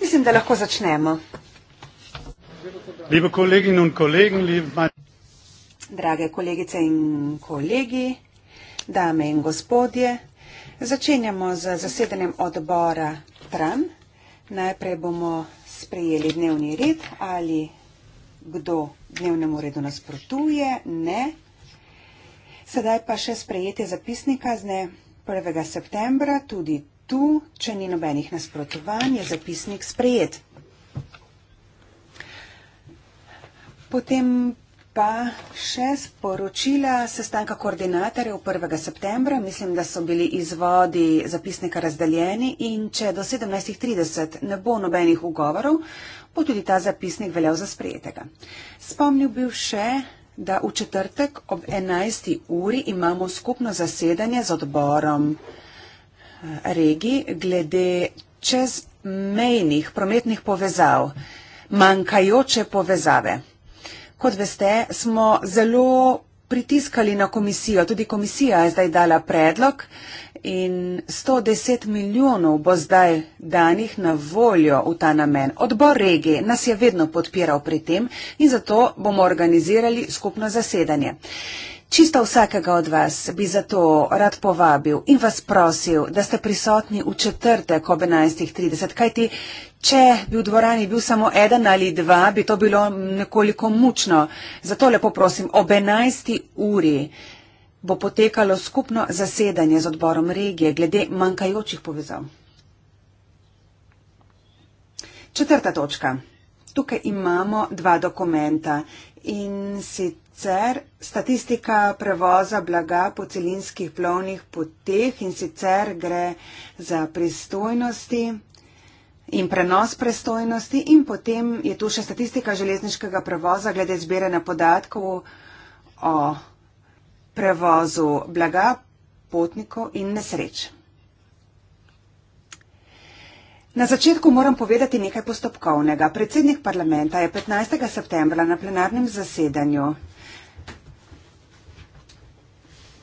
Mislim, da lahko začnemo. Drage kolegice in kolegi, dame in gospodje, začenjamo z zasedanjem odbora TRAN. Najprej bomo sprejeli dnevni red, ali kdo dnevnemu redu nasprotuje, ne. Sedaj pa še sprejetje zapisnika z dne 1. septembra tudi tu, če ni nobenih nasprotovanj, je zapisnik sprejet. Potem pa še sporočila sestanka koordinatorjev 1. septembra. Mislim, da so bili izvodi zapisnika razdeljeni in če do 17.30 ne bo nobenih ugovorov, bo tudi ta zapisnik veljal za sprejetega. Spomnil bi še da v četrtek ob 11. uri imamo skupno zasedanje z odborom eh, regi glede čezmejnih prometnih povezav, manjkajoče povezave. Kot veste, smo zelo pritiskali na komisijo, tudi komisija je zdaj dala predlog, in 110 milijonov bo zdaj danih na voljo v ta namen. Odbor regije nas je vedno podpiral pri tem in zato bomo organizirali skupno zasedanje. Čisto vsakega od vas bi zato rad povabil in vas prosil, da ste prisotni v četrtek ob 11.30, kajti če bi v dvorani bil samo eden ali dva, bi to bilo nekoliko mučno. Zato lepo prosim, ob 11.00 uri bo potekalo skupno zasedanje z odborom regije glede manjkajočih povezav. Četrta točka. Tukaj imamo dva dokumenta in sicer statistika prevoza blaga po celinskih plovnih poteh in sicer gre za pristojnosti in prenos prestojnosti in potem je tu še statistika železniškega prevoza glede zbiranja podatkov o prevozu blaga, potnikov in nesreč. Na začetku moram povedati nekaj postopkovnega. Predsednik parlamenta je 15. septembra na plenarnem zasedanju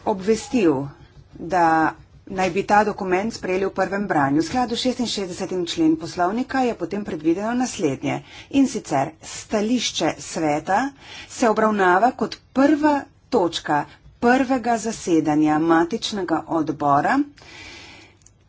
obvestil, da naj bi ta dokument sprejeli v prvem branju. V skladu 66. člen poslovnika je potem predvideno naslednje. In sicer stališče sveta se obravnava kot prva točka prvega zasedanja matičnega odbora,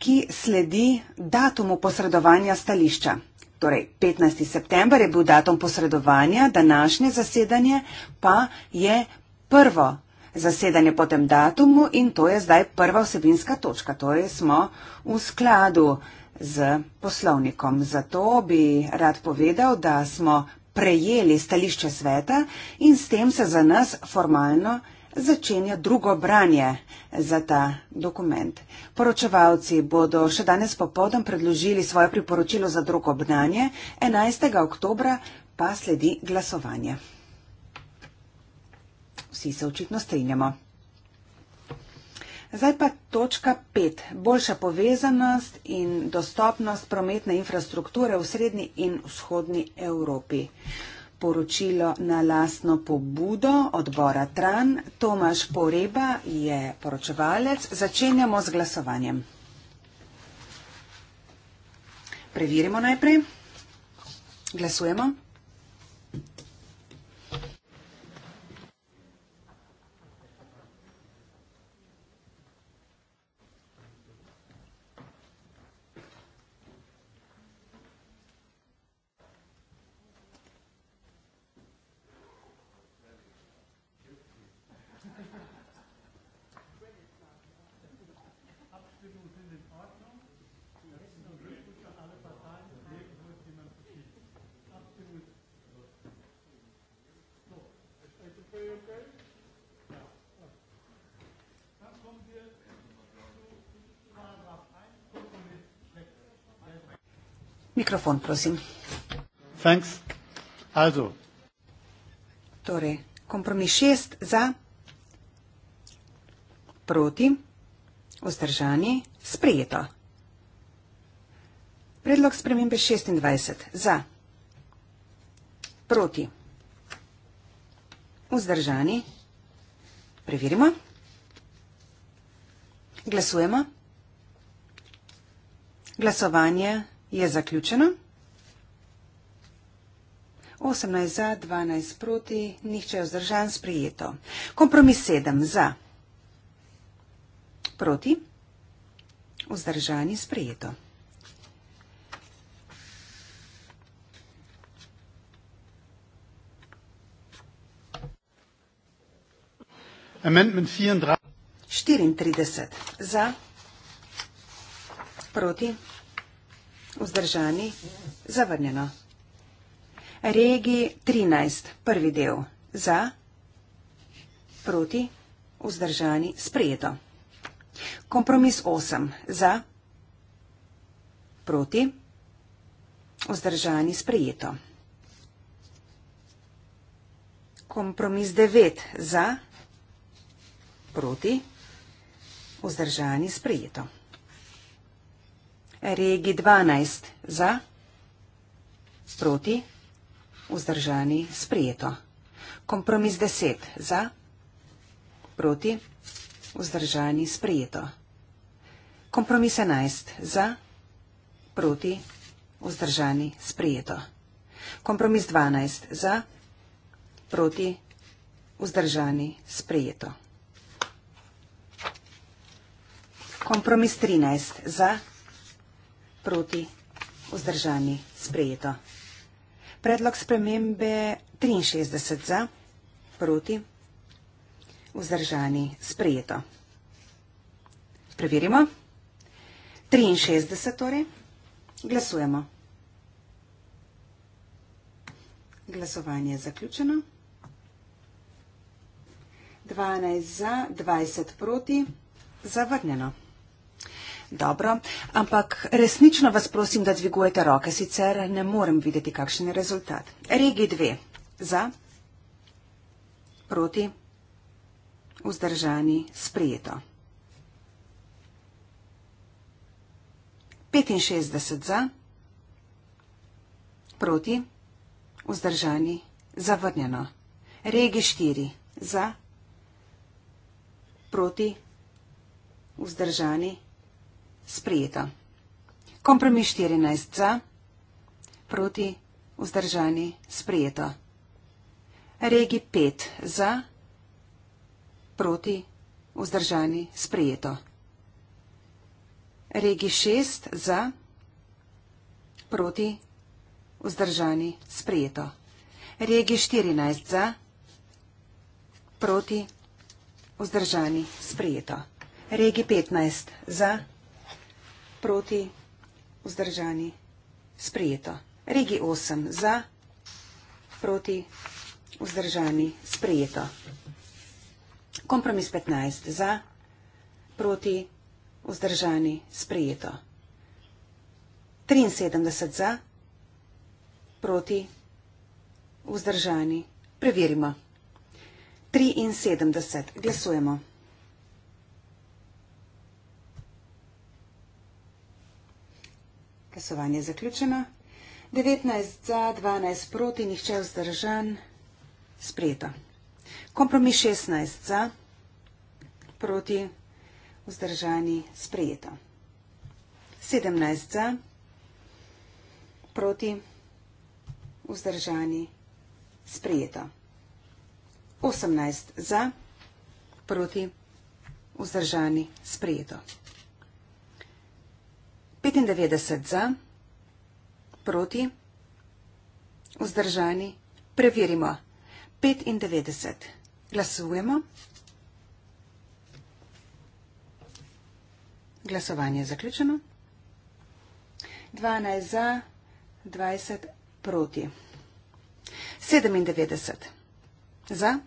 ki sledi datumu posredovanja stališča. Torej, 15. september je bil datum posredovanja, današnje zasedanje pa je prvo zasedanje po tem datumu in to je zdaj prva osebinska točka. Torej, smo v skladu z poslovnikom. Zato bi rad povedal, da smo prejeli stališče sveta in s tem se za nas formalno začenja drugo branje za ta dokument. Poročevalci bodo še danes popoldan predložili svoje priporočilo za drugo branje, 11. oktober pa sledi glasovanje. Vsi se očitno strinjamo. Zdaj pa točka pet. Boljša povezanost in dostopnost prometne infrastrukture v srednji in vzhodni Evropi poročilo na lasno pobudo odbora Tran. Tomaš Poreba je poročevalec. Začenjamo z glasovanjem. Preverimo najprej. Glasujemo. Mikrofon, prosim. Thanks. Also. Torej, kompromis šest za, proti, vzdržani, sprejeto. Predlog spremembe 26 za, proti, vzdržani, preverimo, glasujemo, glasovanje vzdržanje je zaključeno. 18 za, 12 proti, nihče je vzdržan, sprijeto. Kompromis 7 za, proti, vzdržani, sprijeto. Amendment 34. 34 za, proti, vzdržani, zavrnjeno. Regi 13, prvi del, za, proti, vzdržani, sprejeto. Kompromis 8, za, proti, vzdržani, sprejeto. Kompromis 9, za, proti, vzdržani, sprejeto. Regi 12 za, proti, vzdržani, sprijeto. Kompromis 10 za, proti, vzdržani, sprijeto. Kompromis 11 za, proti, vzdržani, sprijeto. Kompromis 12 za, proti, vzdržani, sprijeto. Kompromis 13 za, proti, vzdržani, sprijeto proti vzdržani sprejeto. Predlog spremembe 63 za proti vzdržani sprejeto. Preverimo. 63 torej. Glasujemo. Glasovanje je zaključeno. 12 za, 20 proti, zavrnjeno. Dobro, ampak resnično vas prosim, da dvigujete roke, sicer ne morem videti, kakšen je rezultat. Regi dve. Za, proti, vzdržani, sprijeto. 65 za, proti, vzdržani, zavrnjeno. Regi štiri. Za, proti, vzdržani, zavrnjeno sprijeta. Kompromis 14 za, proti, vzdržani, sprijeta. Regi 5 za, proti, vzdržani, sprijeta. Regi 6 za, proti, vzdržani, sprijeta. Regi 14 za, proti, vzdržani, sprijeta. Regi 15 za, proti, vzdržani, sprijeta proti vzdržani. Sprijeto. Regi 8 za proti vzdržani. Sprijeto. Kompromis 15 za proti vzdržani. Sprijeto. 73 za proti vzdržani. Preverimo. 73. Glasujemo. Okay. Glasovanje je zaključeno. 19 za, 12 proti, nihče vzdržan. Sprejeto. Kompromis 16 za, proti, vzdržani. Sprejeto. 17 za, proti, vzdržani. Sprejeto. 18 za, proti, vzdržani. Sprejeto. 95 za, proti, vzdržani, preverimo. 95. Glasujemo. Glasovanje je zaključeno. 12 za, 20 proti. 97 za,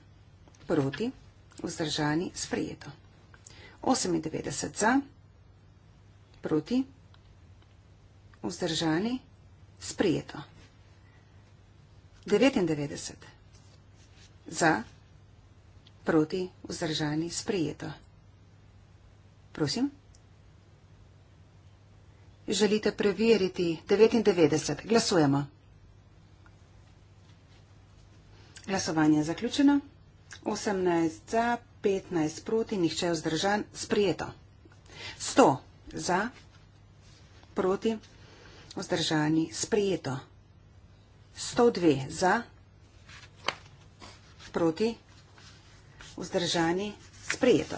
proti, vzdržani, sprejeto. 98 za, proti, vzdržani vzdržani, sprijeto. 99. Za, proti, vzdržani, sprijeto. Prosim. Želite preveriti 99. Glasujemo. Glasovanje je zaključeno. 18 za, 15 proti, nihče vzdržan, sprijeto. 100 za, proti, vzdržan vzdržani, sprejeto. 102 za, proti, vzdržani, sprejeto.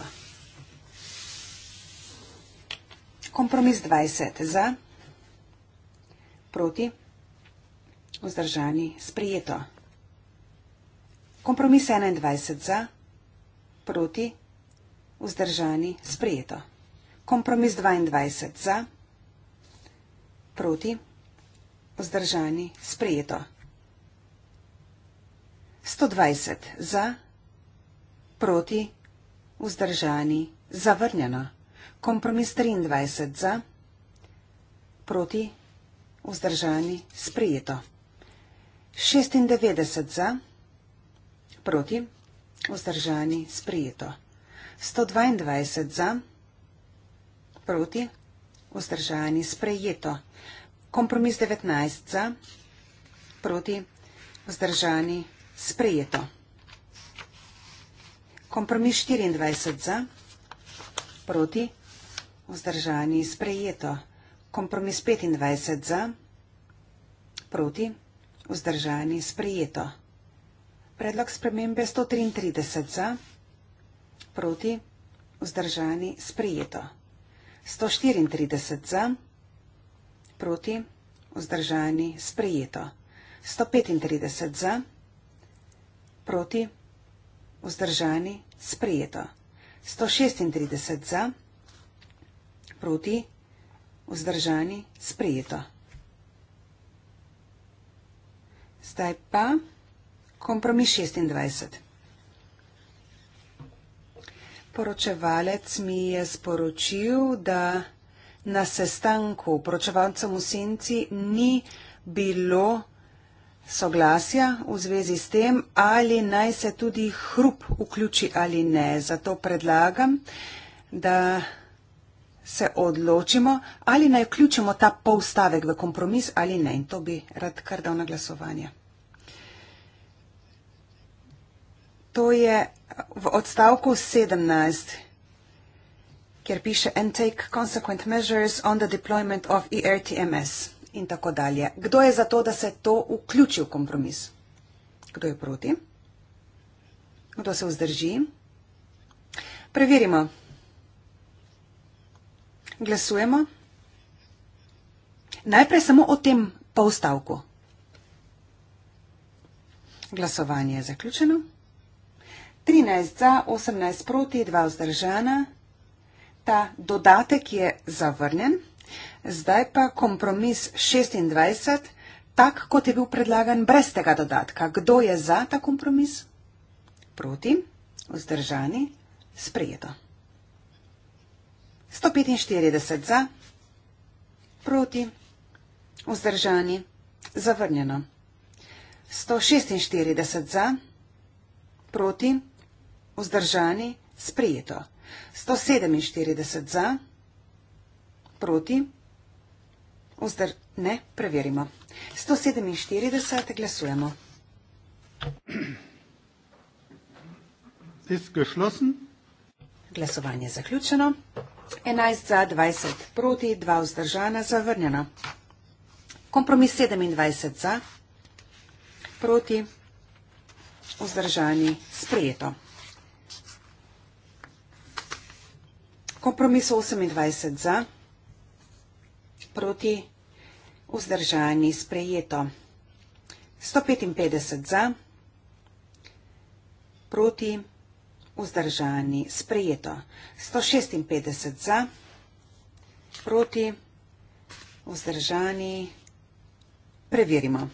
Kompromis 20 za, proti, vzdržani, sprejeto. Kompromis 21 za, proti, vzdržani, sprejeto. Kompromis 22 za, proti, vzdržani, sprejeto. Proti? Vzdržani? Sprejeto. 120. Za? Proti? Vzdržani? Zavrnjeno. Kompromis 23. Za? Proti? Vzdržani? Sprejeto. 96. Za? Proti? Vzdržani? Sprejeto. 122. Za? Proti? vzdržani sprejeto. Kompromis 19 za, proti vzdržani sprejeto. Kompromis 24 za, proti vzdržani sprejeto. Kompromis 25 za, proti vzdržani sprejeto. Predlog spremembe 133 za, proti vzdržani sprejeto. 134 za, proti, vzdržani, sprejeto. 135 za, proti, vzdržani, sprejeto. 136 za, proti, vzdržani, sprejeto. Zdaj pa kompromis 26 poročevalec mi je sporočil, da na sestanku poročevalcem v senci ni bilo soglasja v zvezi s tem, ali naj se tudi hrup vključi ali ne. Zato predlagam, da se odločimo, ali naj vključimo ta polstavek v kompromis ali ne. In to bi rad kar dal na glasovanje. to je v odstavku 17, kjer piše and take consequent measures on the deployment of ERTMS in tako dalje. Kdo je za to, da se to vključi v kompromis? Kdo je proti? Kdo se vzdrži? Preverimo. Glasujemo. Najprej samo o tem polstavku. Glasovanje je zaključeno. 13 za, 18 proti, 2 vzdržana. Ta dodatek je zavrnen. Zdaj pa kompromis 26, tak kot je bil predlagan brez tega dodatka. Kdo je za ta kompromis? Proti, vzdržani, sprejeto. 145 za, proti, vzdržani, zavrnjeno. 146 za, proti, vzdržani vzdržani, sprijeto. 147 za, proti, vzdr, ne, preverimo. 147 glasujemo. Ist geschlossen. Glasovanje zaključeno. 11 za, 20 proti, 2 vzdržana, zavrnjeno. Kompromis 27 za, proti, vzdržani, sprijeto. kompromis 28 za, proti vzdržani sprejeto. 155 za, proti vzdržani sprejeto. 156 za, proti vzdržani preverimo.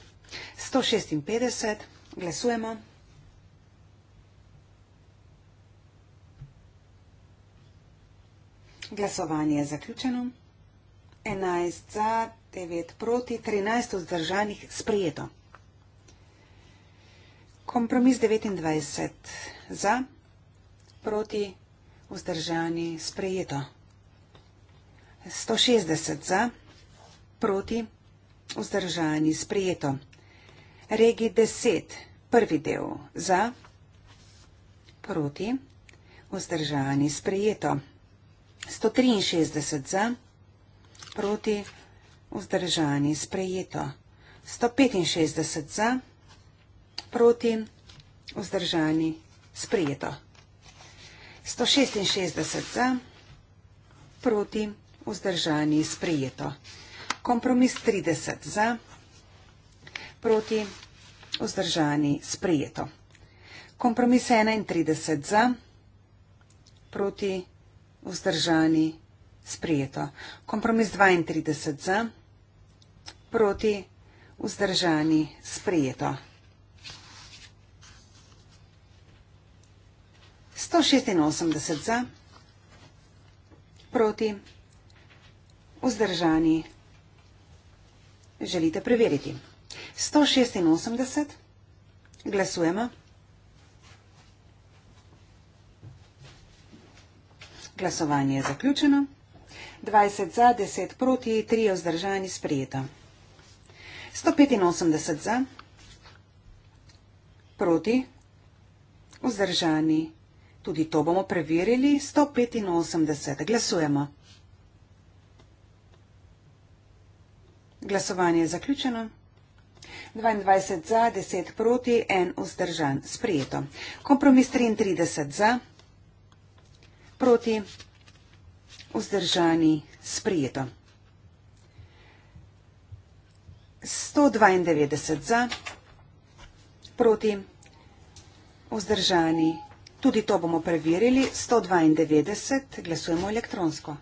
156, glasujemo. 156. Glasovanje je zaključeno. 11 za, 9 proti, 13 vzdržanih sprijeto. Kompromis 29 za, proti, vzdržani sprijeto. 160 za, proti, vzdržani sprijeto. Regi 10, prvi del za, proti, vzdržani sprijeto. 163 za, proti vzdržani, sprejeto. 165 za, proti vzdržani, sprejeto. 166 za, proti vzdržani, sprejeto. Kompromis 30 za, proti vzdržani, sprejeto. Kompromis 31 za, proti vzdržani, sprejeto vzdržani, sprejeto. Kompromis 32 za, proti, vzdržani, sprejeto. 186 za, proti, vzdržani, želite preveriti. 186, glasujemo. Glasovanje je zaključeno. 20 za, 10 proti, 3 vzdržani sprejeto. 185 za, proti, vzdržani. Tudi to bomo preverili. 185. Glasujemo. Glasovanje je zaključeno. 22 za, 10 proti, 1 vzdržan. Sprijeto. Kompromis 33 za proti, vzdržani, sprijeto. 192 za, proti, vzdržani, tudi to bomo preverili, 192, glasujemo elektronsko.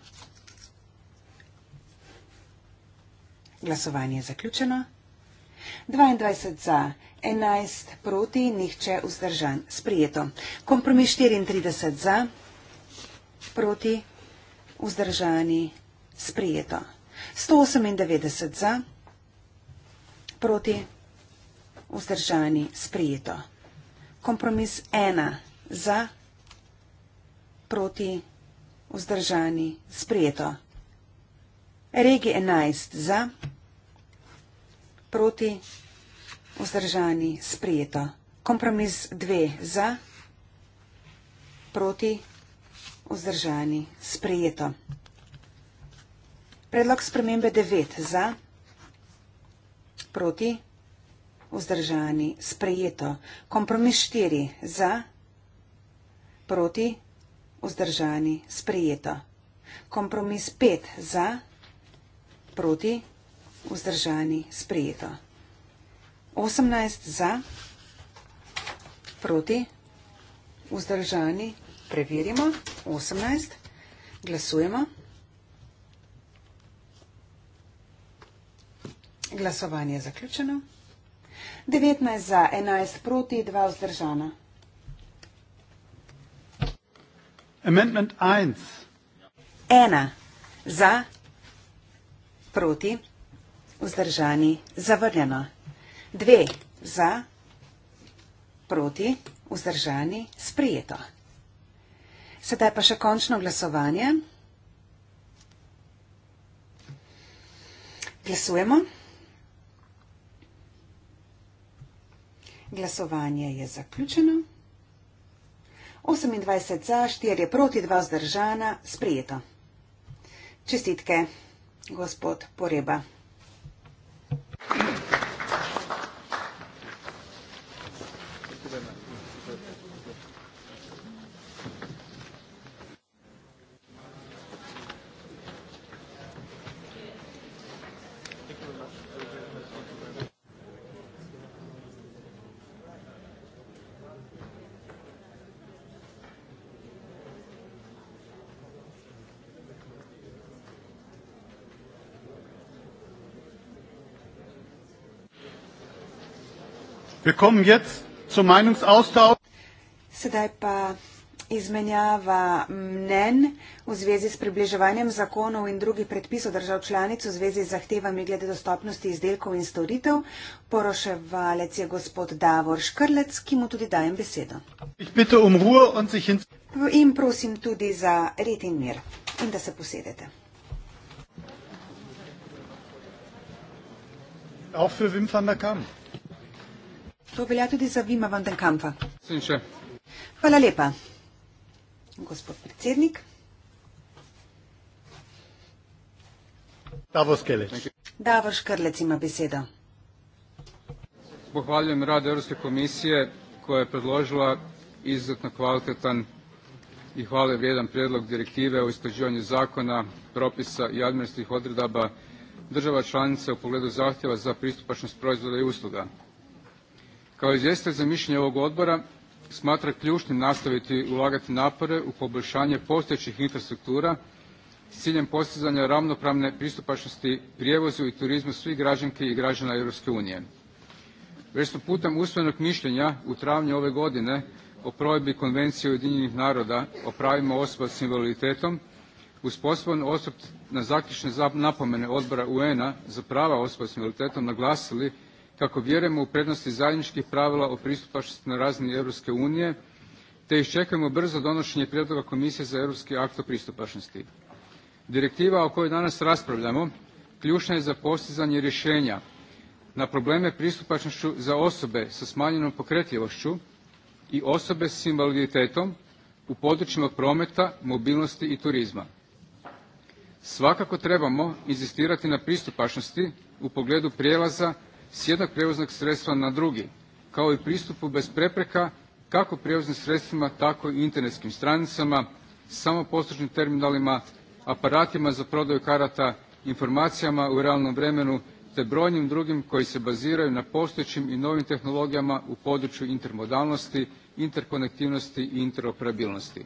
Glasovanje je zaključeno. 22 za, 11 proti, nihče vzdržan, sprijeto. Kompromis 34 za, proti, vzdržani, sprijeto. 198 za, proti, vzdržani, sprijeto. Kompromis 1 za, proti, vzdržani, sprijeto. Regi 11 za, proti, vzdržani, sprijeto. Kompromis 2 za, proti, vzdržani, sprijeto vzdržani, sprejeto. Predlog spremembe 9 za, proti, vzdržani, sprejeto. Kompromis 4 za, proti, vzdržani, sprejeto. Kompromis 5 za, proti, vzdržani, sprejeto. 18 za, proti, vzdržani, sprejeto. Preverimo. 18. Glasujemo. Glasovanje je zaključeno. 19 za, 11 proti, 2 vzdržana. Amendment 1. 1 za, proti, vzdržani, zavrnjeno. 2 za, proti, vzdržani, sprijeto. Sedaj pa še končno glasovanje. Glasujemo. Glasovanje je zaključeno. 28 za, 4 proti, 2 zdržana, sprijeto. Čestitke, gospod Poreba. Thank you. Wir kommen jetzt zum Meinungsaustausch. Sedaj pa izmenjava mnen v zvezi s približevanjem zakonov in drugih predpisov držav članic v zvezi z zahtevami glede dostopnosti izdelkov in storitev. Poroševalec je gospod Davor Škrlec, ki mu tudi dajem besedo. Um in... in prosim tudi za red in mir in da se posedete. Auch für Wim van der Kamp. To velja tudi za Vima Vandenkampa. Hvala lepa, gospod predsednik. Davos Kelec. Davos Krlec ima besedo. Pohvaljujem rad Evropske komisije, koja je predložila izuzetno kvalitetan i hvale vrijedan predlog direktive o istraživanju zakona, propisa i administrativnih odredaba država članica u pogledu zahtjeva za pristupačnost proizvoda i usluga. Kao izvjestitelj za mišljenje ovog odbora, smatra ključnim nastaviti ulagati napore u poboljšanje postojećih infrastruktura s ciljem postizanja ravnopravne pristupačnosti prijevozu i turizmu svih građanki i građana Europske unije. Već smo putem usmenog mišljenja u travnju ove godine o provedbi Konvencije Ujedinjenih naroda o pravima osoba s invaliditetom uz posebno osvrt na zaključne napomene odbora UN-a za prava osoba s invaliditetom naglasili kako vjerujemo u prednosti zajedničkih pravila o pristupačnosti na razini Europske unije, te iščekujemo brzo donošenje prijedloga Komisije za europski akt o pristupačnosti. Direktiva o kojoj danas raspravljamo ključna je za postizanje rješenja na probleme pristupačnošću za osobe sa smanjenom pokretljivošću i osobe s invaliditetom u područjima prometa, mobilnosti i turizma. Svakako trebamo inzistirati na pristupačnosti u pogledu prijelaza s jednog prijevoznog sredstva na drugi, kao i pristupu bez prepreka kako prijevoznim sredstvima, tako i internetskim stranicama, samoposlužnim terminalima, aparatima za prodaju karata, informacijama u realnom vremenu, te brojnim drugim koji se baziraju na postojećim i novim tehnologijama u području intermodalnosti, interkonektivnosti i interoperabilnosti.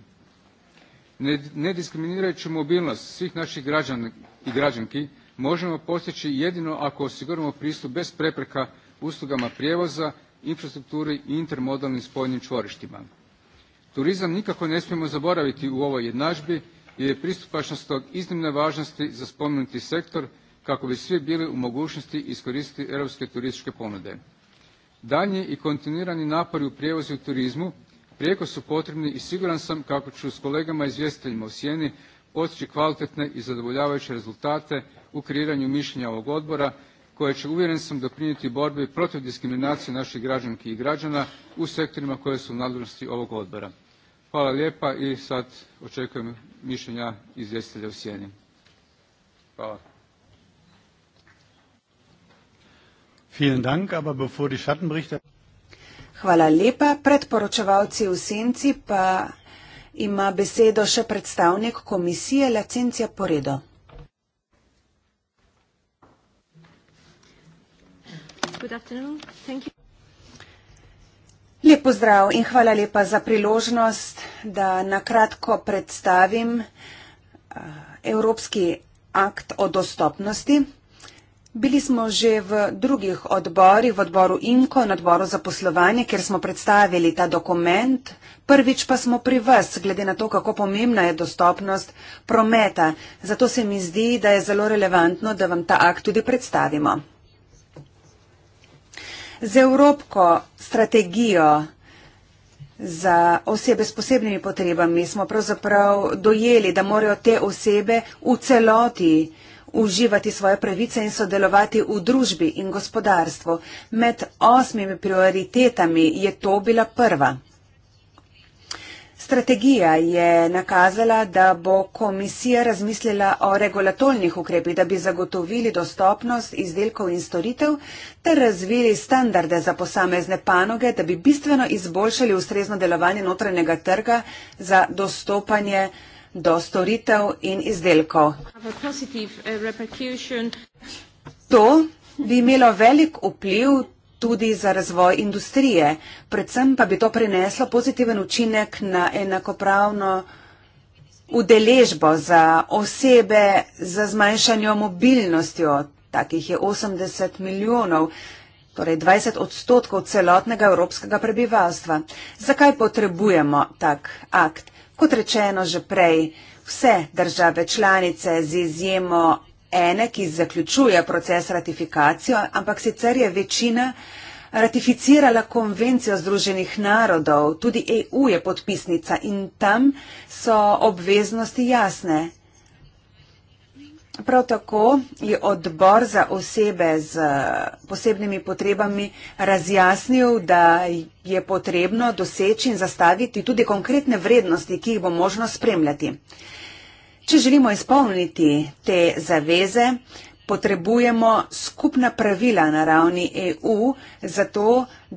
Nediskriminirajuću mobilnost svih naših građana i građanki, možemo postići jedino ako osiguramo pristup bez prepreka uslugama prijevoza, infrastrukturi i intermodalnim spojnim čvorištima. Turizam nikako ne smijemo zaboraviti u ovoj jednadžbi jer je pristupačnost tog iznimne važnosti za spomenuti sektor kako bi svi bili u mogućnosti iskoristiti europske turističke ponude. Daljnji i kontinuirani napori u prijevozu i turizmu prijeko su potrebni i siguran sam kako ću s kolegama izvjestiteljima u sjeni postići kvalitetne i zadovoljavajuće rezultate u kreiranju mišljenja ovog odbora, koje će, uvjeren sam, doprinijeti borbi protiv diskriminacije naših građanki i građana u sektorima koje su u nadležnosti ovog odbora. Hvala lijepa i sad očekujem mišljenja izvjestitelja u sjeni. Hvala. Vielen Dank, aber bevor die Schattenberichter... Hvala lepa. Pred poročevalci v senci pa ima besedo še predstavnik komisije Lacencija Poredo. Lep pozdrav in hvala lepa za priložnost, da nakratko predstavim eh, Evropski akt o dostopnosti. Bili smo že v drugih odborih, v odboru INKO in odboru za poslovanje, kjer smo predstavili ta dokument. Prvič pa smo pri vas, glede na to, kako pomembna je dostopnost prometa. Zato se mi zdi, da je zelo relevantno, da vam ta akt tudi predstavimo z evropsko strategijo za osebe s posebnimi potrebami smo pravzaprav dojeli, da morajo te osebe v celoti uživati svoje pravice in sodelovati v družbi in gospodarstvu. Med osmimi prioritetami je to bila prva. Strategija je nakazala, da bo komisija razmislila o regulatornih ukrepih, da bi zagotovili dostopnost izdelkov in storitev ter razvili standarde za posamezne panoge, da bi bistveno izboljšali ustrezno delovanje notranjega trga za dostopanje do storitev in izdelkov. Uh, to bi imelo velik vpliv tudi za razvoj industrije. Predvsem pa bi to prineslo pozitiven učinek na enakopravno udeležbo za osebe za zmanjšanjo mobilnostjo. Takih je 80 milijonov, torej 20 odstotkov celotnega evropskega prebivalstva. Zakaj potrebujemo tak akt? Kot rečeno že prej, vse države članice z izjemo ene, ki zaključuje proces ratifikacijo, ampak sicer je večina ratificirala konvencijo Združenih narodov, tudi EU je podpisnica in tam so obveznosti jasne. Prav tako je odbor za osebe z posebnimi potrebami razjasnil, da je potrebno doseči in zastaviti tudi konkretne vrednosti, ki jih bo možno spremljati. Če želimo izpolniti te zaveze, potrebujemo skupna pravila na ravni EU, zato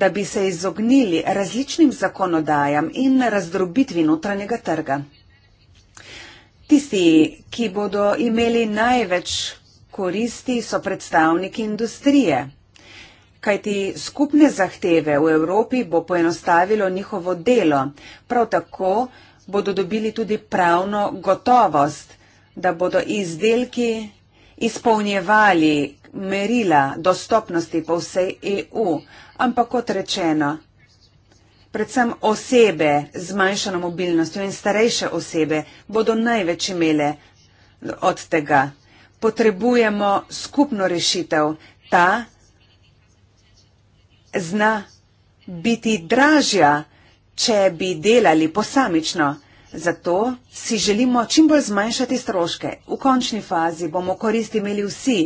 da bi se izognili različnim zakonodajam in razdrobitvi notranjega trga. Tisti, ki bodo imeli največ koristi, so predstavniki industrije, kajti skupne zahteve v Evropi bo poenostavilo njihovo delo, prav tako, da bi se izognili različnim zakonodajam in razdrobitvi notranjega trga bodo dobili tudi pravno gotovost, da bodo izdelki izpolnjevali merila dostopnosti po vsej EU. Ampak kot rečeno, predvsem osebe z manjšano mobilnostjo in starejše osebe bodo največ imele od tega. Potrebujemo skupno rešitev. Ta zna biti dražja če bi delali posamično. Zato si želimo čim bolj zmanjšati stroške. V končni fazi bomo korist imeli vsi,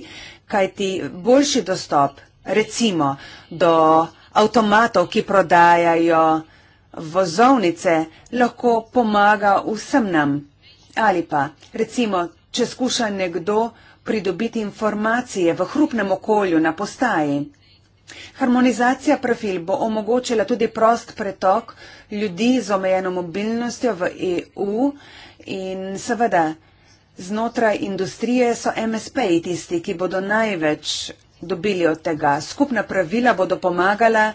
kajti boljši dostop, recimo, do avtomatov, ki prodajajo vozovnice, lahko pomaga vsem nam. Ali pa, recimo, če skuša nekdo pridobiti informacije v hrupnem okolju na postaji, Harmonizacija profil bo omogočila tudi prost pretok ljudi z omejeno mobilnostjo v EU in seveda znotraj industrije so MSP-ji tisti, ki bodo največ dobili od tega. Skupna pravila bodo pomagala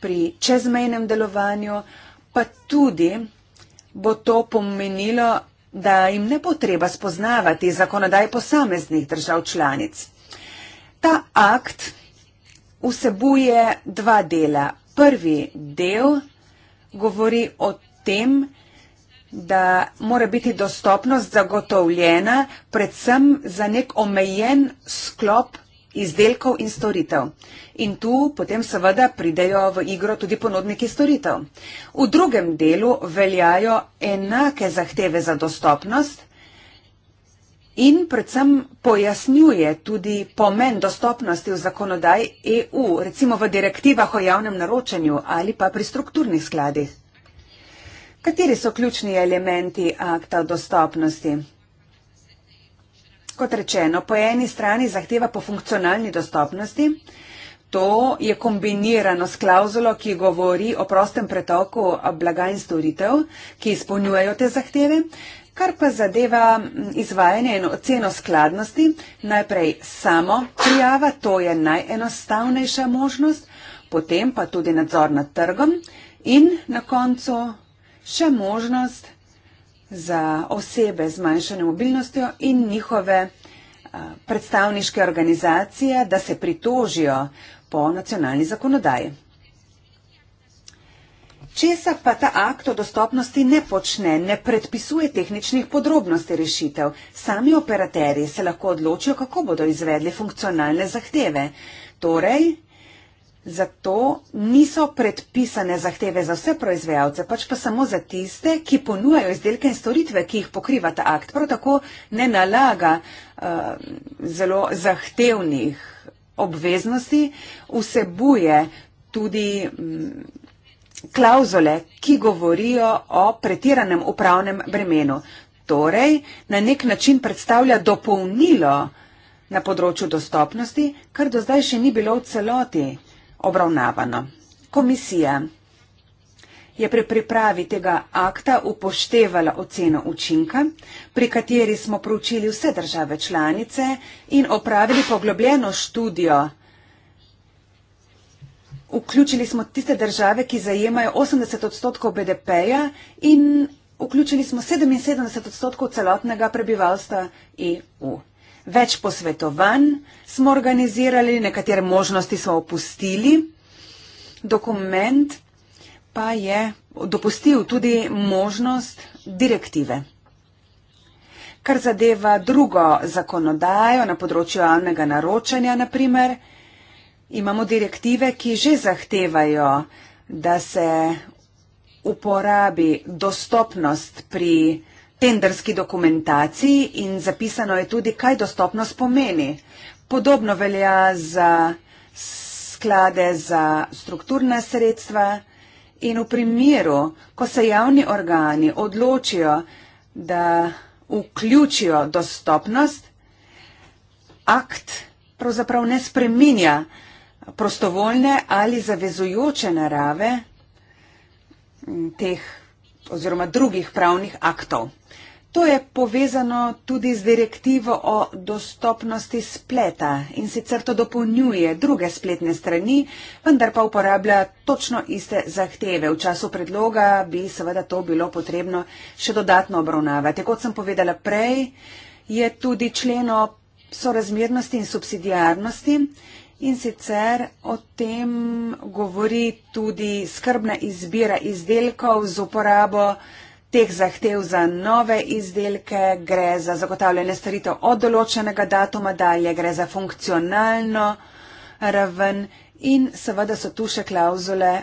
pri čezmejnem delovanju, pa tudi bo to pomenilo, da jim ne bo treba spoznavati zakonodaj posameznih držav članic. Ta akt vsebuje dva dela. Prvi del govori o tem, da mora biti dostopnost zagotovljena predvsem za nek omejen sklop izdelkov in storitev. In tu potem seveda pridejo v igro tudi ponudniki storitev. V drugem delu veljajo enake zahteve za dostopnost, in predvsem pojasnjuje tudi pomen dostopnosti v zakonodaj EU, recimo v direktivah o javnem naročanju ali pa pri strukturnih skladih. Kateri so ključni elementi akta o dostopnosti? Kot rečeno, po eni strani zahteva po funkcionalni dostopnosti. To je kombinirano s klauzulo, ki govori o prostem pretoku blaga in storitev, ki izpolnjujejo te zahteve. Kar pa zadeva izvajanje in oceno skladnosti, najprej samo prijava, to je najenostavnejša možnost, potem pa tudi nadzor nad trgom in na koncu še možnost za osebe z manjšanjo mobilnostjo in njihove predstavniške organizacije, da se pritožijo po nacionalni zakonodaji. Česa pa ta akt o dostopnosti ne počne, ne predpisuje tehničnih podrobnosti rešitev. Sami operaterji se lahko odločijo, kako bodo izvedli funkcionalne zahteve. Torej, zato niso predpisane zahteve za vse proizvajalce, pač pa samo za tiste, ki ponujajo izdelke in storitve, ki jih pokriva ta akt. Prav tako ne nalaga uh, zelo zahtevnih obveznosti, vsebuje tudi. Um, klauzule, ki govorijo o pretiranem upravnem bremenu. Torej, na nek način predstavlja dopolnilo na področju dostopnosti, kar do zdaj še ni bilo v celoti obravnavano. Komisija je pri pripravi tega akta upoštevala oceno učinka, pri kateri smo proučili vse države članice in opravili poglobljeno študijo vključili smo tiste države, ki zajemajo 80 odstotkov BDP-ja in vključili smo 77 odstotkov celotnega prebivalstva EU. Več posvetovanj smo organizirali, nekatere možnosti smo opustili. Dokument pa je dopustil tudi možnost direktive. Kar zadeva drugo zakonodajo na področju javnega naročanja, naprimer, imamo direktive, ki že zahtevajo, da se uporabi dostopnost pri tenderski dokumentaciji in zapisano je tudi, kaj dostopnost pomeni. Podobno velja za sklade za strukturna sredstva in v primeru, ko se javni organi odločijo, da vključijo dostopnost, akt pravzaprav ne spreminja uh, prostovoljne ali zavezujoče narave teh oziroma drugih pravnih aktov. To je povezano tudi z direktivo o dostopnosti spleta in sicer to dopolnjuje druge spletne strani, vendar pa uporablja točno iste zahteve. V času predloga bi seveda to bilo potrebno še dodatno obravnavati. Kot sem povedala prej, je tudi člen o sorazmernosti in subsidijarnosti In sicer o tem govori tudi skrbna izbira izdelkov z uporabo teh zahtev za nove izdelke, gre za zagotavljanje storitev od določenega datuma dalje, gre za funkcionalno raven in seveda so tu še klauzule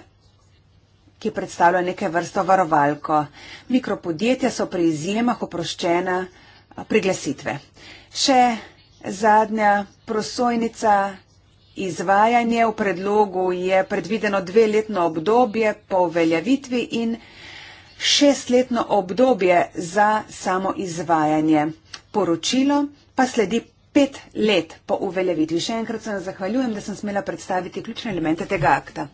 ki predstavlja neke vrsto varovalko. Mikropodjetja so pri izjemah oproščena priglasitve. Še zadnja prosojnica izvajanje. V predlogu je predvideno dveletno obdobje po veljavitvi in šestletno obdobje za samo izvajanje. Poročilo pa sledi pet let po uveljavitvi. Še enkrat se vam zahvaljujem, da sem smela predstaviti ključne elemente tega akta.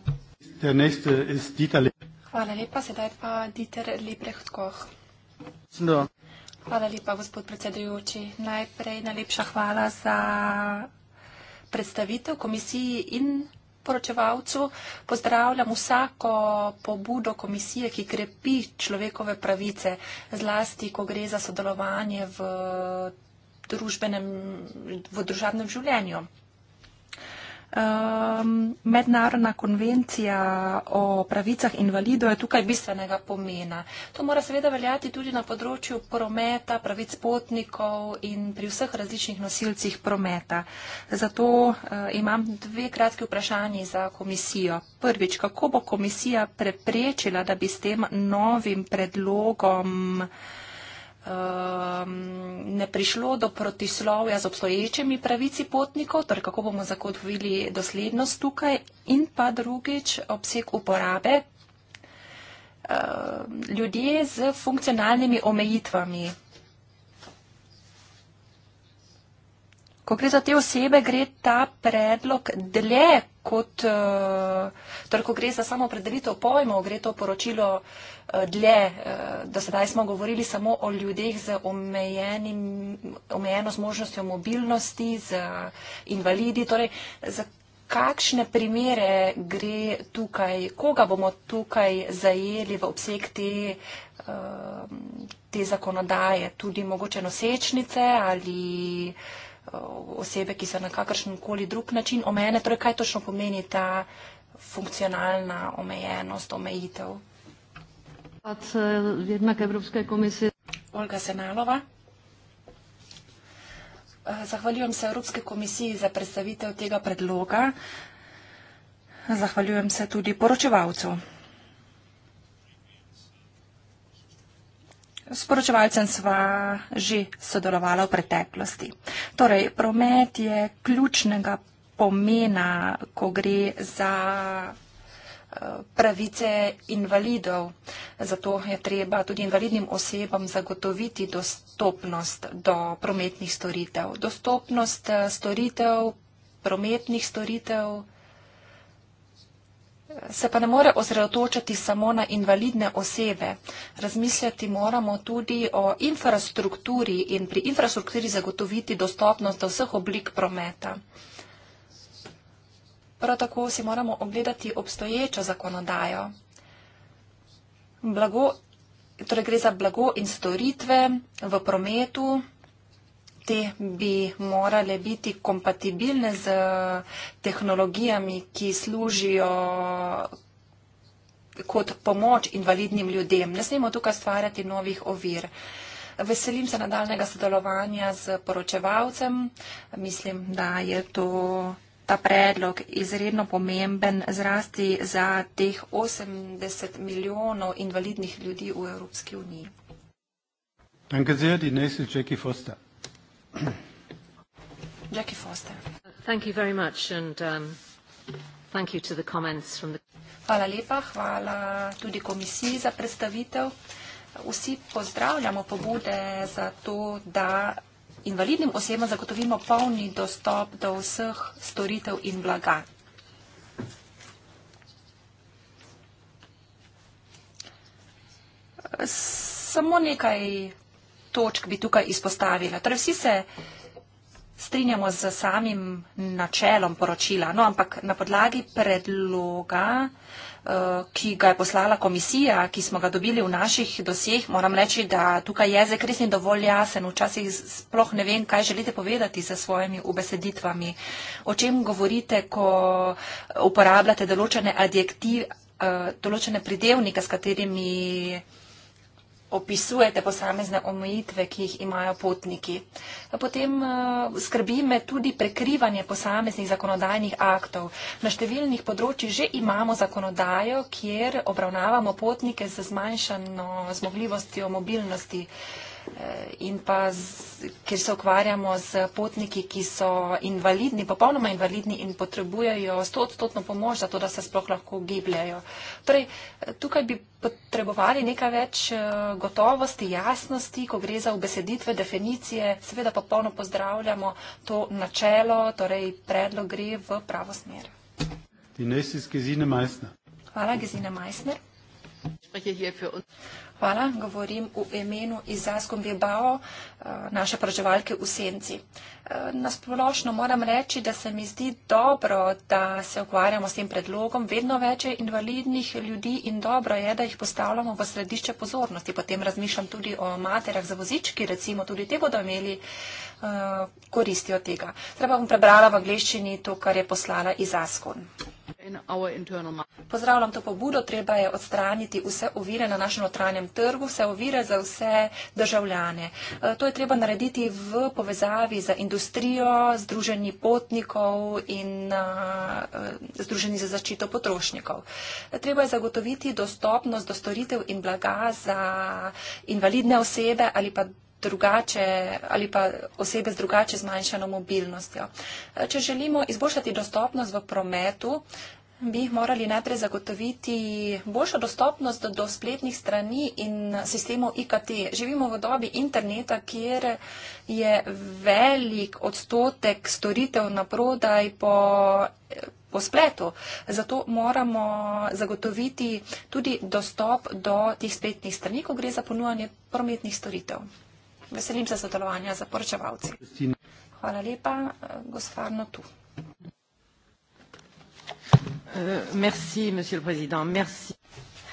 Hvala lepa, sedaj pa Dieter Lebrecht-Koch. Hvala lepa, gospod predsedujoči. Najprej najlepša hvala za predstavitev komisiji in poročevalcu. Pozdravljam vsako pobudo komisije, ki krepi človekove pravice, zlasti, ko gre za sodelovanje v družbenem, v družbenem življenju um, mednarodna konvencija o pravicah invalidov je tukaj bistvenega pomena. To mora seveda veljati tudi na področju prometa, pravic potnikov in pri vseh različnih nosilcih prometa. Zato uh, imam dve kratki vprašanji za komisijo. Prvič, kako bo komisija preprečila, da bi s tem novim predlogom uh, um, ne prišlo do protislovja z obstoječimi pravici potnikov, torej kako bomo zakotovili doslednost tukaj in pa drugič obseg uporabe uh, ljudje z funkcionalnimi omejitvami. Ko gre za te osebe, gre ta predlog dlje, kot, eh, torej, ko gre za samo predelitev pojmov, gre to poročilo eh, dlje. Eh, do sedaj smo govorili samo o ljudeh z omejenim, omejeno zmožnostjo mobilnosti, z invalidi. Torej, za kakšne primere gre tukaj, koga bomo tukaj zajeli v obseg te, te zakonodaje, tudi mogoče nosečnice ali Eh, osebe, ki so na kakršen koli drug način omejene. Torej, kaj točno pomeni ta funkcionalna omejenost, omejitev? Eh, Olga Senalova. Eh, zahvaljujem se Evropske komisiji za predstavitev tega predloga. Zahvaljujem se tudi poročevalcu. s poročevalcem sva že sodelovala v preteklosti. Torej, promet je ključnega pomena, ko gre za eh, pravice invalidov. Zato je treba tudi invalidnim osebam zagotoviti dostopnost do prometnih storitev. Dostopnost eh, storitev, prometnih storitev se pa ne more osredotočiti samo na invalidne osebe. Razmisljati moramo tudi o infrastrukturi in pri infrastrukturi zagotoviti dostopnost do vseh oblik prometa. Prav tako si moramo ogledati obstoječo zakonodajo. Blago, torej gre za blago in storitve v prometu te bi morale biti kompatibilne z tehnologijami, ki služijo kot pomoč invalidnim ljudem. Ne smemo tukaj stvarjati novih ovir. Veselim se nadaljnega sodelovanja z poročevalcem. Mislim, da je to ta predlog izredno pomemben zrasti za teh 80 milijonov invalidnih ljudi v Evropski uniji. Danke sehr, die nächste Jackie Foster. Jackie Foster. Thank you very much and um, thank you to the comments from the Hvala lepa, hvala tudi komisiji za predstavitev. Vsi pozdravljamo pobude za to, da invalidnim osebam zagotovimo polni dostop do vseh storitev in blaga. Samo nekaj točk bi tukaj izpostavila. Torej, vsi se strinjamo z samim načelom poročila, no, ampak na podlagi predloga, eh, ki ga je poslala komisija, ki smo ga dobili v naših dosjeh, moram reči, da tukaj jezik res ni dovolj jasen. Včasih sploh ne vem, kaj želite povedati sa svojimi ubeseditvami, o čem govorite, ko uporabljate določene, adjektiv, eh, določene pridevnike, s katerimi opisujete posamezne omejitve, ki jih imajo potniki. Potem eh, skrbi me tudi prekrivanje posameznih zakonodajnih aktov. Na številnih področjih že imamo zakonodajo, kjer obravnavamo potnike z zmanjšano zmogljivostjo mobilnosti. Eh, in pa z, ker se ukvarjamo z potniki, ki so invalidni, popolnoma invalidni in potrebujejo 100-odstotno pomoč, zato da se sploh lahko gibljajo. Torej, eh, tukaj bi potrebovali nekaj več eh, gotovosti, jasnosti, ko gre za obeseditve, definicije. Seveda pa polno pozdravljamo to načelo, torej predlog gre v pravo smer. Hvala, Gesine Meissner. Ich spreche hier für uns. Hvala. Govorim v imenu Izaskom Bilbao, eh, naše praževalke v Senci. Eh, Nasplošno moram reči, da se mi zdi dobro, da se ukvarjamo s tem predlogom. Vedno več je invalidnih ljudi in dobro je, da jih postavljamo v središče pozornosti. Potem razmišljam tudi o materah za vozički, recimo tudi te bodo imeli eh, koristi od tega. Treba bom prebrala v angliščini to, kar je poslala Izaskon. Pozdravljam to pobudo, treba je odstraniti vse ovire na našem notranjem trgu, vse ovire za vse državljane. E, to je treba narediti v povezavi za industrijo, združeni potnikov in e, združeni za začito potrošnikov. E, treba je zagotoviti dostopnost do storitev in blaga za invalidne osebe ali pa drugače ali pa osebe z drugače zmanjšano mobilnostjo. Eh, če želimo izboljšati dostopnost v prometu, bi jih morali najprej zagotoviti boljšo dostopnost do spletnih strani in sistemov IKT. Živimo v dobi interneta, kjer je velik odstotek storitev na prodaj po, po spletu. Zato moramo zagotoviti tudi dostop do tih spletnih strani, ko gre za ponujanje prometnih storitev. Veselim se sodelovanja za poročevalci. Hvala lepa, gospodno tu. Euh, merci, monsieur le président, merci.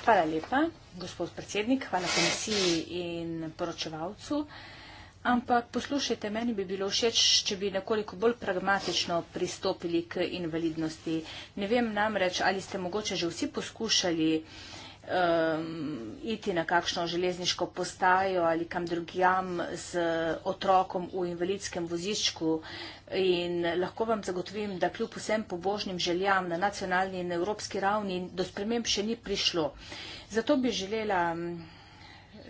Hvala lepa, gospod predsednik, hvala komisiji in poročevalcu. Ampak poslušajte, meni bi bilo všeč, če bi nekoliko bolj pragmatično pristopili k invalidnosti. Ne vem namreč, ali ste mogoče že vsi poskušali uh, um, iti na kakšno železniško postajo ali kam drugjam z otrokom v invalidskem vozičku. In lahko vam zagotovim, da kljub vsem pobožnim željam na nacionalni in evropski ravni do sprememb še ni prišlo. Zato bi želela um,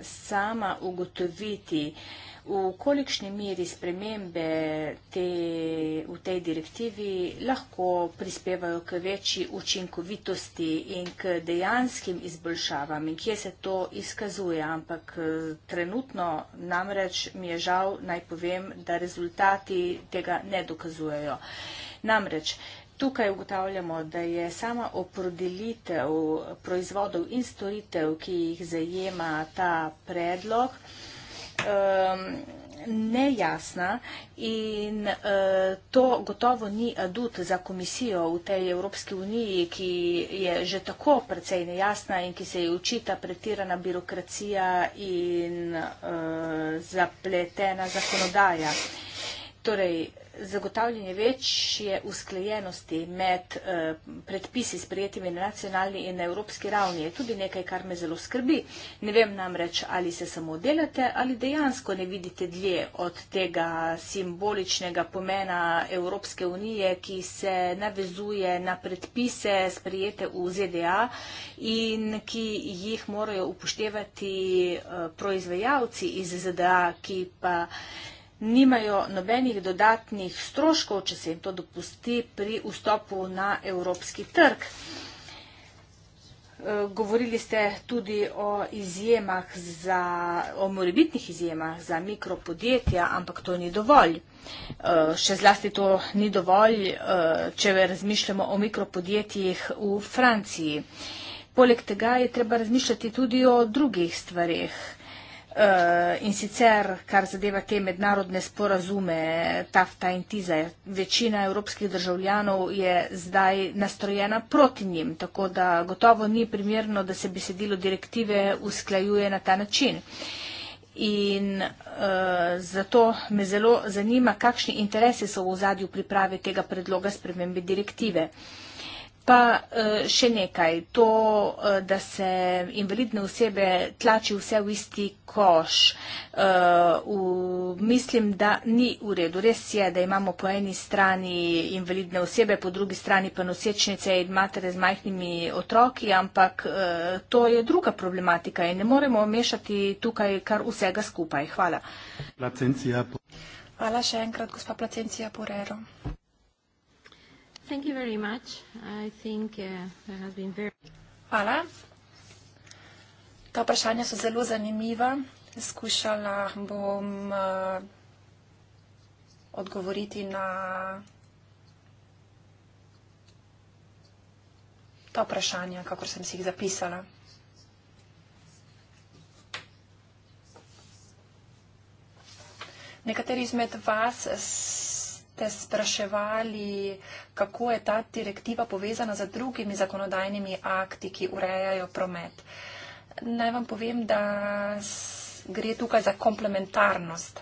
sama ugotoviti, uh, v kolikšni meri spremembe te, v tej direktivi lahko prispevajo k večji učinkovitosti in k dejanskim izboljšavam in kje se to izkazuje. Ampak eh, trenutno namreč mi je žal, naj povem, da rezultati tega ne dokazujejo. Namreč tukaj ugotavljamo, da je sama oprodelitev proizvodov in storitev, ki jih zajema ta predlog, um, nejasna in uh, to gotovo ni adut za komisijo v tej Evropski uniji, ki je že tako precej nejasna in ki se je učita pretirana birokracija in uh, zapletena zakonodaja. Torej, zagotavljanje večje usklejenosti med eh, predpisi sprejetimi na nacionalni in na evropski ravni je tudi nekaj, kar me zelo skrbi. Ne vem namreč, ali se samo delate ali dejansko ne vidite dlje od tega simboličnega pomena Evropske unije, ki se navezuje na predpise sprejete v ZDA in ki jih morajo upoštevati eh, proizvajalci iz ZDA, ki pa nimajo nobenih dodatnih stroškov, če se jim to dopusti pri vstopu na evropski trg. Eh, govorili ste tudi o izjemah za, o morebitnih izjemah za mikropodjetja, ampak to ni dovolj. Eh, še zlasti to ni dovolj, eh, če razmišljamo o mikropodjetjih v Franciji. Poleg tega je treba razmišljati tudi o drugih stvarih. Eh, in sicer, kar zadeva te mednarodne sporazume, tafta in tiza, večina evropskih državljanov je zdaj nastrojena proti njim, tako da gotovo ni primerno, da se besedilo direktive usklajuje na ta način. In uh, zato me zelo zanima, kakšni interesi so v zadju priprave tega predloga spremembe direktive. Uh, Pa eh, še nekaj, to, eh, da se invalidne osebe tlači vse v isti koš, eh, mislim, da ni v redu. Res je, da imamo po eni strani invalidne osebe, po drugi strani pa nosečnice in matere z majhnimi otroki, ampak to je druga problematika in ne moremo mešati tukaj kar vsega skupaj. Hvala. Hvala še enkrat, gospa Placencija Porero. Thank you very much. I think, uh, has been very... Hvala. Ta vprašanja so zelo zanimiva. Skušala bom uh, odgovoriti na ta vprašanja, kakor sem si jih zapisala. Nekateri izmed vas ste spraševali, kako je ta direktiva povezana z drugimi zakonodajnimi akti, ki urejajo promet. Naj vam povem, da gre tukaj za komplementarnost.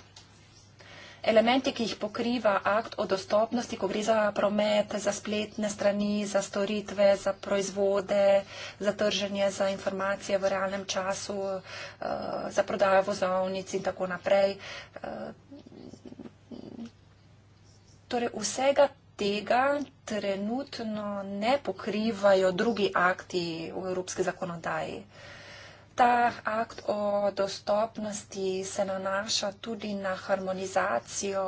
Elementi, ki jih pokriva akt o dostopnosti, ko gre za promet, za spletne strani, za storitve, za proizvode, za trženje, za informacije v realnem času, eh, za prodajo vozovnic in tako naprej, eh, Torej, vsega tega trenutno ne pokrivajo drugi akti v evropski zakonodaji. Ta akt o dostopnosti se nanaša tudi na harmonizacijo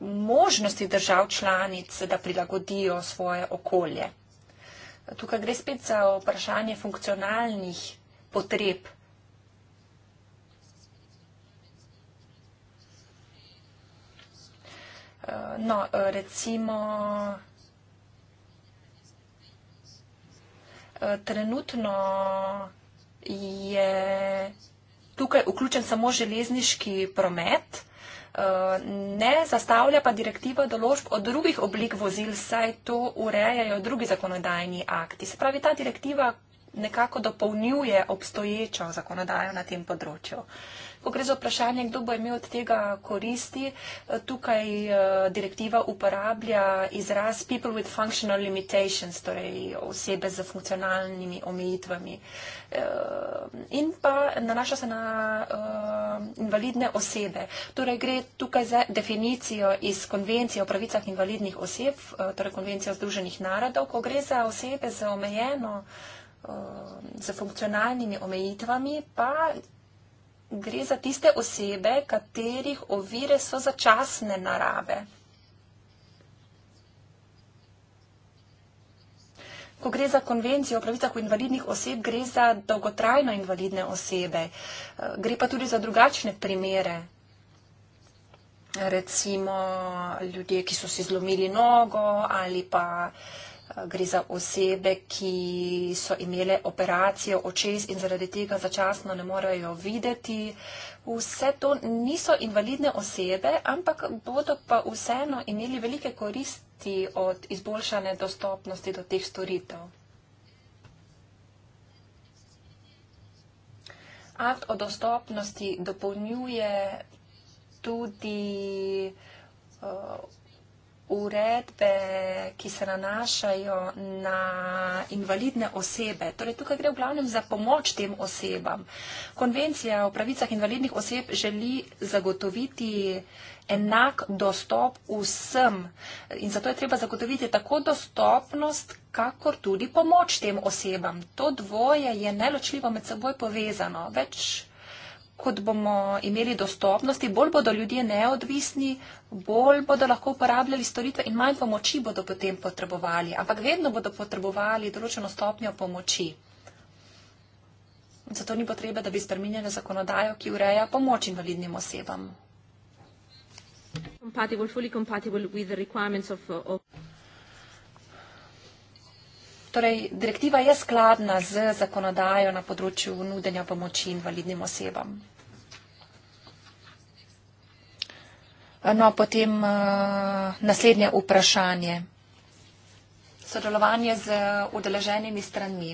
možnosti držav članic, da prilagodijo svoje okolje. Tukaj gre spet za vprašanje funkcionalnih potreb Uh, no, recimo, uh, trenutno je tukaj vključen samo železniški promet, uh, ne zastavlja pa direktiva določb o drugih oblik vozil, saj to urejajo drugi zakonodajni akti. Se pravi, ta direktiva nekako dopolnjuje obstoječo zakonodajo na tem področju. Uh, Ko gre za vprašanje, kdo bo imel od tega koristi, eh, tukaj eh, direktiva uporablja izraz people with functional limitations, torej osebe z funkcionalnimi omejitvami. Eh, in pa nanaša se na invalidne osebe. Torej gre tukaj za definicijo iz konvencije o pravicah invalidnih oseb, torej konvencija o združenih narodov, ko gre za osebe z omejeno z funkcionalnimi omejitvami, pa gre za tiste osebe, katerih ovire so začasne narave. Ko gre za konvencijo o pravicah invalidnih oseb, gre za dolgotrajno invalidne osebe. Gre pa tudi za drugačne primere. Recimo ljudje, ki so si zlomili nogo ali pa uh, Eh, gre za osebe, ki so imele operacijo očes in zaradi tega začasno ne morejo videti. Vse to niso invalidne osebe, ampak bodo pa vseeno imeli velike koristi od izboljšane dostopnosti do teh storitev. Akt o dostopnosti dopolnjuje tudi uh, uredbe, ki se nanašajo na invalidne osebe. Torej, tukaj gre v glavnem za pomoč tem osebam. Konvencija o pravicah invalidnih oseb želi zagotoviti enak dostop vsem in zato je treba zagotoviti tako dostopnost, kakor tudi pomoč tem osebam. To dvoje je neločljivo med seboj povezano. Več kot bomo imeli dostopnosti, bolj bodo ljudje neodvisni, bolj bodo lahko uporabljali storitve in manj pomoči bodo potem potrebovali. Ampak vedno bodo potrebovali določeno stopnjo pomoči. Zato ni potrebe, da bi spremenjali zakonodajo, ki ureja pomoč invalidnim osebam. Compatible, fully compatible with the requirements of, of Torej, direktiva je skladna z zakonodajo na področju nudenja pomoči invalidnim osebam. No, potem uh, naslednje vprašanje. Sodelovanje z udeleženimi stranmi.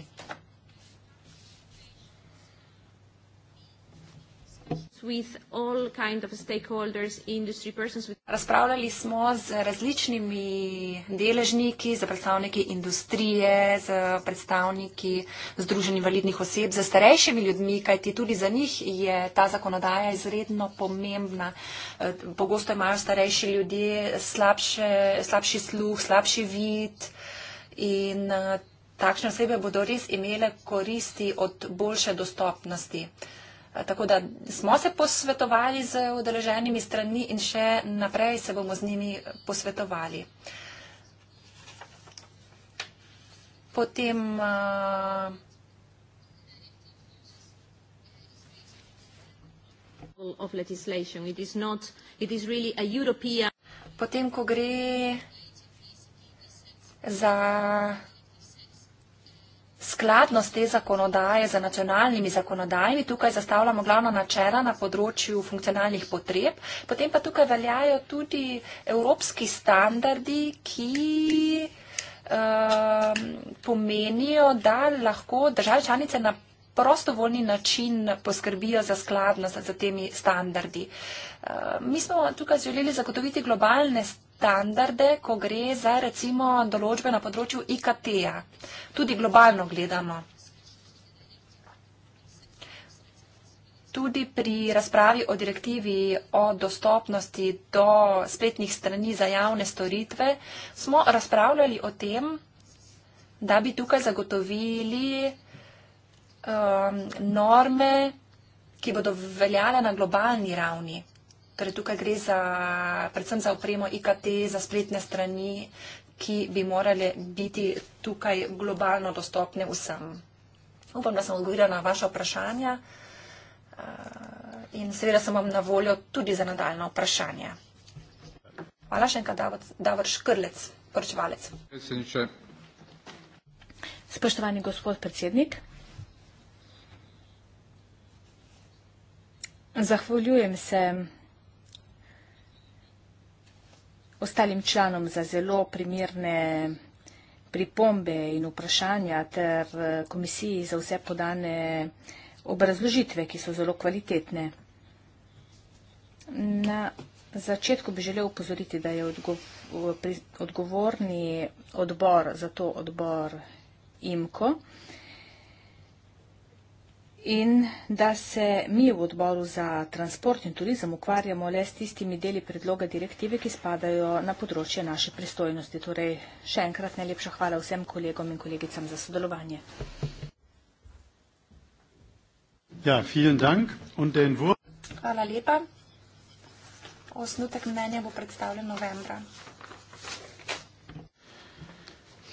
Razpravljali smo z različnimi deležniki, z predstavniki industrije, z predstavniki Združenih validnih oseb, z starejšimi ljudmi, kajti tudi za njih je ta zakonodaja izredno pomembna. Eh, pogosto imajo starejši ljudje slabše, slabši sluh, slabši vid in eh, takšne osebe bodo res imele koristi od boljše dostopnosti. Tako da smo se posvetovali z odeleženimi strani in še naprej se bomo z njimi posvetovali. Potem of legislation. It is not, it is really a European... Potem, ko gre za skladnost te zakonodaje z nacionalnimi zakonodajami. Tukaj zastavljamo glavno načela na področju funkcionalnih potreb. Potem pa tukaj veljajo tudi evropski standardi, ki ehm, pomenijo, da lahko države članice na prostovoljni način poskrbijo za skladnost za temi standardi. Eh, mi smo tukaj želeli zagotoviti globalne standarde, ko gre za recimo določbe na področju IKT-ja. Tudi globalno gledamo. Tudi pri razpravi o direktivi o dostopnosti do spletnih strani za javne storitve smo razpravljali o tem, da bi tukaj zagotovili um, norme, ki bodo veljale na globalni ravni. Torej tukaj gre za, predvsem za opremo IKT, za spletne strani, ki bi morale biti tukaj globalno dostopne vsem. Upam, da sem odgovorila na vaše vprašanja uh, in seveda sem vam na voljo tudi za nadaljno vprašanje. Hvala še enkrat, Davor, Davor Škrlec, poročevalec. Spoštovani gospod predsednik. Zahvaljujem se ostalim članom za zelo primirne pripombe in vprašanja ter eh, komisiji za vse podane obrazložitve, ki so zelo kvalitetne. Na začetku bi želel upozoriti, da je odgovorni odbor za to odbor IMKO in da se mi v odboru za transport in turizem ukvarjamo le s tistimi deli predloga direktive, ki spadajo na področje naše pristojnosti. Torej, še enkrat najlepša hvala vsem kolegom in kolegicam za sodelovanje. Ja, dank. Und den hvala lepa. Osnutek mnenja bo predstavljen novembra.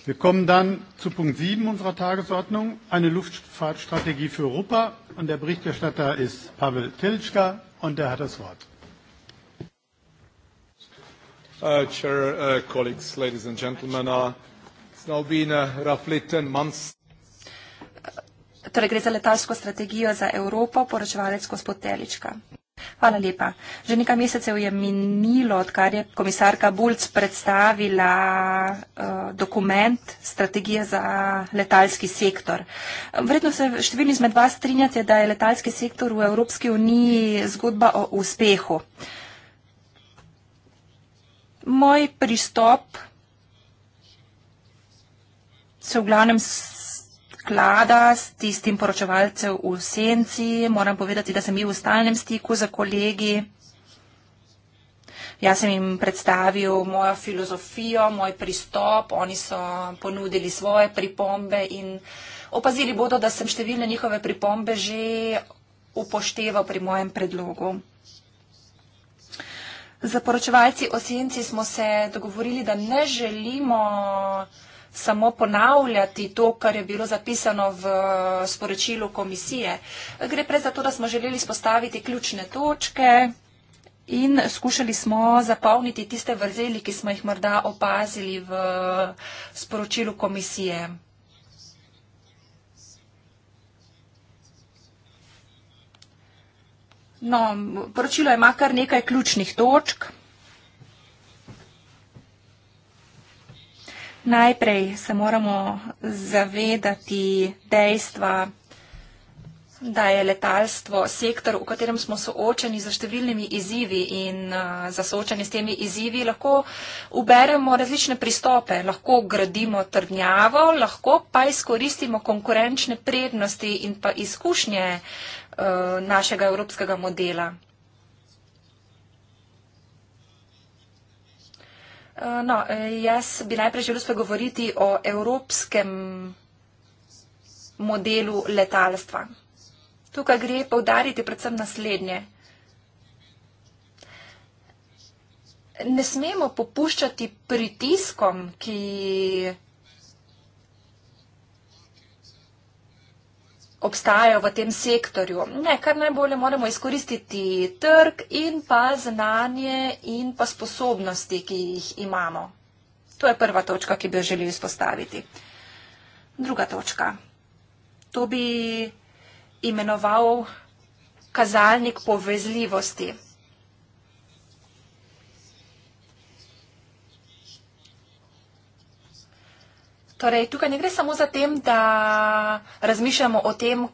Wir kommen dann zu Punkt 7 unserer Tagesordnung, eine Luftfahrtstrategie für Europa. Und der Berichterstatter ist Pavel Telitschka und der hat das Wort. Uh, Chair, uh, colleagues, ladies and gentlemen, uh, it's now been uh, roughly 10 months. Torej gre za letalsko strategijo za Evropo, poročevalec gospod Telička. Hvala lepa. Že nekaj mesecev je minilo, odkar je komisarka Bulc predstavila uh, dokument strategije za letalski sektor. Vredno se številni izmed vas strinjate, da je letalski sektor v Evropski uniji zgodba o uspehu. Moj pristop se v glavnem sklada s tistim poročevalcem v senci. Moram povedati, da sem bil v stalnem stiku za kolegi. Jaz sem jim predstavil mojo filozofijo, moj pristop, oni so ponudili svoje pripombe in opazili bodo, da sem številne njihove pripombe že upošteval pri mojem predlogu. Za poročevalci o senci smo se dogovorili, da ne želimo samo ponavljati to, kar je bilo zapisano v eh, sporočilu komisije. Gre prej za to, da smo želeli spostaviti ključne točke in skušali smo zapolniti tiste vrzeli, ki smo jih morda opazili v eh, sporočilu komisije. No, poročilo ima kar nekaj ključnih točk. Najprej se moramo zavedati dejstva, da je letalstvo sektor, v katerem smo soočeni za številnimi izzivi in za soočanje s temi izzivi lahko uberemo različne pristope, lahko gradimo trdnjavo, lahko pa izkoristimo konkurenčne prednosti in pa izkušnje našega evropskega modela. Eh, no, jaz bi najprej želel spregovoriti o evropskem modelu letalstva. Tukaj gre povdariti predvsem naslednje. Ne smemo popuščati pritiskom, ki obstajajo v tem sektorju. Ne, kar najbolje moramo izkoristiti trg in pa znanje in pa sposobnosti, ki jih imamo. To je prva točka, ki bi jo želel izpostaviti. Druga točka. To bi imenoval kazalnik povezljivosti. Torej, tukaj ne gre samo za tem, da razmišljamo o tem,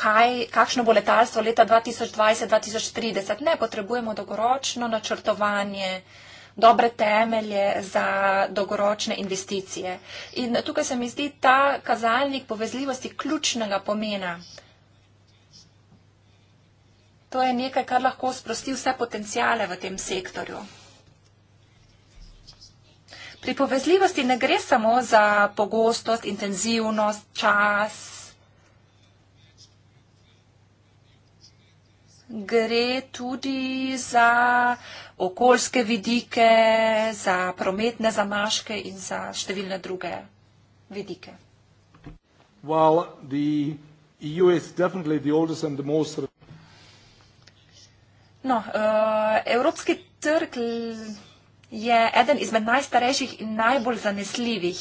kaj, kakšno bo letalstvo leta 2020-2030. Ne, potrebujemo dolgoročno načrtovanje, dobre temelje za dolgoročne investicije. In tukaj se mi zdi ta kazalnik povezljivosti ključnega pomena. To je nekaj, kar lahko sprosti vse potencijale v tem sektorju. Pri povezljivosti ne gre samo za pogostost, intenzivnost, čas. Gre tudi za okoljske vidike, za prometne zamaške in za številne druge vidike. Well, the EU is definitely the oldest and the most No, uh, evropski trg je eden izmed najstarejših in najbolj zanesljivih.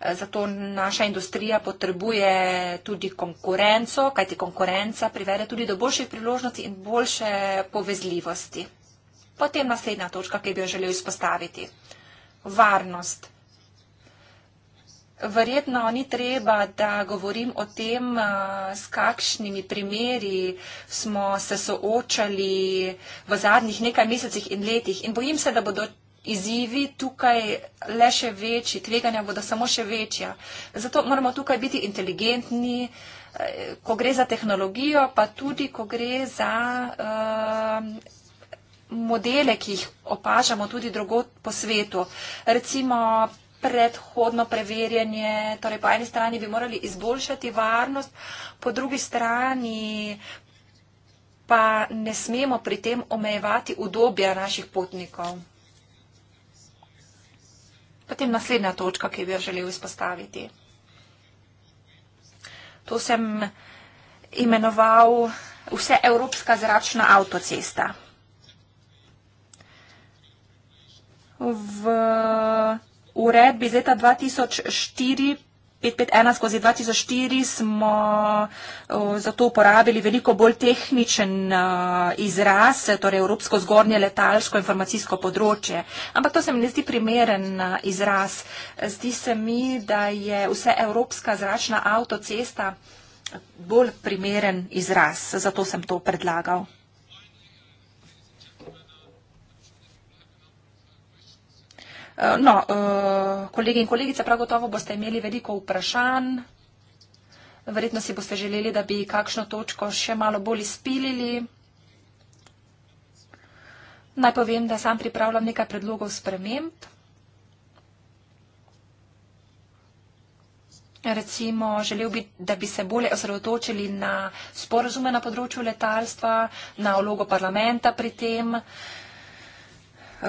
Eh, zato naša industrija potrebuje tudi konkurenco, kajti konkurenca privede tudi do boljših priložnosti in boljše povezljivosti. Potem naslednja točka, ki bi jo želel izpostaviti. Varnost. Verjetno ni treba, da govorim o tem, eh, s kakšnimi primeri smo se soočali v zadnjih nekaj mesecih in letih. In bojim se, da bodo izzivi tukaj le še večji, tveganja bodo samo še večja. Zato moramo tukaj biti inteligentni, eh, ko gre za tehnologijo, pa tudi, ko gre za uh, modele, ki jih opažamo tudi drugot po svetu. Recimo predhodno preverjanje, torej po eni strani bi morali izboljšati varnost, po drugi strani pa ne smemo pri tem omejevati udobja naših potnikov. Potem naslednja točka, ki bi jo želel izpostaviti. To sem imenoval vse Evropska zračna avtocesta. V uredbi z leta 2004 551 skozi 2004 smo zato uporabili veliko bolj tehničen izraz, torej Evropsko zgornje letalsko informacijsko področje. Ampak to se mi ne zdi primeren izraz. Zdi se mi, da je vse Evropska zračna avtocesta bolj primeren izraz. Zato sem to predlagal. Eh, no, eh, kolegi in kolegice, prav gotovo boste imeli veliko vprašanj. Verjetno si boste želeli, da bi kakšno točko še malo bolj izpilili. Naj povem, da sam pripravljam nekaj predlogov sprememb. Recimo, želel bi, da bi se bolje osredotočili na sporozume na področju letalstva, na vlogo parlamenta pri tem. Uh,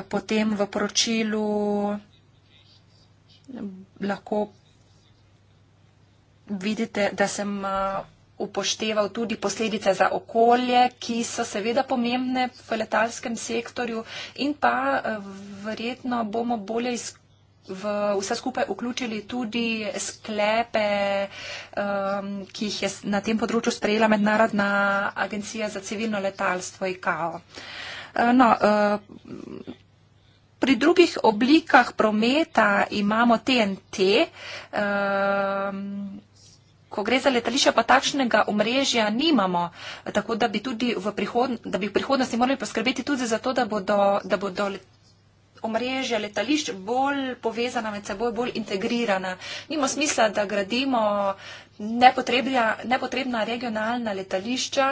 potem v poročilu lahko vidite, da sem upošteval tudi posledice za okolje, ki so seveda pomembne v letalskem sektorju in pa verjetno bomo bolje v vse skupaj vključili tudi sklepe, ki jih je na tem področju sprejela Mednarodna agencija za civilno letalstvo ICAO. No, Pri drugih oblikah prometa imamo TNT. Um, ehm, Ko gre za letališče, pa takšnega omrežja nimamo, tako da bi tudi v, prihod, da bi v prihodnosti morali poskrbeti tudi za to, da bodo, da bodo omrežja letališč bolj povezana med seboj, bolj integrirana. Nima smisla, da gradimo nepotrebna regionalna letališča.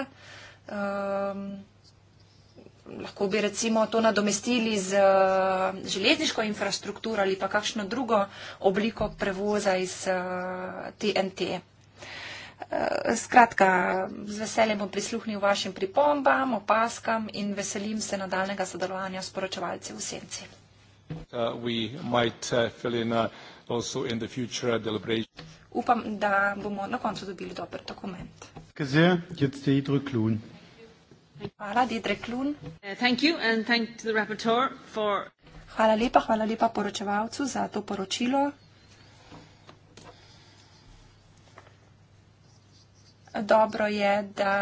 Um, lahko bi recimo to nadomestili z eh, železniško infrastrukturo ali pa kakšno drugo obliko prevoza iz TNT. Eh, eh, skratka, z veseljem bom prisluhnil vašim pripombam, opaskam in veselim se nadaljnega sodelovanja s poročevalci v Senci. Uh, uh, uh, Upam, da bomo na koncu dobili dober dokument. Gezir, jetzt die Hvala lepa, hvala lepa poročevalcu za to poročilo. Dobro je, da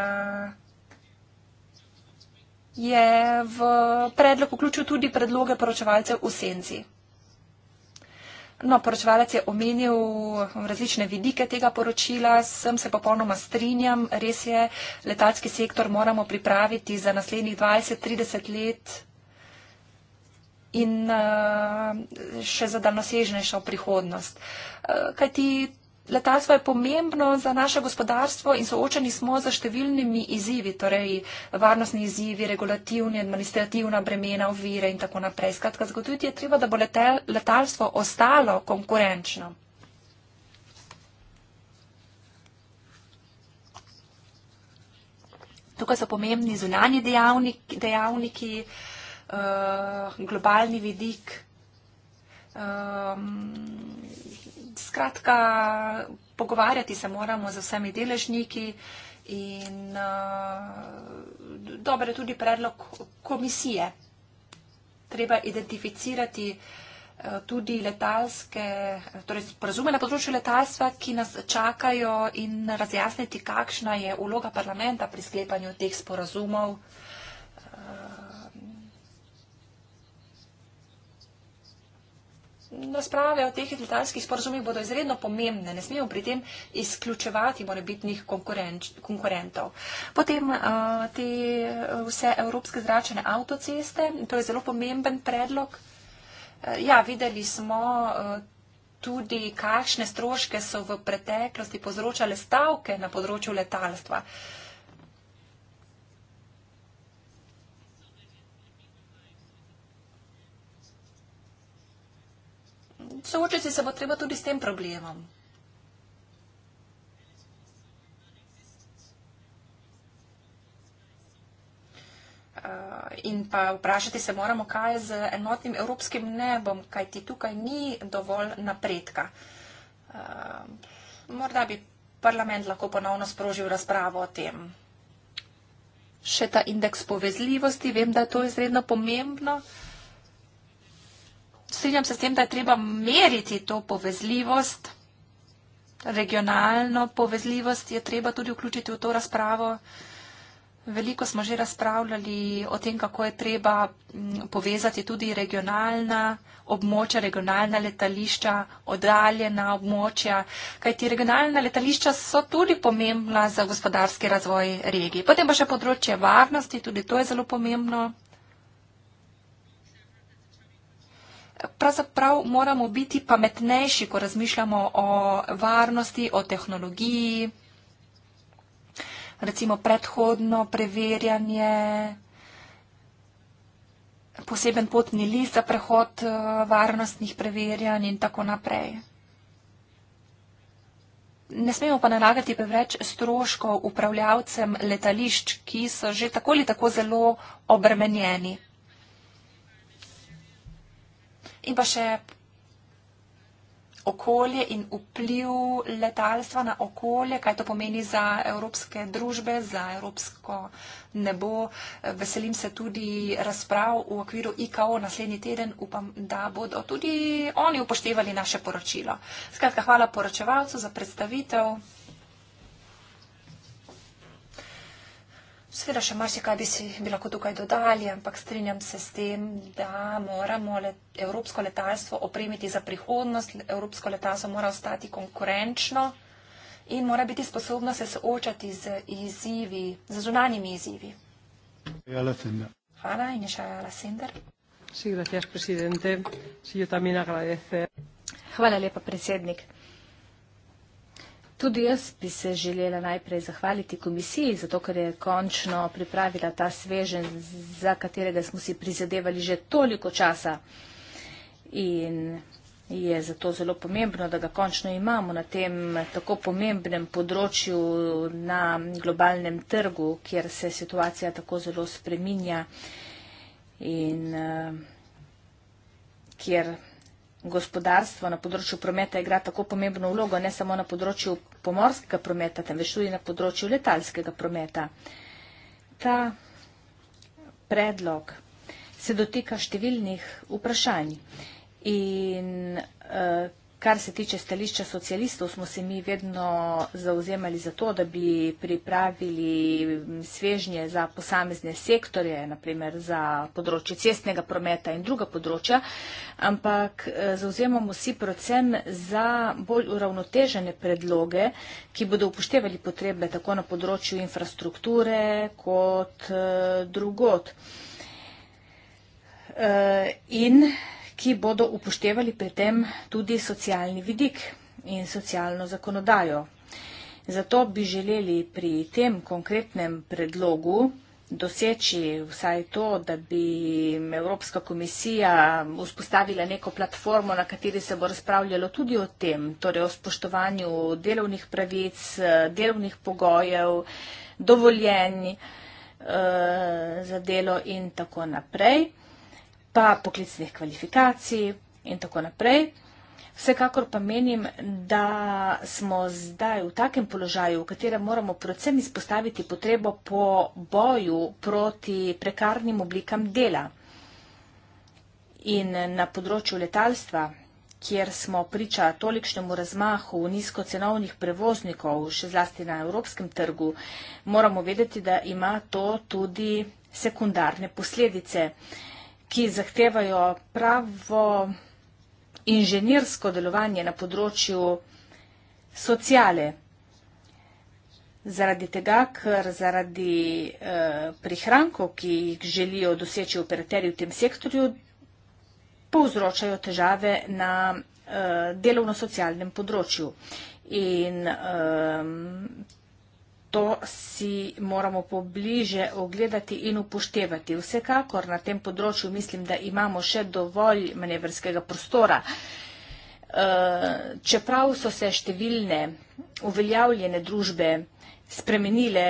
je v predlog vključil tudi predloge poročevalcev v senci. No, poročevalec je omenil um, različne vidike tega poročila, sem se popolnoma strinjam, res je, letalski sektor moramo pripraviti za naslednjih 20-30 let in uh, še za daljnosežnejšo prihodnost. Uh, kaj ti Letalstvo je pomembno za naše gospodarstvo in soočeni smo za številnimi izzivi, torej varnostni izzivi, regulativni, administrativna bremena, ovire in tako naprej. Skratka, zagotoviti je treba, da bo letel, letalstvo ostalo konkurenčno. Tukaj so pomembni zunanji dejavnik, dejavniki, uh, globalni vidik. Um, skratka, pogovarjati se moramo z vsemi deležniki in uh, eh, dobro je tudi predlog komisije. Treba identificirati eh, tudi letalske, torej sporazume na področju letalstva, ki nas čakajo in razjasniti, kakšna je uloga parlamenta pri sklepanju teh sporazumov. razprave o teh letalskih sporozumih bodo izredno pomembne. Ne smemo pri tem izključevati morebitnih konkurentov. Potem eh, te eh, vse evropske zračene avtoceste, to je zelo pomemben predlog. Eh, ja, videli smo tudi, kakšne stroške so v preteklosti povzročale stavke na področju letalstva. Soočiti se bo treba tudi s tem problemom. In pa vprašati se moramo, kaj z enotnim evropskim nebom, kaj ti tukaj ni dovolj napredka. Eh, morda bi parlament lahko ponovno sprožil razpravo o tem. Še ta indeks povezljivosti, vem, da je to izredno pomembno strinjam se s tem, da je treba meriti to povezljivost, regionalno povezljivost je treba tudi vključiti v to razpravo. Veliko smo že razpravljali o tem, kako je treba mm, povezati tudi regionalna območja, regionalna letališča, oddaljena območja, kajti regionalna letališča so tudi pomembna za gospodarski razvoj regije. Potem pa še področje varnosti, tudi to je zelo pomembno. pravzaprav moramo biti pametnejši, ko razmišljamo o varnosti, o tehnologiji, recimo predhodno preverjanje, poseben potni list za prehod eh, varnostnih preverjanj in tako naprej. Ne smemo pa nalagati preveč stroškov upravljavcem letališč, ki so že tako ali tako zelo obremenjeni. In pa še okolje in vpliv letalstva na okolje, kaj to pomeni za evropske družbe, za evropsko nebo. Veselim se tudi razprav v okviru IKO naslednji teden. Upam, da bodo tudi oni upoštevali naše poročilo. Skratka, hvala poročevalcu za predstavitev. Sveda še marsikaj bi si bi lahko tukaj dodali, ampak strinjam se s tem, da moramo let, evropsko letalstvo opremiti za prihodnost. Evropsko letalstvo mora ostati konkurenčno in mora biti sposobno se soočati z izzivi, z zunanjimi izzivi. Hvala in še Ala Sender. Sí, gracias, presidente. Sí, yo también agradezco. Hvala lepa, predsednik. Tudi jaz bi se želela najprej zahvaliti komisiji, zato ker je končno pripravila ta svežen, za katerega smo si prizadevali že toliko časa. In je zato zelo pomembno, da ga končno imamo na tem tako pomembnem področju na globalnem trgu, kjer se situacija tako zelo spreminja in uh, kjer gospodarstvo na področju prometa igra tako pomembno vlogo, ne samo na področju pomorskega prometa, temveč tudi na področju letalskega prometa. Ta predlog se dotika številnih vprašanj in uh, Kar se tiče stališča socialistov, smo se mi vedno zauzemali za to, da bi pripravili svežnje za posamezne sektorje, naprimer za področje cestnega prometa in druga področja, ampak eh, zauzemamo si predvsem za bolj uravnotežene predloge, ki bodo upoštevali potrebe tako na področju infrastrukture kot eh, drugot. Eh, in ki bodo upoštevali pri tem tudi socialni vidik in socialno zakonodajo. Zato bi želeli pri tem konkretnem predlogu doseči vsaj to, da bi Evropska komisija vzpostavila neko platformo, na kateri se bo razpravljalo tudi o tem, torej o spoštovanju delovnih pravic, delovnih pogojev, dovoljenj eh, za delo in tako naprej pa poklicnih kvalifikacij in tako naprej. Vsekakor pa menim, da smo zdaj v takem položaju, v katerem moramo predvsem izpostaviti potrebo po boju proti prekarnim oblikam dela. In na področju letalstva, kjer smo priča tolikšnemu razmahu nizkocenovnih prevoznikov, še zlasti na evropskem trgu, moramo vedeti, da ima to tudi sekundarne posledice. Uh, ki zahtevajo pravo inženirsko delovanje na področju sociale. Zaradi tega, ker zaradi eh, prihrankov, ki jih želijo doseči operaterji v tem sektorju, povzročajo težave na eh, delovno-socialnem področju. In ehm, to si moramo pobliže ogledati in upoštevati. Vsekakor na tem področju mislim, da imamo še dovolj manevrskega prostora. Eh, čeprav so se številne uveljavljene družbe spremenile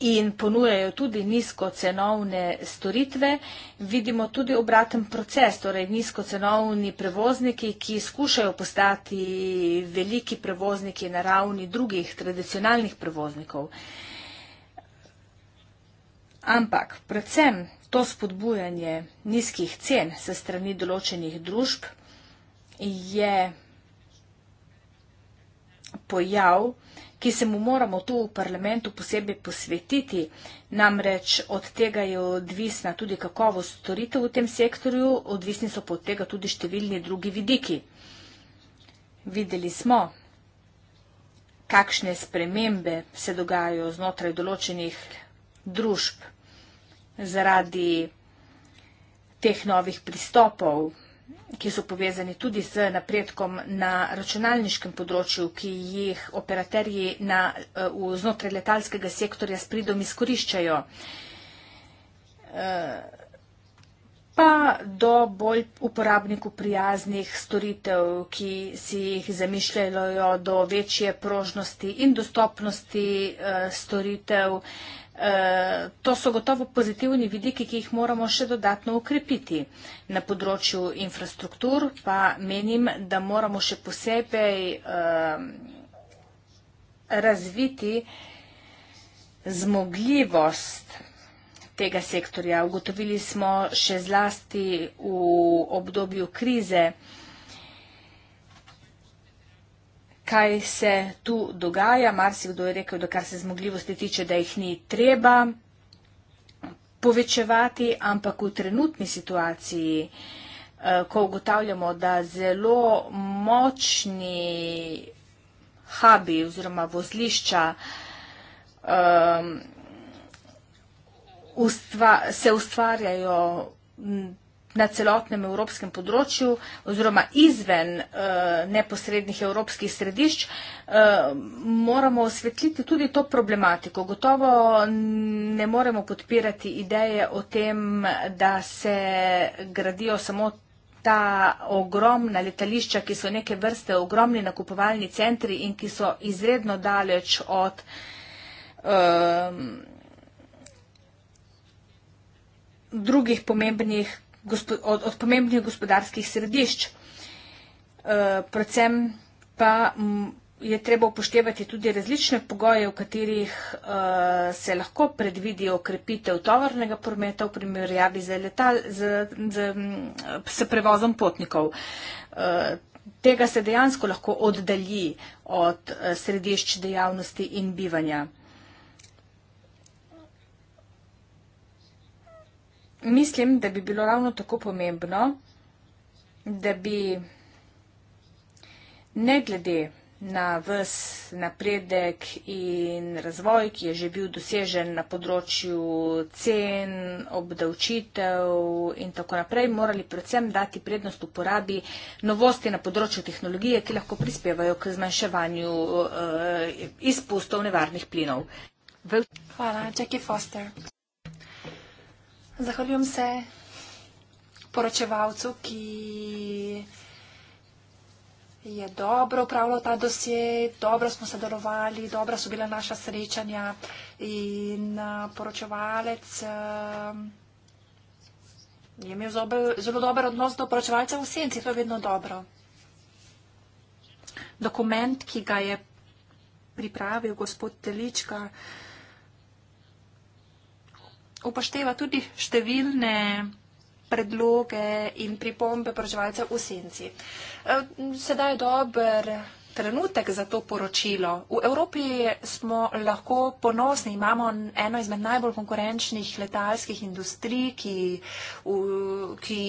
in ponujajo tudi nizkocenovne storitve. Vidimo tudi obraten proces, torej nizkocenovni prevozniki, ki skušajo postati veliki prevozniki na ravni drugih tradicionalnih prevoznikov. Ampak predvsem to spodbujanje nizkih cen se strani določenih družb je pojav, ki se mu moramo tu v parlamentu posebej posvetiti. Namreč od tega je odvisna tudi kakovost storitev v tem sektorju, odvisni so pa od tega tudi številni drugi vidiki. Videli smo, kakšne spremembe se dogajajo znotraj določenih družb zaradi teh novih pristopov ki so povezani tudi z napredkom na računalniškem področju, ki jih operaterji na, eh, v znotraj letalskega sektorja s pridom izkoriščajo, eh, pa do bolj uporabniku prijaznih storitev, ki si jih zamišljajo do večje prožnosti in dostopnosti eh, storitev Eh, to so gotovo pozitivni vidiki, ki jih moramo še dodatno ukrepiti. Na področju infrastruktur pa menim, da moramo še posebej eh, razviti zmogljivost tega sektorja. Ugotovili smo še zlasti v obdobju krize, kaj se tu dogaja. Marsikdo je rekel, da kar se zmogljivosti tiče, da jih ni treba povečevati, ampak v trenutni situaciji, eh, ko ugotavljamo, da zelo močni hubi oziroma vozlišča um, ustva, se ustvarjajo na celotnem evropskem področju oziroma izven uh, neposrednih evropskih središč, uh, moramo osvetliti tudi to problematiko. Gotovo ne moremo podpirati ideje o tem, da se gradijo samo ta ogromna letališča, ki so neke vrste ogromni nakupovalni centri in ki so izredno daleč od. Um, drugih pomembnih od, od pomembnih gospodarskih središč. Eh, predvsem pa je treba upoštevati tudi različne pogoje, v katerih eh, se lahko predvidi okrepitev tovornega prometa v primerjavi z, letal, z, z, z prevozom potnikov. Eh, tega se dejansko lahko oddalji od središč dejavnosti in bivanja. mislim, da bi bilo ravno tako pomembno, da bi ne glede na vse napredek in razvoj, ki je že bil dosežen na področju cen, obdavčitev in tako naprej, morali predvsem dati prednost uporabi novosti na področju tehnologije, ki lahko prispevajo k zmanjševanju uh, izpustov nevarnih plinov. Hvala, Jackie Foster. Zahvaljujem se poročevalcu, ki je dobro upravljal ta dosje, dobro smo sodelovali, dobra so bila naša srečanja in poročevalec je imel zelo dober odnos do poročevalca v senci, to je vedno dobro. Dokument, ki ga je pripravil gospod Telička, je vedno dobro upošteva tudi številne predloge in pripombe proživalcev v senci. E, sedaj je dober trenutek za to poročilo. V Evropi smo lahko ponosni, imamo eno izmed najbolj konkurenčnih letalskih industrij, ki, v, ki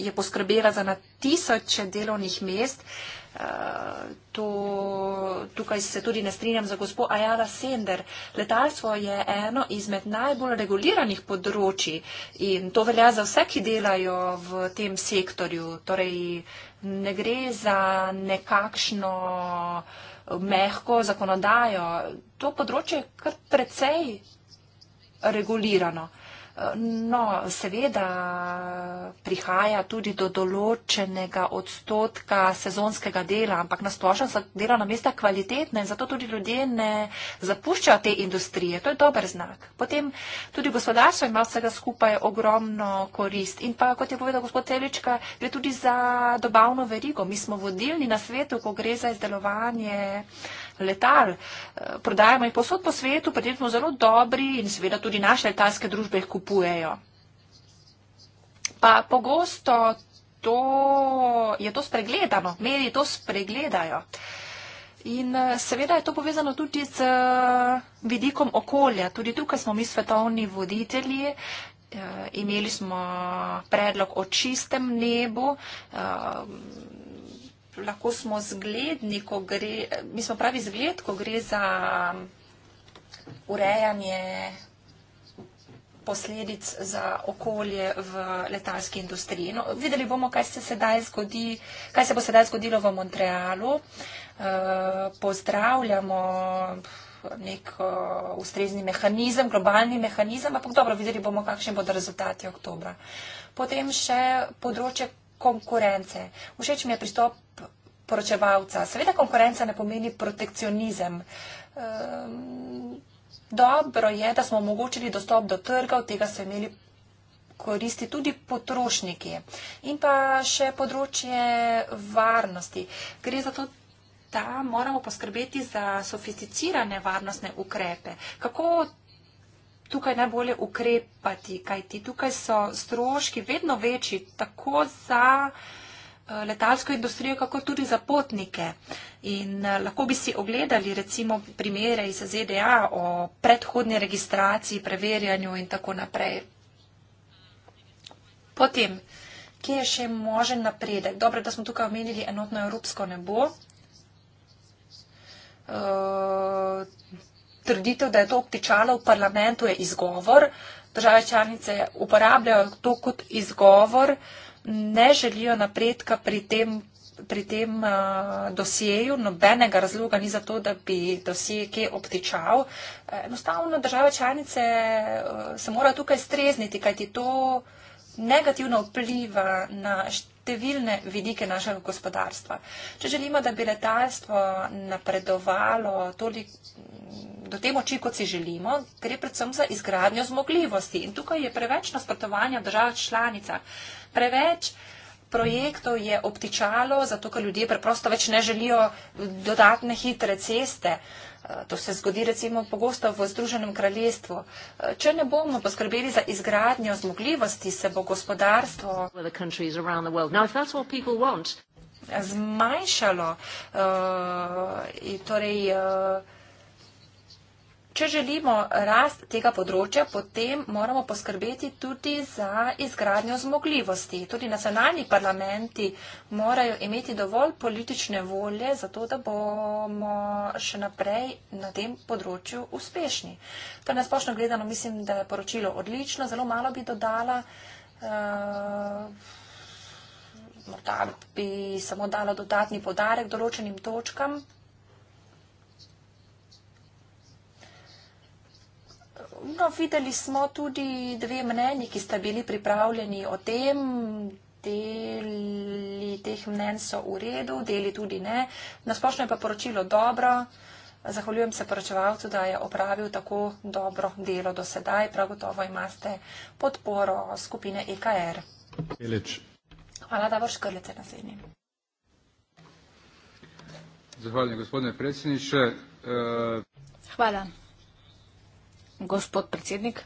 je poskrbela za na tisoče delovnih mest to, tukaj se tudi ne strinjam za gospo Ajala Sender. Letalstvo je eno izmed najbolj reguliranih področji in to velja za vse, ki delajo v tem sektorju. Torej, ne gre za nekakšno eh, mehko zakonodajo. To področje je kar precej regulirano. Uh, No, seveda prihaja tudi do določenega odstotka sezonskega dela, ampak na splošno so delovna mesta kvalitetna in zato tudi ljudje ne zapuščajo te industrije. To je dober znak. Potem tudi gospodarstvo ima vsega skupaj ogromno korist. In pa, kot je povedal gospod Telička, gre tudi za dobavno verigo. Mi smo vodilni na svetu, ko gre za izdelovanje letal. Eh, prodajamo jih posod po svetu, pa smo zelo dobri in seveda tudi naše letalske družbe jih kupujejo. Pa pogosto to, je to spregledano, mediji to spregledajo. In eh, seveda je to povezano tudi z eh, vidikom okolja. Tudi tukaj smo mi svetovni voditelji. Imeli smo predlog o čistem nebu, lahko smo zgledni, ko gre, mi smo pravi zgled, ko gre za urejanje posledic za okolje v letalski industriji. No, videli bomo, kaj se, sedaj zgodi, kaj se bo sedaj zgodilo v Montrealu. E, pozdravljamo nek eh, ustrezni mehanizem, globalni mehanizem, ampak dobro, videli bomo, kakšni bodo rezultati oktobra. Potem še področje konkurence. Všeč mi je pristop poročevalca. Seveda konkurenca ne pomeni protekcionizem. Ehm, dobro je, da smo omogočili dostop do trga, od tega so imeli koristi tudi potrošniki. In pa še področje varnosti. Gre za to, da moramo poskrbeti za sofisticirane varnostne ukrepe. Kako tukaj najbolje ukrepati, kajti tukaj so stroški vedno večji, tako za eh, letalsko industrijo, kako tudi za potnike. In eh, lahko bi si ogledali recimo primere iz ZDA o predhodni registraciji, preverjanju in tako naprej. Potem, kje je še možen napredek? Dobro, da smo tukaj omenili enotno evropsko nebo. Uh, trditev, da je to obtičalo v parlamentu, je izgovor. Države članice uporabljajo to kot izgovor, ne želijo napredka pri tem, pri tem uh, dosjeju, nobenega razloga ni za to, da bi dosje kje obtičal. Eh, enostavno države članice uh, se morajo tukaj strezniti, kajti to negativno vpliva na številne vidike našega gospodarstva. Če želimo, da bi letalstvo napredovalo toliko do te moči, kot si želimo, gre predvsem za izgradnjo zmogljivosti. In tukaj je preveč nasprotovanja v državah članicah. Preveč projektov je obtičalo, zato ker ljudje preprosto več ne želijo dodatne hitre ceste. To se zgodi recimo pogosto v Združenem kraljestvu. Če ne bomo poskrbeli za izgradnjo zmogljivosti, se bo gospodarstvo zmanjšalo. Eh, torej, eh, Če želimo rast tega področja, potem moramo poskrbeti tudi za izgradnjo zmogljivosti. Tudi nacionalni parlamenti morajo imeti dovolj politične volje, zato da bomo še naprej na tem področju uspešni. To je nasplošno gledano, mislim, da je poročilo odlično, zelo malo bi dodala. Uh, Morda bi samo dala dodatni podarek določenim točkam. No, videli smo tudi dve mnenji, ki sta bili pripravljeni o tem. Deli teh mnen so v redu, deli tudi ne. Nasplošno je pa poročilo dobro. Zahvaljujem se poročevalcu, da je opravil tako dobro delo do sedaj. Prav gotovo imate podporo skupine EKR. Elič. Hvala, da vrš krlice na sedni. Zahvaljujem, gospodine predsjedniče. E... Hvala gospod predsednik.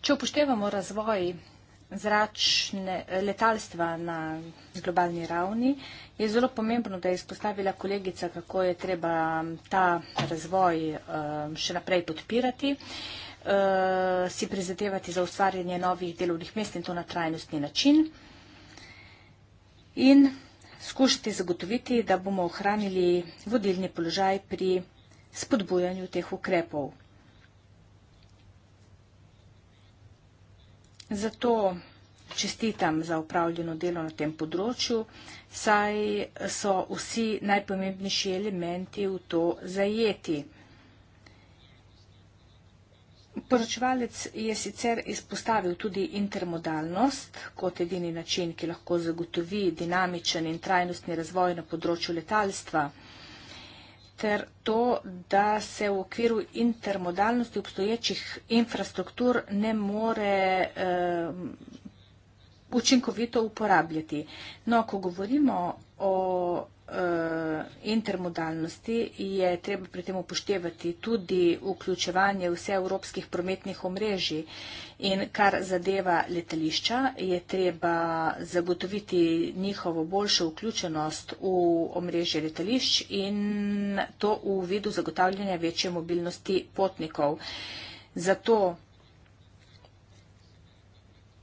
Če upoštevamo razvoj zračne eh, letalstva na globalni ravni, je zelo pomembno, da je izpostavila kolegica, kako je treba mm, ta razvoj eh, še naprej podpirati, eh, si prizadevati za ustvarjanje novih delovnih mest in to na trajnostni način in skušati zagotoviti, da bomo ohranili vodilni položaj pri spodbujanju teh ukrepov. Zato čestitam za upravljeno delo na tem področju, saj so vsi najpomembnejši elementi v to zajeti. Poročevalec je sicer izpostavil tudi intermodalnost kot edini način, ki lahko zagotovi dinamičen in trajnostni razvoj na področju letalstva ter to, da se v okviru intermodalnosti obstoječih infrastruktur ne more učinkovito uporabljati. No, ko govorimo o uh, intermodalnosti je treba pri tem upoštevati tudi vključevanje vse evropskih prometnih omrežij in kar zadeva letališča, je treba zagotoviti njihovo boljšo vključenost v omrežje letališč in to v vidu zagotavljanja večje mobilnosti potnikov. Zato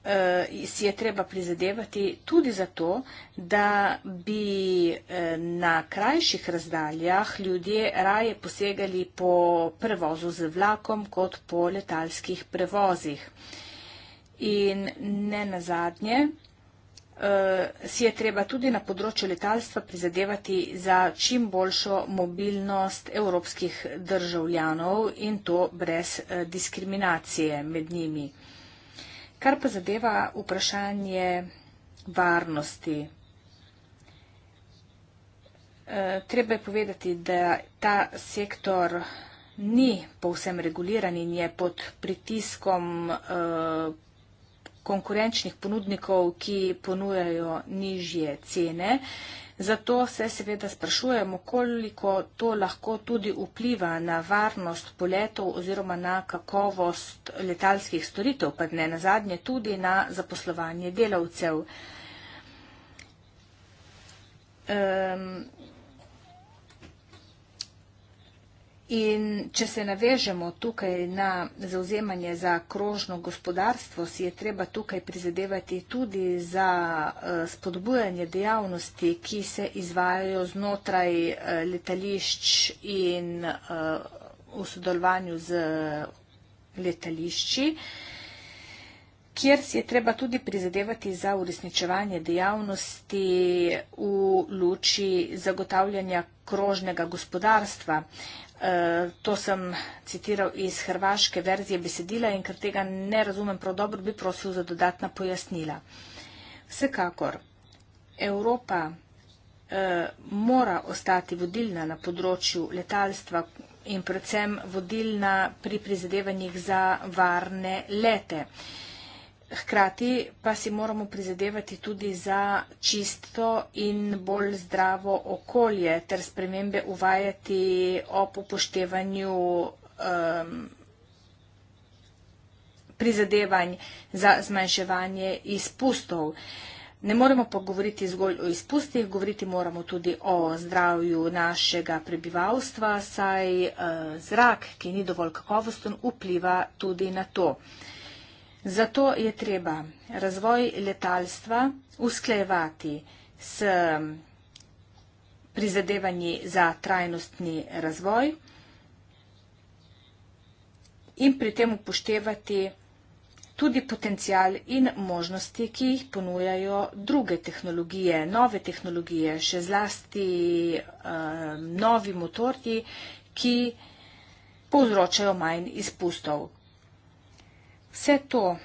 Eh, si je treba prizadevati tudi za to, da bi eh, na krajših razdaljah ljudje raje posegali po prevozu z vlakom kot po letalskih prevozih. In ne nazadnje, eh, si je treba tudi na področju letalstva prizadevati za čim boljšo mobilnost evropskih državljanov in to brez diskriminacije med njimi. Kar pa zadeva vprašanje varnosti, eh, treba je povedati, da ta sektor ni povsem reguliran in je pod pritiskom eh, konkurenčnih ponudnikov, ki ponujajo nižje cene. Zato se seveda sprašujemo, koliko to lahko tudi vpliva na varnost poletov oziroma na kakovost letalskih storitev, pa ne na zadnje tudi na zaposlovanje delavcev. Um, In če se navežemo tukaj na zauzemanje za krožno gospodarstvo, si je treba tukaj prizadevati tudi za eh, spodbujanje dejavnosti, ki se izvajajo znotraj eh, letališč in eh, v sodelovanju z letališči kjer si je treba tudi prizadevati za uresničevanje dejavnosti v luči zagotavljanja krožnega gospodarstva. Eh, to sem citiral iz hrvaške verzije besedila in ker tega ne razumem prav dobro, bi prosil za dodatna pojasnila. Vsekakor, Evropa eh, mora ostati vodilna na področju letalstva in predvsem vodilna pri prizadevanjih za varne lete. Hkrati pa si moramo prizadevati tudi za čisto in bolj zdravo okolje ter spremembe uvajati ob upoštevanju um, prizadevanj za zmanjševanje izpustov. Ne moremo pa govoriti zgolj o izpustih, govoriti moramo tudi o zdravju našega prebivalstva, saj eh, zrak, ki ni dovolj kakovosten, vpliva tudi na to. Zato je treba razvoj letalstva usklejevati s prizadevanji za trajnostni razvoj in pri tem upoštevati tudi potencial in možnosti, ki jih ponujajo druge tehnologije, nove tehnologije, še zlasti um, novi motorji, ki povzročajo manj izpustov. Vse to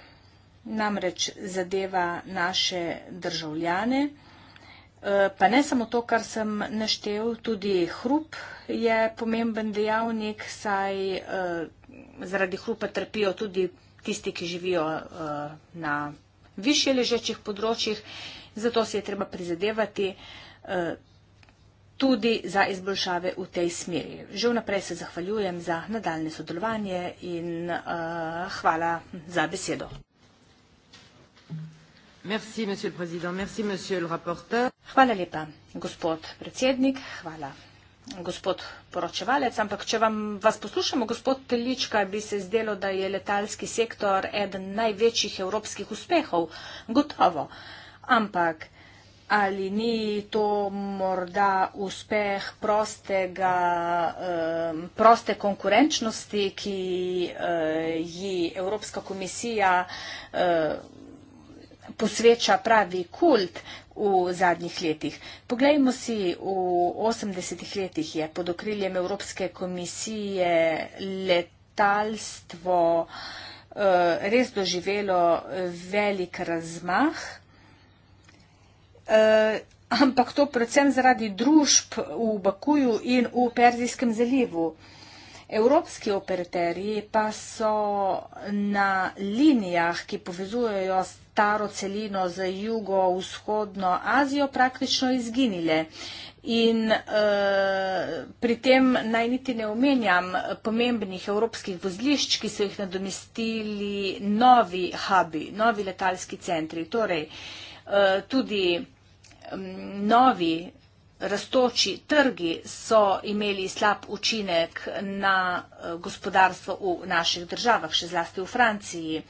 namreč zadeva naše državljane, e, pa ne samo to, kar sem naštel, tudi hrup je pomemben dejavnik, saj e, zaradi hrupa trpijo tudi tisti, ki živijo e, na višje ležečih področjih, zato si je treba prizadevati tudi za izboljšave v tej smeri. Že vnaprej se zahvaljujem za nadaljne sodelovanje in uh, hvala za besedo. Merci, Merci, hvala lepa, gospod predsednik. Hvala, gospod poročevalec. Ampak, če vam vas poslušamo, gospod Telička, bi se zdelo, da je letalski sektor eden največjih evropskih uspehov. Gotovo. Ampak, Ali ni to morda uspeh prostega, proste konkurenčnosti, ki eh, ji Evropska komisija eh, posveča pravi kult v zadnjih letih? Poglejmo si, v 80-ih letih je pod okriljem Evropske komisije letalstvo eh, res doživelo velik razmah. Eh, ampak to predvsem zaradi družb v Bakuju in v Perzijskem zalivu. Evropski operaterji pa so na linijah, ki povezujejo staro celino z jugo-vzhodno Azijo, praktično izginile. In e, pri tem naj niti ne omenjam pomembnih evropskih vozlišč, ki so jih nadomestili novi hubi, novi letalski centri. Torej, e, tudi novi rastoči trgi so imeli slab učinek na eh, gospodarstvo v naših državah, še zlasti v Franciji.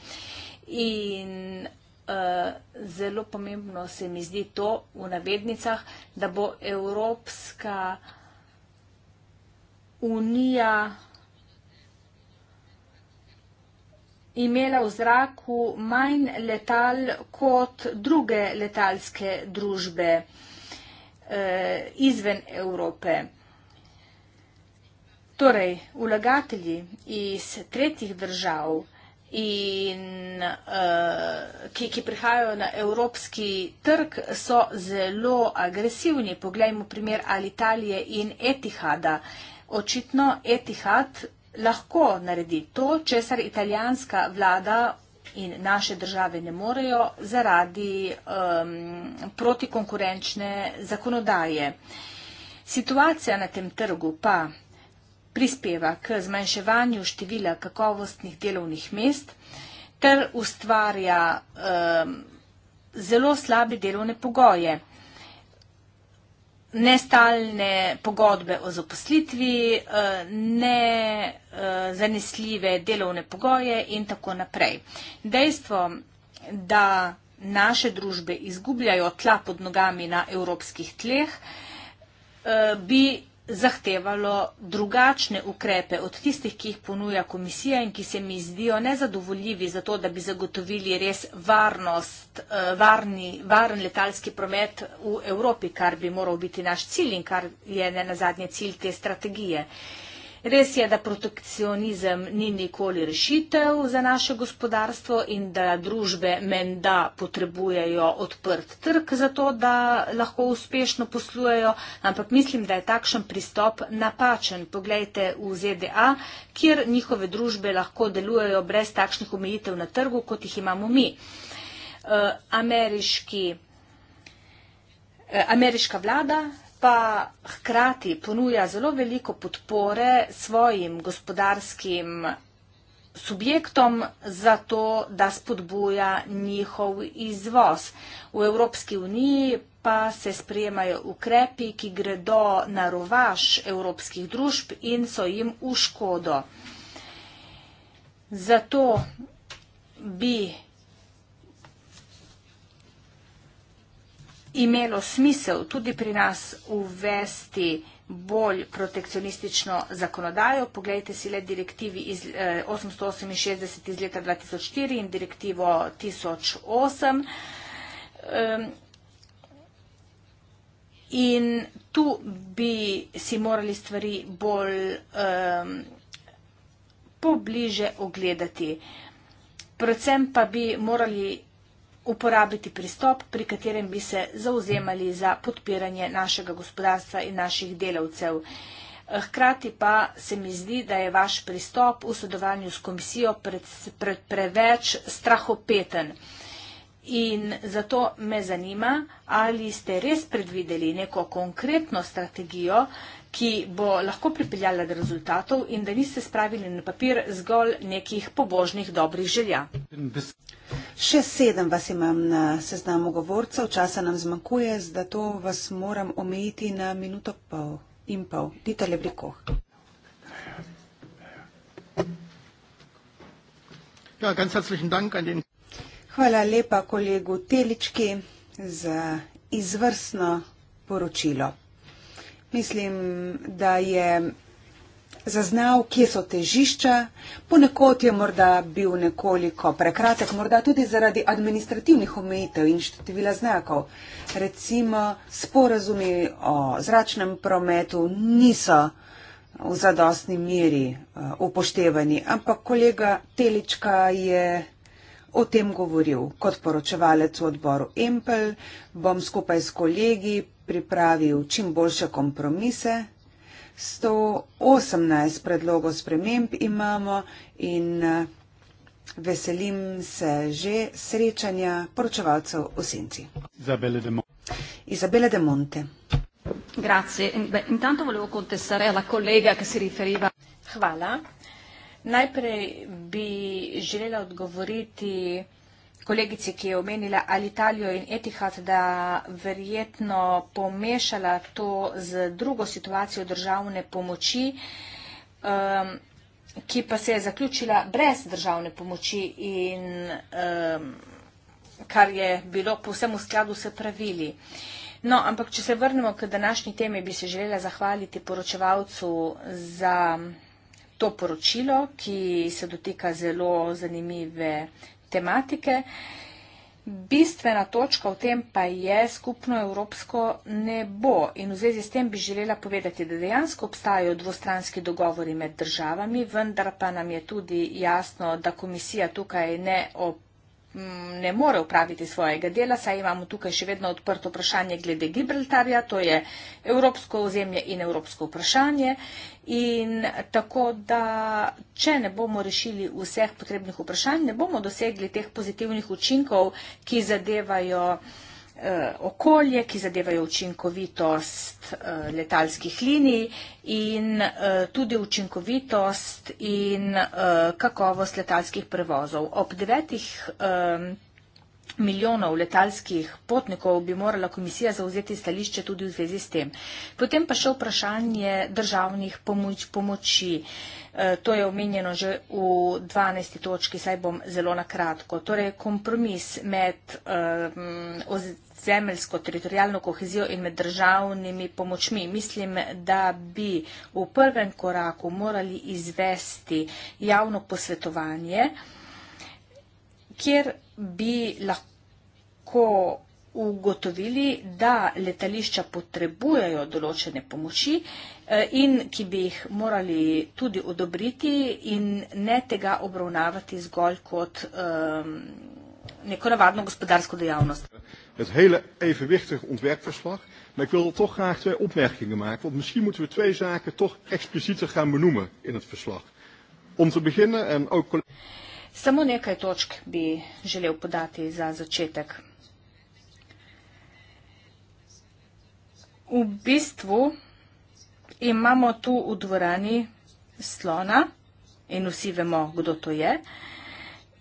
In eh, zelo pomembno se mi zdi to v navednicah, da bo Evropska unija imela v zraku manj letal kot druge letalske družbe eh, izven Evrope. Torej, vlagatelji iz tretjih držav, in, eh, ki, ki prihajajo na evropski trg, so zelo agresivni. Poglejmo primer Alitalije in Etihada. Očitno Etihad lahko naredi to, česar italijanska vlada in naše države ne morejo zaradi um, protikonkurenčne zakonodaje. Situacija na tem trgu pa prispeva k zmanjševanju števila kakovostnih delovnih mest ter ustvarja um, zelo slabe delovne pogoje nestalne pogodbe o zaposlitvi, eh, ne eh, zanesljive delovne pogoje in tako naprej. Dejstvo, da naše družbe izgubljajo tla pod nogami na evropskih tleh, eh, bi zahtevalo drugačne ukrepe od tistih, ki jih ponuja komisija in ki se mi zdijo nezadovoljivi za to, da bi zagotovili res varnost, eh, varni, varen letalski promet v Evropi, kar bi moral biti naš cilj in kar je ne nazadnje cilj te strategije. Uh, Res je, da protekcionizem ni nikoli rešitev za naše gospodarstvo in da družbe menda potrebujejo odprt trg za to, da lahko uspešno poslujejo, ampak mislim, da je takšen pristop napačen. Poglejte v ZDA, kjer njihove družbe lahko delujejo brez takšnih omejitev na trgu, kot jih imamo mi. Eh, ameriški, eh, ameriška vlada pa hkrati ponuja zelo veliko podpore svojim gospodarskim subjektom za to, da spodbuja njihov izvoz. V Evropski uniji pa se sprejemajo ukrepi, ki gredo na rovaž evropskih družb in so jim v škodo. Zato bi imelo smisel tudi pri nas uvesti bolj protekcionistično zakonodajo. Poglejte si le direktivi iz 868 eh, iz leta 2004 in direktivo 1008. In tu bi si morali stvari bolj um, pobliže ogledati. Predvsem pa bi morali uporabiti pristop, pri katerem bi se zauzemali za podpiranje našega gospodarstva in naših delavcev. Hkrati pa se mi zdi, da je vaš pristop v sodelovanju s komisijo pred, pred preveč strahopeten. In zato me zanima, ali ste res predvideli neko konkretno strategijo, ki bo lahko pripeljala do rezultatov in da niste spravili na papir zgolj nekih pobožnih dobrih želja. Še sedem vas imam na seznamu govorcev, časa nam zmanjkuje, zato vas moram omejiti na minuto pol in pol. Dita Lebrikoh. Ja, Hvala lepa kolegu Telički za izvrsno poročilo. Mislim, da je zaznal, kje so težišča, ponekod je morda bil nekoliko prekratek, morda tudi zaradi administrativnih omejitev in števila znakov. Recimo, sporazumi o zračnem prometu niso v zadostni meri eh, upoštevani, ampak kolega Telička je o tem govoril kot poročevalec v odboru Empel, bom skupaj s kolegi pripravil čim boljše kompromise. 118 predlogov sprememb imamo in eh, veselim se že srečanja poročevalcev v senci. Izabele de Monte. Izabele de Monte. Grazie. Beh, intanto volevo contestare alla collega che si riferiva. Hvala. Najprej bi želela odgovoriti kolegici, ki je omenila Alitalijo in Etihad, da verjetno pomešala to z drugo situacijo državne pomoči, um, ki pa se je zaključila brez državne pomoči in um, kar je bilo povsem v skladu s pravili. No, ampak če se vrnemo k današnji temi, bi se želela zahvaliti poročevalcu za to poročilo, ki se dotika zelo zanimive tematike. Bistvena točka v tem pa je skupno evropsko nebo in v zvezi s tem bi želela povedati, da dejansko obstajajo dvostranski dogovori med državami, vendar pa nam je tudi jasno, da komisija tukaj ne opravlja Mm, ne more upraviti svojega dela, saj imamo tukaj še vedno odprto vprašanje glede Gibraltarja, to je evropsko ozemlje in evropsko vprašanje. In tako da, če ne bomo rešili vseh potrebnih vprašanj, ne bomo dosegli teh pozitivnih učinkov, ki zadevajo Eh, okolje, ki zadevajo učinkovitost eh, letalskih linij in eh, tudi učinkovitost in kakovost letalskih prevozov. Ob devetih milijonov letalskih potnikov bi morala komisija zauzeti stališče tudi v zvezi s tem. Potem pa še vprašanje državnih pomoč, pomoči. E, to je omenjeno že v 12. točki, saj bom zelo nakratko. Torej kompromis med e, oz, zemljsko teritorijalno kohezijo in med državnimi pomočmi. Mislim, da bi v prvem koraku morali izvesti javno posvetovanje, kjer bi lahko ugotovili, da letališča potrebujejo določene pomoči eh, in ki bi jih morali tudi odobriti in ne tega obravnavati zgolj kot um, neko navadno gospodarsko dejavnost. Het hele evenwichtig ontwerpverslag. Maar ik wil er toch graag twee opmerkingen maken. Want misschien moeten we twee zaken toch explicieter gaan benoemen in het verslag. Om te beginnen en ook. Samo nekaj točk bi želel podati za začetek. V bistvu imamo tu v dvorani slona in vsi vemo, kdo to je.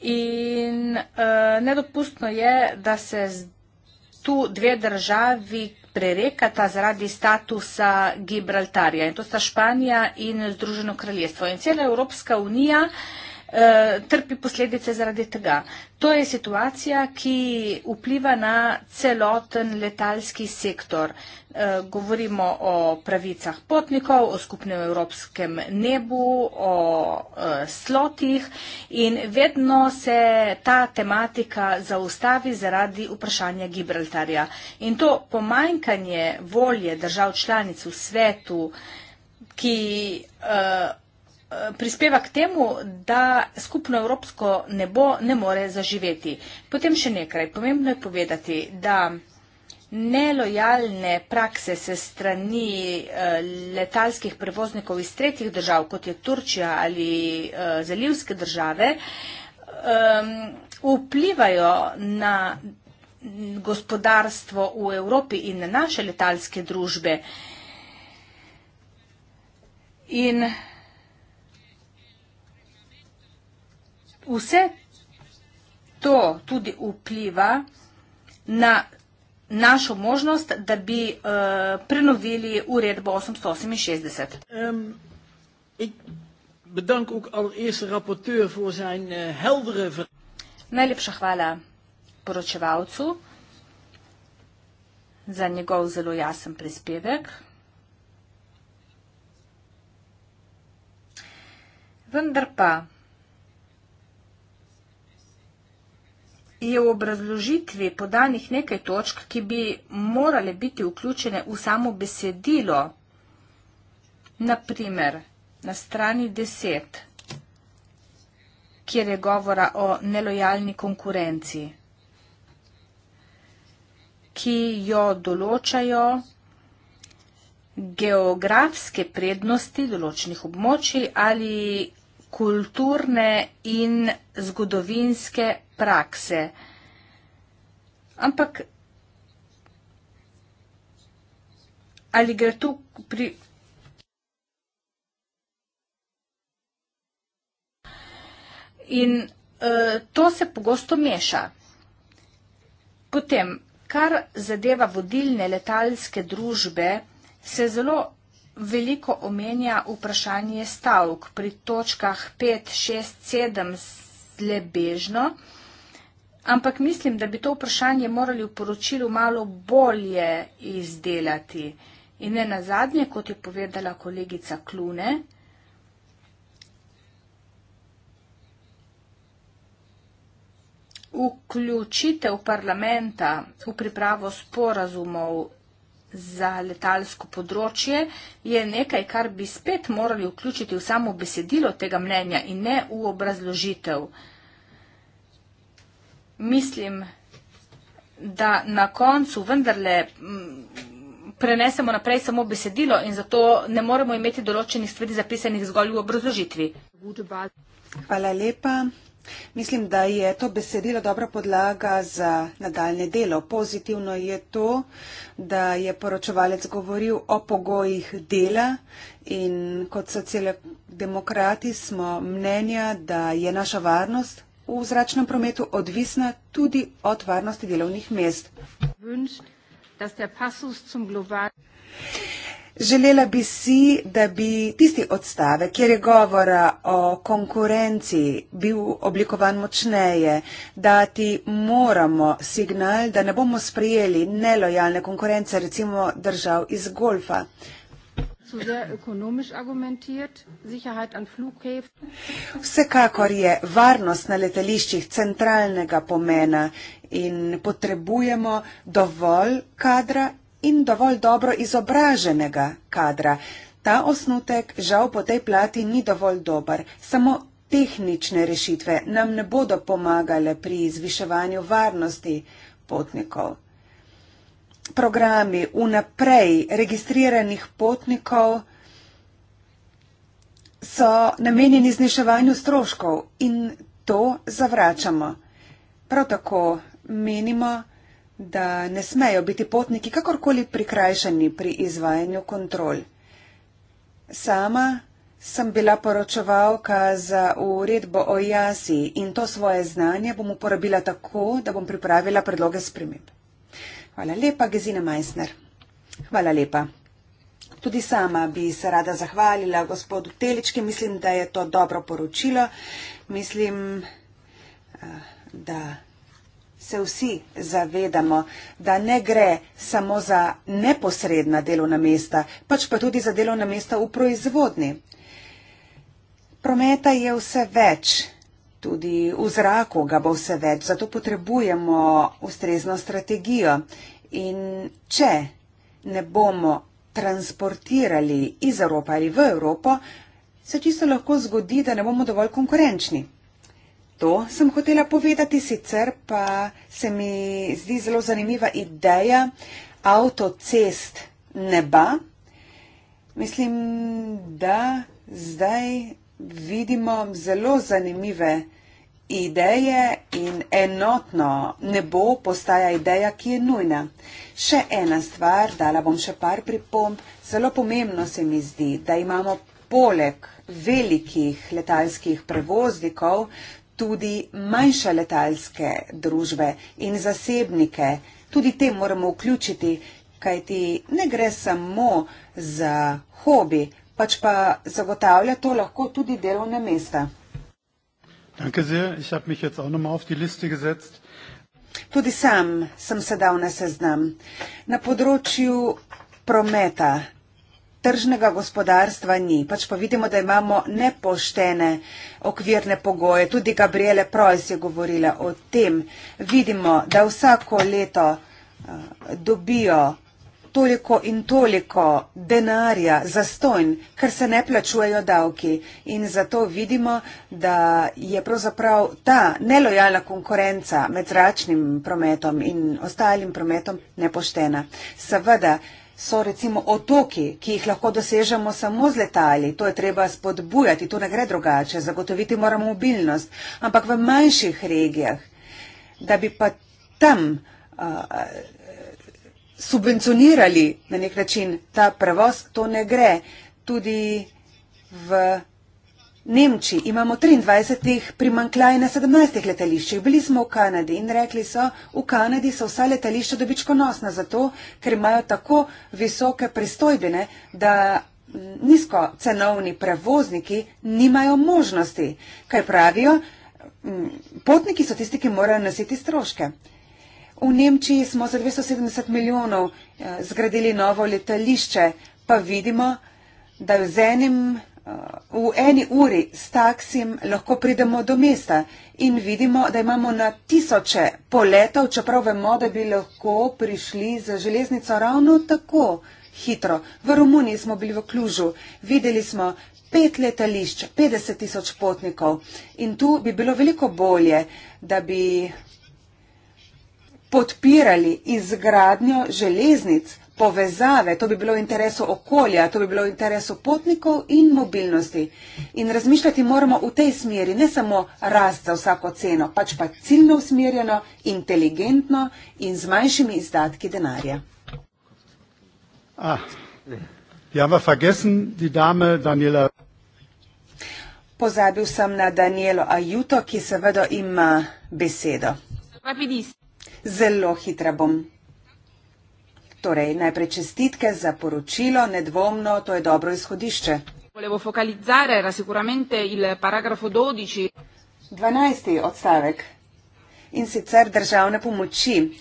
In uh, nedopustno je, da se tu dve državi prerekata zaradi statusa Gibraltarja. In to sta Španija in Združeno kraljestvo. In cela Evropska unija uh, Eh, trpi posledice zaradi tega. To je situacija, ki vpliva na celoten letalski sektor. Eh, govorimo o pravicah potnikov, o skupnem evropskem nebu, o eh, slotih in vedno se ta tematika zaustavi zaradi vprašanja Gibraltarja. In to pomanjkanje volje držav članic v svetu, ki prispeva k temu, da skupno evropsko nebo ne more zaživeti. Potem še nekaj. Pomembno je povedati, da nelojalne prakse se strani eh, letalskih prevoznikov iz tretjih držav, kot je Turčija ali eh, zalivske države, vplivajo na gospodarstvo v Evropi in na naše letalske družbe. In vse to tudi vpliva na našo možnost, da bi uh, prenovili uredbo 868. Um, ehm, ik bedank ook allereerste rapporteur voor zijn uh, heldere Najlepša hvala poročevalcu za njegov zelo jasen prispevek. Vendar pa, je v obrazložitvi podanih nekaj točk, ki bi morale biti vključene v samo besedilo. Naprimer, na strani 10, kjer je govora o nelojalni konkurenci, ki jo določajo geografske prednosti določenih območij ali kulturne in zgodovinske prakse. Ampak ali gre tu pri. In uh, to se pogosto meša. Potem, kar zadeva vodilne letalske družbe, se zelo veliko omenja vprašanje stavk pri točkah 5, 6, 7 slebežno, ampak mislim, da bi to vprašanje morali v poročilu malo bolje izdelati. In ne nazadnje, kot je povedala kolegica Klune, vključitev parlamenta v pripravo sporazumov za letalsko področje, je nekaj, kar bi spet morali vključiti v samo besedilo tega mnenja in ne v obrazložitev. Mislim, da na koncu vendarle mm, prenesemo naprej samo besedilo in zato ne moremo imeti določenih stvari zapisanih zgolj v obrazložitvi. Hvala lepa. Mislim, da je to besedilo dobra podlaga za nadaljne delo. Pozitivno je to, da je poročevalec govoril o pogojih dela in kot socialdemokrati smo mnenja, da je naša varnost v zračnem prometu odvisna tudi od varnosti delovnih mest. Vünscht, Želela bi si, da bi tisti odstavek, kjer je govora o konkurenci, bil oblikovan močneje, da ti moramo signal, da ne bomo sprejeli nelojalne konkurence, recimo držav iz golfa. Vsekakor je varnost na letališčih centralnega pomena in potrebujemo dovolj kadra in dovolj dobro izobraženega kadra. Ta osnutek žal po tej plati ni dovolj dober. Samo tehnične rešitve nam ne bodo pomagale pri zviševanju varnosti potnikov. Programi vnaprej registriranih potnikov so namenjeni zniševanju stroškov in to zavračamo. Prav tako menimo, da ne smejo biti potniki kakorkoli prikrajšani pri izvajanju kontrol. Sama sem bila poročevalka za uredbo o jasi in to svoje znanje bom uporabila tako, da bom pripravila predloge sprememb. Hvala lepa, Gezina Meissner. Hvala lepa. Tudi sama bi se rada zahvalila gospodu Telički. Mislim, da je to dobro poročilo. Mislim, eh, da se vsi zavedamo, da ne gre samo za neposredna delovna mesta, pač pa tudi za delovna mesta v proizvodni. Prometa je vse več, tudi v zraku ga bo vse več, zato potrebujemo ustrezno strategijo. In če ne bomo transportirali iz Evrope ali v Evropo, se čisto lahko zgodi, da ne bomo dovolj konkurenčni. To sem hotela povedati, sicer pa se mi zdi zelo zanimiva ideja avtocest neba. Mislim, da zdaj vidimo zelo zanimive ideje in enotno nebo postaja ideja, ki je nujna. Še ena stvar, dala bom še par pripomb. Zelo pomembno se mi zdi, da imamo poleg velikih letalskih prevoznikov tudi manjše letalske družbe in zasebnike. Tudi te moramo vključiti, kajti ne gre samo za hobi, pač pa zagotavlja to lahko tudi delovne mesta. Tudi sam sem se dal na seznam. Na področju prometa tržnega gospodarstva ni, pač pa vidimo, da imamo nepoštene okvirne pogoje. Tudi Gabriele Preuss je govorila o tem. Vidimo, da vsako leto eh, dobijo toliko in toliko denarja za stojn, ker se ne plačujejo davki. In zato vidimo, da je pravzaprav ta nelojalna konkurenca med zračnim prometom in ostalim prometom nepoštena. Seveda, so recimo otoki, ki jih lahko dosežemo samo z letali. To je treba spodbujati, to ne gre drugače. Zagotoviti moramo mobilnost. Ampak v manjših regijah, da bi pa tam uh, subvencionirali na nek način ta prevoz, to ne gre. Tudi v Nemči imamo 23 primankljaj na 17 letališčih. Bili smo v Kanadi in rekli so, v Kanadi so vsa letališča dobičkonosna zato, ker imajo tako visoke pristojbine, da nizkocenovni prevozniki nimajo možnosti. Kaj pravijo? Mm, potniki so tisti, ki morajo nositi stroške. V Nemčiji smo za 270 milijonov eh, zgradili novo letališče, pa vidimo, da z enim V eni uri s taksim lahko pridemo do mesta in vidimo, da imamo na tisoče poletov, čeprav vemo, da bi lahko prišli za železnico ravno tako hitro. V Romuniji smo bili v Klužu, videli smo pet letališč, 50 tisoč potnikov in tu bi bilo veliko bolje, da bi podpirali izgradnjo železnic povezave, to bi bilo v interesu okolja, to bi bilo v interesu potnikov in mobilnosti. In razmišljati moramo v tej smeri, ne samo rast za vsako ceno, pač pa ciljno usmerjeno, inteligentno in z manjšimi izdatki denarja. Ah, ja, ma vergessen, die dame Daniela. Pozabil sem na Danielo Ajuto, ki seveda ima besedo. Rapidis. Zelo hitra bom. Torej, najprej čestitke za poročilo, nedvomno, to je dobro izhodišče. 12. odstavek. In sicer državne pomoči.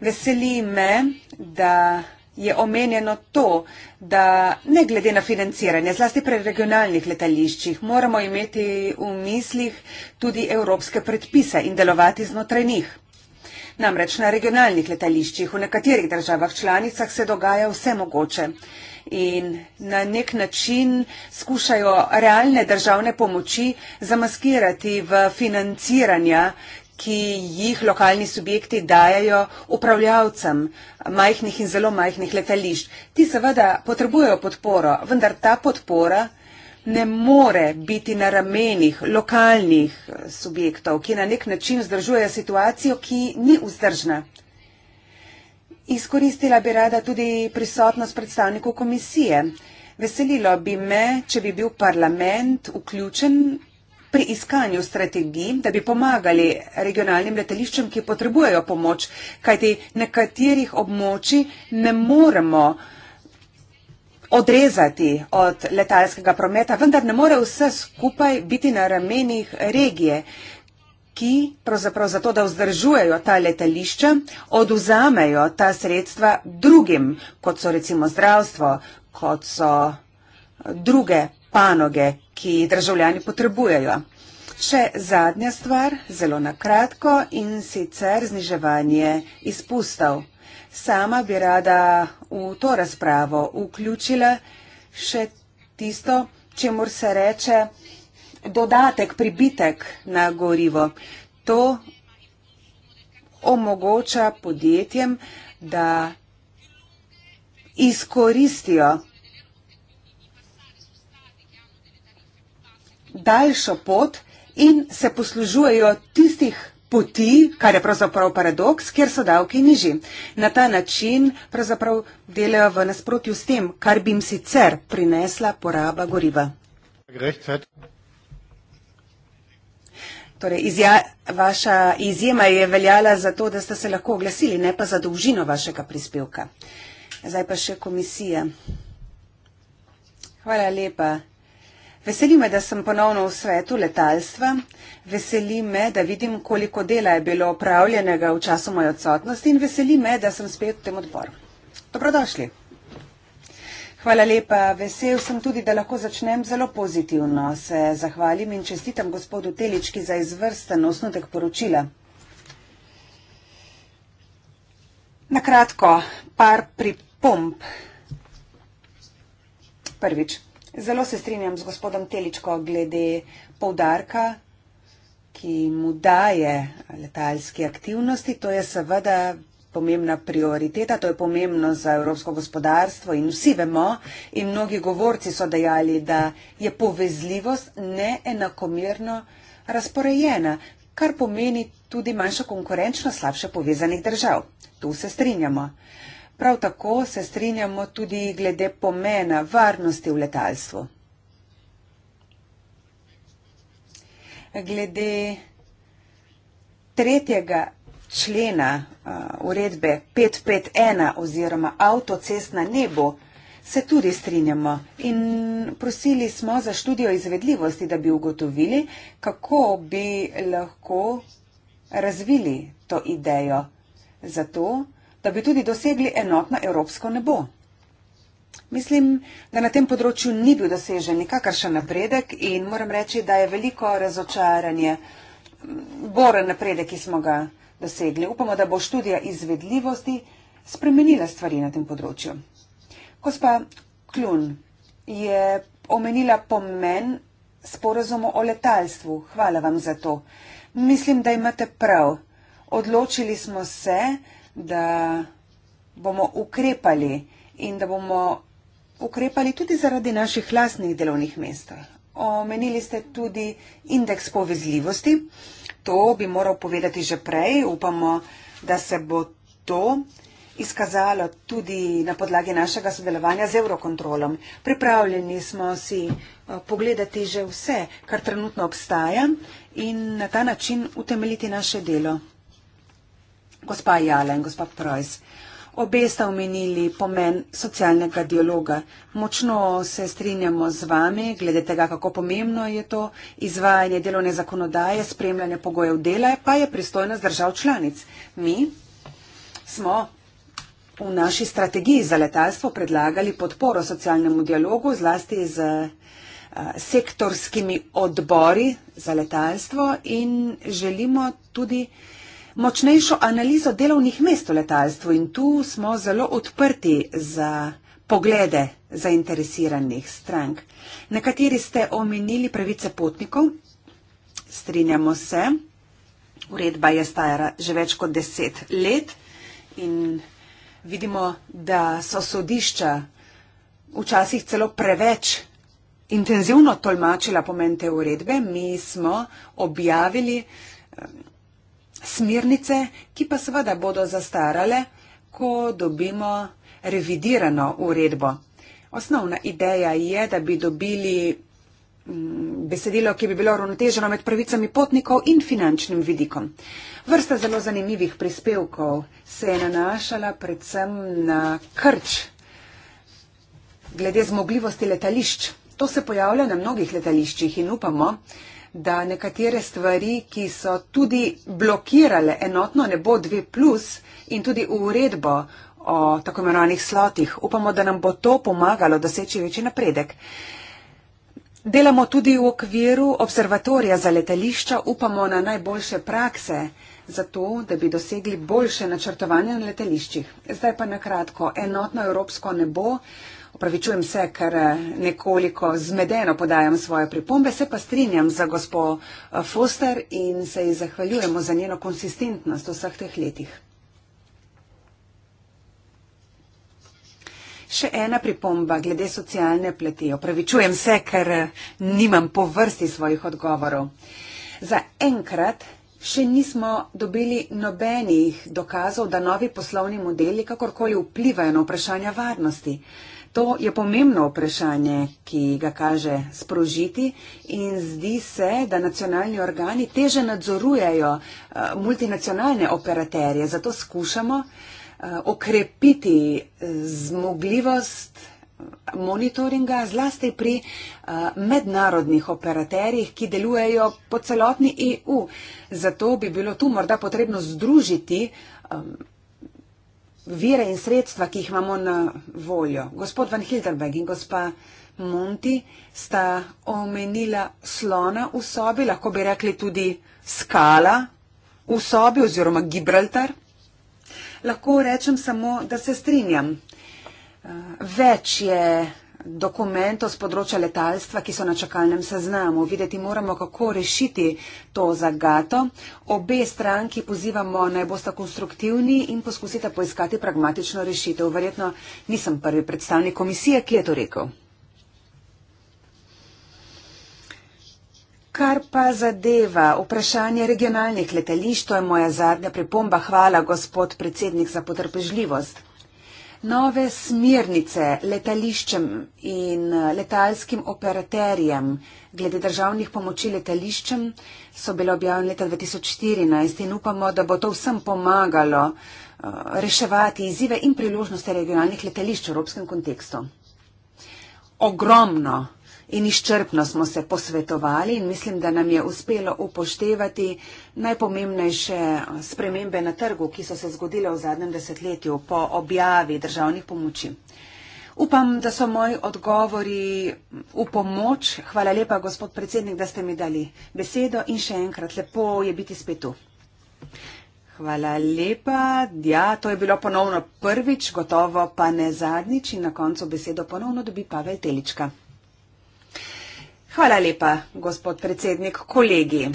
Veseli me, da je omenjeno to, da ne glede na financiranje, zlasti pri regionalnih letališčih, moramo imeti v mislih tudi evropske predpise in delovati znotraj njih. Namreč na regionalnih letališčih v nekaterih državah članicah se dogaja vse mogoče. In na nek način skušajo realne državne pomoči zamaskirati v financiranja, ki jih lokalni subjekti dajajo upravljavcem majhnih in zelo majhnih letališč. Ti seveda potrebujejo podporo, vendar ta podpora ne more biti na ramenih lokalnih eh, subjektov, ki na nek način vzdržujejo situacijo, ki ni vzdržna. Izkoristila bi rada tudi prisotnost predstavnikov komisije. Veselilo bi me, če bi bil parlament vključen pri iskanju strategij, da bi pomagali regionalnim letališčem, ki potrebujejo pomoč, kajti nekaterih območij ne moremo odrezati od letalskega prometa, vendar ne more vse skupaj biti na ramenih regije, ki pravzaprav zato, da vzdržujejo ta letališča, oduzamejo ta sredstva drugim, kot so recimo zdravstvo, kot so druge panoge, ki državljani potrebujejo. Še zadnja stvar, zelo nakratko, in sicer zniževanje izpustov. Sama bi rada v to razpravo vključila še tisto, če mor se reče dodatek, pribitek na gorivo. To omogoča podjetjem, da izkoristijo daljšo pot in se poslužujejo tistih, poti, kar je pravzaprav paradoks, kjer so davki nižji. Na ta način pravzaprav delajo v nasprotju s tem, kar bi jim sicer prinesla poraba goriva. Torej, izja, vaša izjema je veljala za to, da ste se lahko oglasili, ne pa za dolžino vašega prispevka. Zdaj pa še komisija. Hvala lepa. Veseli me, da sem ponovno v svetu letalstva. Veseli me, da vidim, koliko dela je bilo opravljenega v času moje odsotnosti in veseli me, da sem spet v tem odboru. Dobrodošli. Hvala lepa. Vesel sem tudi, da lahko začnem zelo pozitivno. Se zahvalim in čestitam gospodu Telički za izvrsten osnutek poročila. Na kratko, par pripomp. Prvič. Zelo se strinjam z gospodom Teličko glede povdarka, ki mu daje letalske aktivnosti. To je seveda pomembna prioriteta, to je pomembno za evropsko gospodarstvo in vsi vemo in mnogi govorci so dejali, da je povezljivost neenakomerno razporejena, kar pomeni tudi manjšo konkurenčnost slabše povezanih držav. Tu se strinjamo. Prav tako se strinjamo tudi glede pomena varnosti v letalstvu. Glede tretjega člena uh, uredbe 551 oziroma avtocest na nebu se tudi strinjamo in prosili smo za študijo izvedljivosti, da bi ugotovili, kako bi lahko razvili to idejo. Zato da bi tudi dosegli enotno evropsko nebo. Mislim, da na tem področju ni bil dosežen nikakršen napredek in moram reči, da je veliko razočaranje. Boren napredek, ki smo ga dosegli. Upamo, da bo študija izvedljivosti spremenila stvari na tem področju. Gospa Klun je omenila pomen sporozumu o letalstvu. Hvala vam za to. Mislim, da imate prav. Odločili smo se, da bomo ukrepali in da bomo ukrepali tudi zaradi naših lastnih delovnih mest. Omenili ste tudi indeks povezljivosti. To bi moral povedati že prej. Upamo, da se bo to izkazalo tudi na podlagi našega sodelovanja z Eurokontrolom. Pripravljeni smo si eh, pogledati že vse, kar trenutno obstaja in na ta način utemeljiti naše delo gospa Jala in gospa Preuss. Obe sta omenili pomen socialnega dialoga. Močno se strinjamo z vami, glede tega, kako pomembno je to izvajanje delovne zakonodaje, spremljanje pogojev dela, pa je pristojnost držav članic. Mi smo v naši strategiji za letalstvo predlagali podporo socialnemu dialogu, zlasti z eh, sektorskimi odbori za letalstvo in želimo tudi močnejšo analizo delovnih mest v letalstvu in tu smo zelo odprti za poglede zainteresiranih strank. Nekateri ste omenili pravice potnikov, strinjamo se, uredba je stara že več kot deset let in vidimo, da so sodišča včasih celo preveč intenzivno tolmačila pomen te uredbe. Mi smo objavili smernice, ki pa seveda bodo zastarale, ko dobimo revidirano uredbo. Osnovna ideja je, da bi dobili mm, besedilo, ki bi bilo ravnoteženo med pravicami potnikov in finančnim vidikom. Vrsta zelo zanimivih prispevkov se je nanašala predvsem na krč glede zmogljivosti letališč. To se pojavlja na mnogih letališčih in upamo, da nekatere stvari, ki so tudi blokirale enotno nebo 2, in tudi uredbo o tako imenovanih slotih, upamo, da nam bo to pomagalo doseči večji napredek. Delamo tudi v okviru observatorija za letališča, upamo na najboljše prakse, zato da bi dosegli boljše načrtovanje na letališčih. Zdaj pa nakratko, enotno evropsko nebo. Opravičujem se, ker eh, nekoliko zmedeno podajam svoje pripombe, se pa strinjam za gospo eh, Foster in se ji zahvaljujemo za njeno konsistentnost v vseh teh letih. Še ena pripomba glede socialne pleti. Opravičujem se, ker eh, nimam po vrsti svojih odgovorov. Za enkrat še nismo dobili nobenih dokazov, da novi poslovni modeli kakorkoli vplivajo na vprašanja varnosti. To je pomembno vprašanje, ki ga kaže sprožiti in zdi se, da nacionalni organi teže nadzorujejo eh, multinacionalne operaterje, zato skušamo eh, okrepiti eh, zmogljivost monitoringa, zlasti pri mednarodnih operaterjih, ki delujejo po celotni EU. Zato bi bilo tu morda potrebno združiti vire in sredstva, ki jih imamo na voljo. Gospod Van Hilderberg in gospa Monti sta omenila slona v sobi, lahko bi rekli tudi skala v sobi oziroma Gibraltar. Lahko rečem samo, da se strinjam. Več je dokumentov z področja letalstva, ki so na čakalnem seznamu. Videti moramo, kako rešiti to zagato. Obe stranki pozivamo naj bosta konstruktivni in poskusite poiskati pragmatično rešitev. Verjetno nisem prvi predstavnik komisije, ki je to rekel. Kar pa zadeva vprašanje regionalnih letališč, to je moja zadnja pripomba. Hvala, gospod predsednik, za potrpežljivost. Nove smernice letališčem in eh, letalskim operaterjem glede državnih pomoči letališčem so bile objavljene leta 2014 in upamo, da bo to vsem pomagalo eh, reševati izzive in priložnosti regionalnih letališč v evropskem kontekstu. Ogromno in izčrpno smo se posvetovali in mislim, da nam je uspelo upoštevati najpomembnejše spremembe na trgu, ki so se zgodile v zadnjem desetletju po objavi državnih pomoči. Upam, da so moji odgovori v pomoč. Hvala lepa, gospod predsednik, da ste mi dali besedo in še enkrat lepo je biti spet tu. Hvala lepa. Ja, to je bilo ponovno prvič, gotovo pa ne zadnjič in na koncu besedo ponovno dobi Pavel Telička. Hvala lepa, gospod predsednik, kolegi.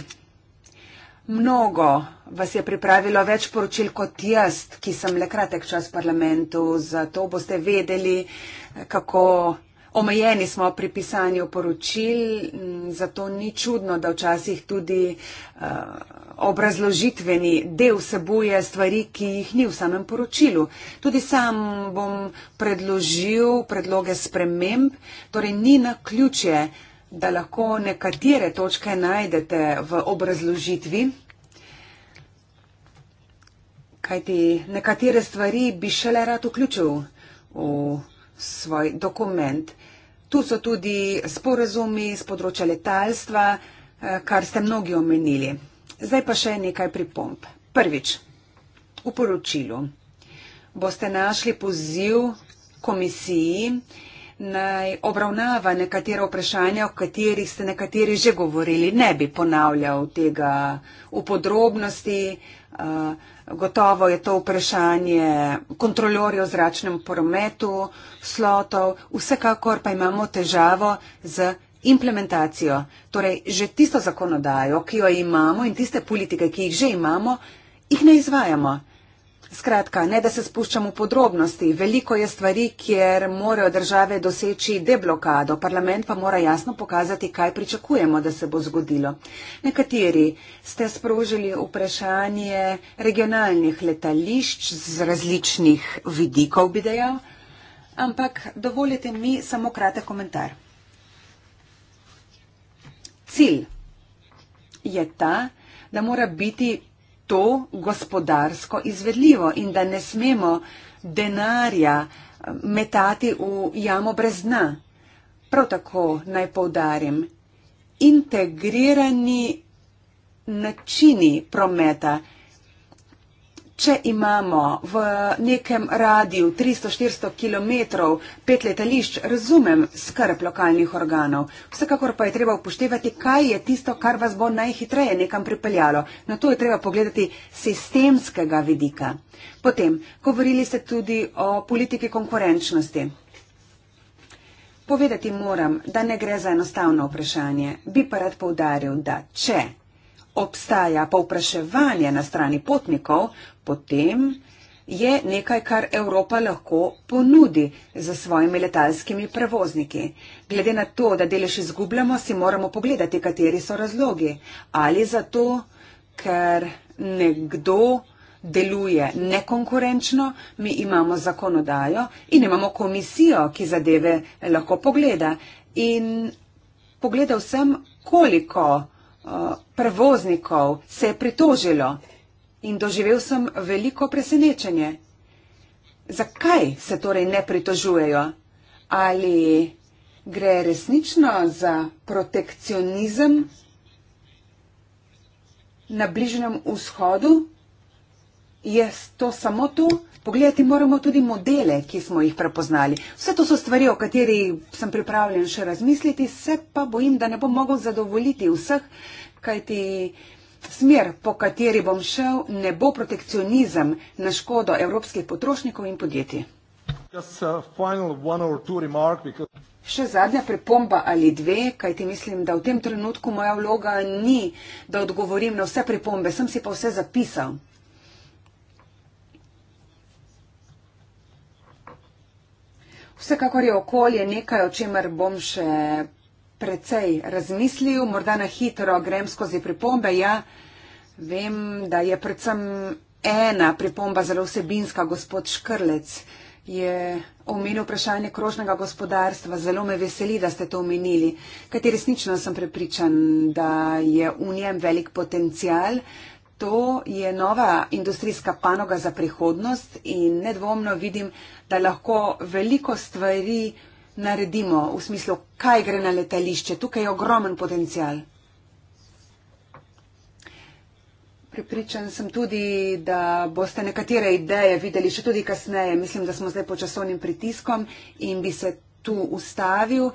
Mnogo vas je pripravilo več poročil kot jaz, ki sem le kratek čas v parlamentu, zato boste vedeli, kako omejeni smo pri pisanju poročil, zato ni čudno, da včasih tudi uh, obrazložitveni del vsebuje stvari, ki jih ni v samem poročilu. Tudi sam bom predložil predloge sprememb, torej ni na ključje, da lahko nekatere točke najdete v obrazložitvi, kajti nekatere stvari bi šele rad vključil v svoj dokument. Tu so tudi sporazumi z področja letalstva, eh, kar ste mnogi omenili. Zdaj pa še nekaj pripomp. Prvič, v poročilu boste našli poziv komisiji, naj obravnava nekatera vprašanja, o katerih ste nekateri že govorili. Ne bi ponavljal tega v podrobnosti. Gotovo je to vprašanje kontrolorjev v zračnem prometu, slotov, vsekakor pa imamo težavo z implementacijo. Torej, že tisto zakonodajo, ki jo imamo in tiste politike, ki jih že imamo, jih ne izvajamo. Skratka, ne da se spuščamo v podrobnosti, veliko je stvari, kjer morajo države doseči deblokado, parlament pa mora jasno pokazati, kaj pričakujemo, da se bo zgodilo. Nekateri ste sprožili vprašanje regionalnih letališč z različnih vidikov, bi dejal, ampak dovolite mi samo kratek komentar. Cilj je ta, da mora biti to gospodarsko izvedljivo in da ne smemo denarja eh, metati v jamo brez dna. Prav tako naj povdarim, integrirani načini prometa Če imamo v nekem radiju 300-400 km pet letališč, razumem skrb lokalnih organov. Vsekakor pa je treba upoštevati, kaj je tisto, kar vas bo najhitreje nekam pripeljalo. Na to je treba pogledati sistemskega vidika. Potem, govorili ste tudi o politiki konkurenčnosti. Povedati moram, da ne gre za enostavno vprašanje. Bi pa rad povdaril, da če obstaja povpraševanje na strani potnikov, potem je nekaj, kar Evropa lahko ponudi za svojimi letalskimi prevozniki. Glede na to, da delež izgubljamo, si moramo pogledati, kateri so razlogi. Ali zato, ker nekdo deluje nekonkurenčno, mi imamo zakonodajo in imamo komisijo, ki zadeve lahko pogleda. In pogledal sem, koliko uh, prevoznikov se je pritožilo in doživel sem veliko presenečenje. Zakaj se torej ne pritožujejo? Ali gre resnično za protekcionizem na Bližnjem vzhodu? Je to samo to? Pogledati moramo tudi modele, ki smo jih prepoznali. Vse to so stvari, o katerih sem pripravljen še razmisliti, se pa bojim, da ne bom mogel zadovoljiti vseh, kajti Smer, po kateri bom šel, ne bo protekcionizem na škodo evropskih potrošnikov in podjetij. Še zadnja pripomba ali dve, kajti mislim, da v tem trenutku moja vloga ni, da odgovorim na vse pripombe, sem si pa vse zapisal. Vsekakor je okolje nekaj, o čemer bom še precej razmislil, morda na hitro grem skozi pripombe. Ja, vem, da je predvsem ena pripomba zelo vsebinska, gospod Škrlec je omenil vprašanje krožnega gospodarstva. Zelo me veseli, da ste to omenili, kajti resnično sem prepričan, da je v njem velik potencial. To je nova industrijska panoga za prihodnost in nedvomno vidim, da lahko veliko stvari naredimo v smislu, kaj gre na letališče. Tukaj je ogromen potencial. Pripričan sem tudi, da boste nekatere ideje videli še tudi kasneje. Mislim, da smo zdaj pod časovnim pritiskom in bi se tu ustavil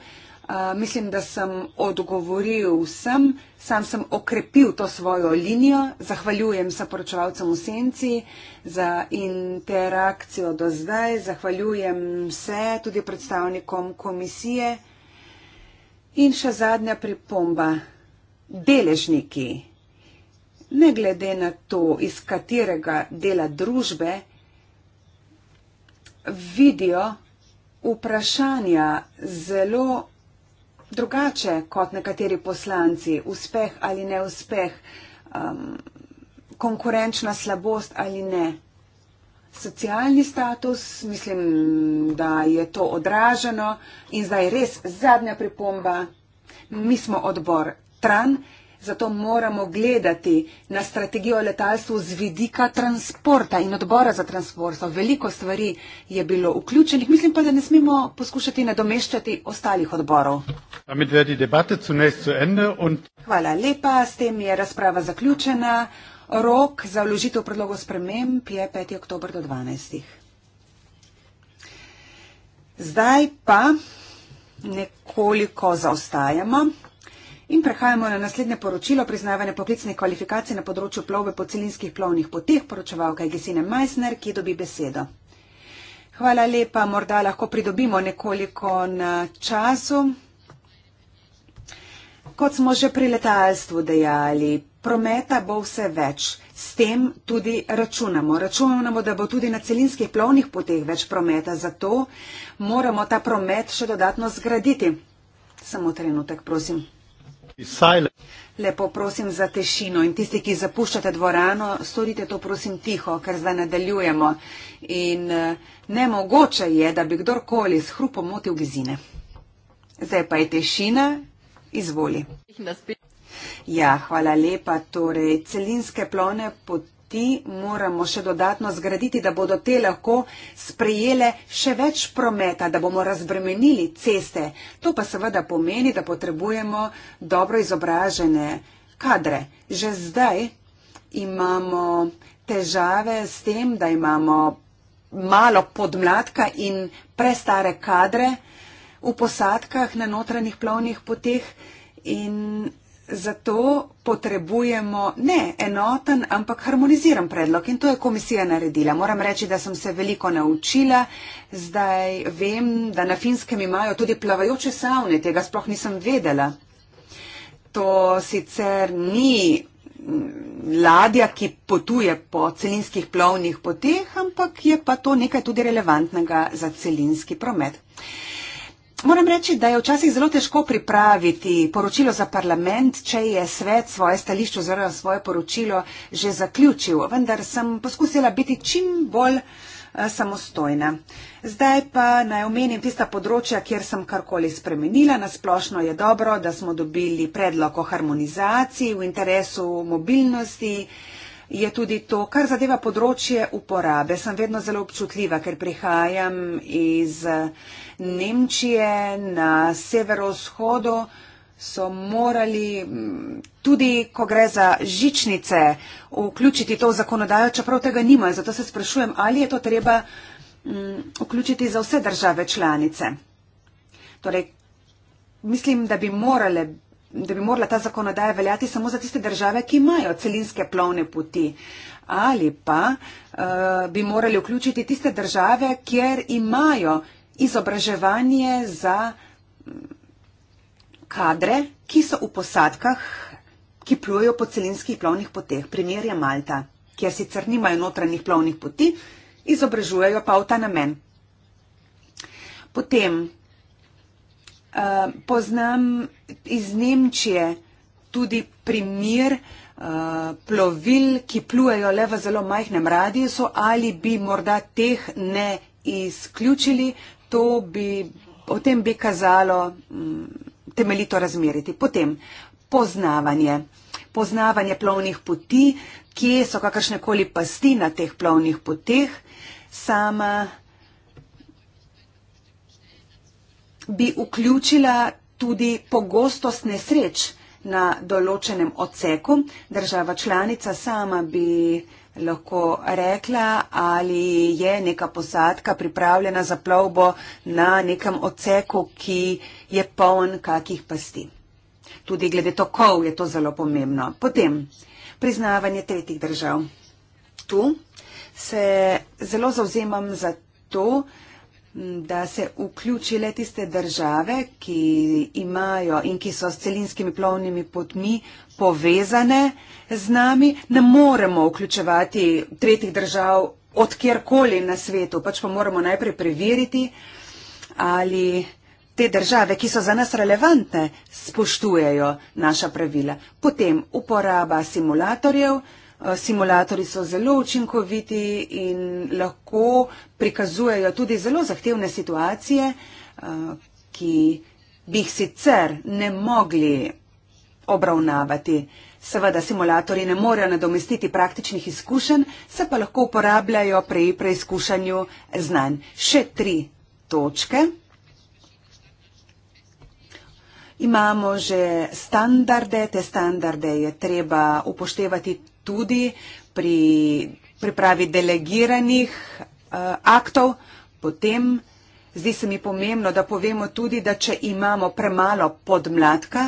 mislim, da sem odgovoril vsem, sam sem okrepil to svojo linijo, zahvaljujem se poročevalcem v senci za interakcijo do zdaj, zahvaljujem se tudi predstavnikom komisije. In še zadnja pripomba. Deležniki, ne glede na to, iz katerega dela družbe, vidijo vprašanja zelo drugače kot nekateri poslanci, uspeh ali neuspeh, um, konkurenčna slabost ali ne. Socialni status, mislim, da je to odraženo in zdaj res zadnja pripomba. Mi smo odbor Tran Zato moramo gledati na strategijo letalstva z vidika transporta in odbora za transport. Veliko stvari je bilo vključenih, mislim pa, da ne smemo poskušati nadomeščati ostalih odborov. Hvala lepa, s tem je razprava zaključena. Rok za vložitev predlogov sprememb je 5. oktober do 12. Zdaj pa nekoliko zaostajamo. In prehajamo na naslednje poročilo priznavanja poklicnih kvalifikacij na področju plove po celinskih plovnih poteh, poročevalka je Gesine Meissner, ki dobi besedo. Hvala lepa, morda lahko pridobimo nekoliko na času. Kot smo že pri letalstvu dejali, prometa bo vse več. S tem tudi računamo. Računamo, da bo tudi na celinskih plovnih poteh več prometa, zato moramo ta promet še dodatno zgraditi. Samo trenutek, prosim. Lepo prosim za tišino in tisti, ki zapuščate dvorano, storite to prosim tiho, ker zdaj nadaljujemo. In eh, nemogoče je, da bi kdorkoli s hrupom motil gizine. Zdaj pa je tišina, izvoli. Ja, hvala lepa. Torej, celinske plone pot, ti moramo še dodatno zgraditi, da bodo te lahko sprejele še več prometa, da bomo razbremenili ceste. To pa seveda pomeni, da potrebujemo dobro izobražene kadre. Že zdaj imamo težave s tem, da imamo malo podmladka in prestare kadre v posadkah na notranjih plovnih poteh in zato potrebujemo ne enoten, ampak harmoniziran predlog in to je komisija naredila. Moram reči, da sem se veliko naučila, zdaj vem, da na finskem imajo tudi plavajoče savne, tega sploh nisem vedela. To sicer ni mm, ladja, ki potuje po celinskih plovnih poteh, ampak je pa to nekaj tudi relevantnega za celinski promet. Moram reči, da je včasih zelo težko pripraviti poročilo za parlament, če je svet svoje stališče oziroma svoje poročilo že zaključil, vendar sem poskusila biti čim bolj eh, samostojna. Zdaj pa naj omenim tista področja, kjer sem karkoli spremenila. Nasplošno je dobro, da smo dobili predlog o harmonizaciji v interesu mobilnosti je tudi to, kar zadeva področje uporabe. Sem vedno zelo občutljiva, ker prihajam iz Nemčije na severovzhodu. So morali mm, tudi, ko gre za žičnice, vključiti to v zakonodajo, čeprav tega nimajo. Zato se sprašujem, ali je to treba mm, vključiti za vse države članice. Torej, mislim, da bi morale da bi morala ta zakonodaja veljati samo za tiste države, ki imajo celinske plovne poti. Ali pa uh, bi morali vključiti tiste države, kjer imajo izobraževanje za mm, kadre, ki so v posadkah, ki plujejo po celinskih plovnih poteh. Primer je Malta, kjer sicer nimajo notranjih plovnih poti, izobražujejo pa v ta namen. Potem Eh, poznam iz Nemčije tudi primir uh, eh, plovil, ki plujejo le v zelo majhnem radiusu ali bi morda teh ne izključili, to bi, o tem bi kazalo um, temeljito razmeriti. Potem poznavanje. Poznavanje plovnih poti, kje so kakršnekoli pasti na teh plovnih poteh. Sama bi vključila tudi pogostost nesreč na določenem odseku. Država članica sama bi lahko rekla, ali je neka posadka pripravljena za plovbo na nekem odseku, ki je poln kakih pasti. Tudi glede tokov je to zelo pomembno. Potem, priznavanje tretjih držav. Tu se zelo zauzemam za to, da se vključi le tiste države, ki imajo in ki so s celinskimi plovnimi potmi povezane z nami. Ne moremo vključevati tretjih držav od kjerkoli na svetu, pač pa moramo najprej preveriti, ali te države, ki so za nas relevantne, spoštujejo naša pravila. Potem uporaba simulatorjev, Eh, simulatori so zelo učinkoviti in lahko prikazujejo tudi zelo zahtevne situacije, eh, ki bi jih sicer ne mogli obravnavati. Seveda simulatori ne morejo nadomestiti praktičnih izkušenj, se pa lahko uporabljajo pri preizkušanju znanj. Še tri točke. Imamo že standarde, te standarde je treba upoštevati tudi pri pripravi delegiranih uh, aktov. Potem zdi se mi pomembno, da povemo tudi, da če imamo premalo podmladka,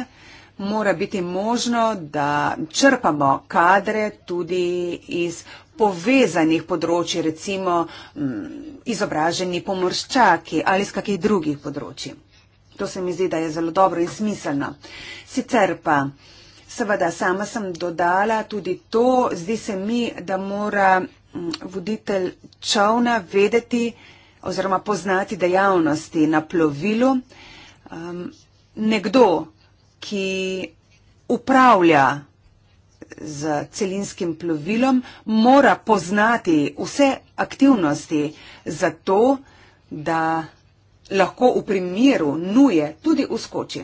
mora biti možno, da črpamo kadre tudi iz povezanih področji, recimo m, mm, izobraženi pomorščaki ali iz kakih drugih področji. To se mi zdi, da je zelo dobro in smiselno. Sicer pa seveda sama sem dodala tudi to, zdi se mi, da mora mm, voditelj čovna vedeti oziroma poznati dejavnosti na plovilu. Um, nekdo, ki upravlja z celinskim plovilom, mora poznati vse aktivnosti za to, da lahko v primeru nuje tudi uskoči.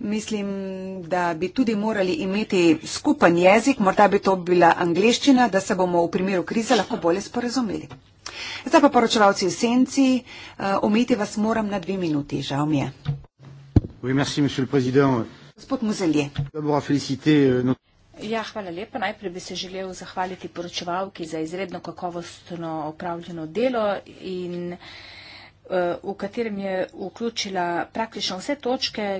Mislim, da bi tudi morali imeti skupen jezik, morda bi to bila angliščina, da se bomo v primeru krize lahko bolje sporazumeli. Zdaj pa poročevalci v senci, eh, omiti vas moram na dve minuti, žal mi je. Gospod Muzelje. Euh, ja, hvala lepa. Najprej bi se želel zahvaliti poročevalki za izredno kakovostno opravljeno delo in eh, v katerem je vključila praktično vse točke,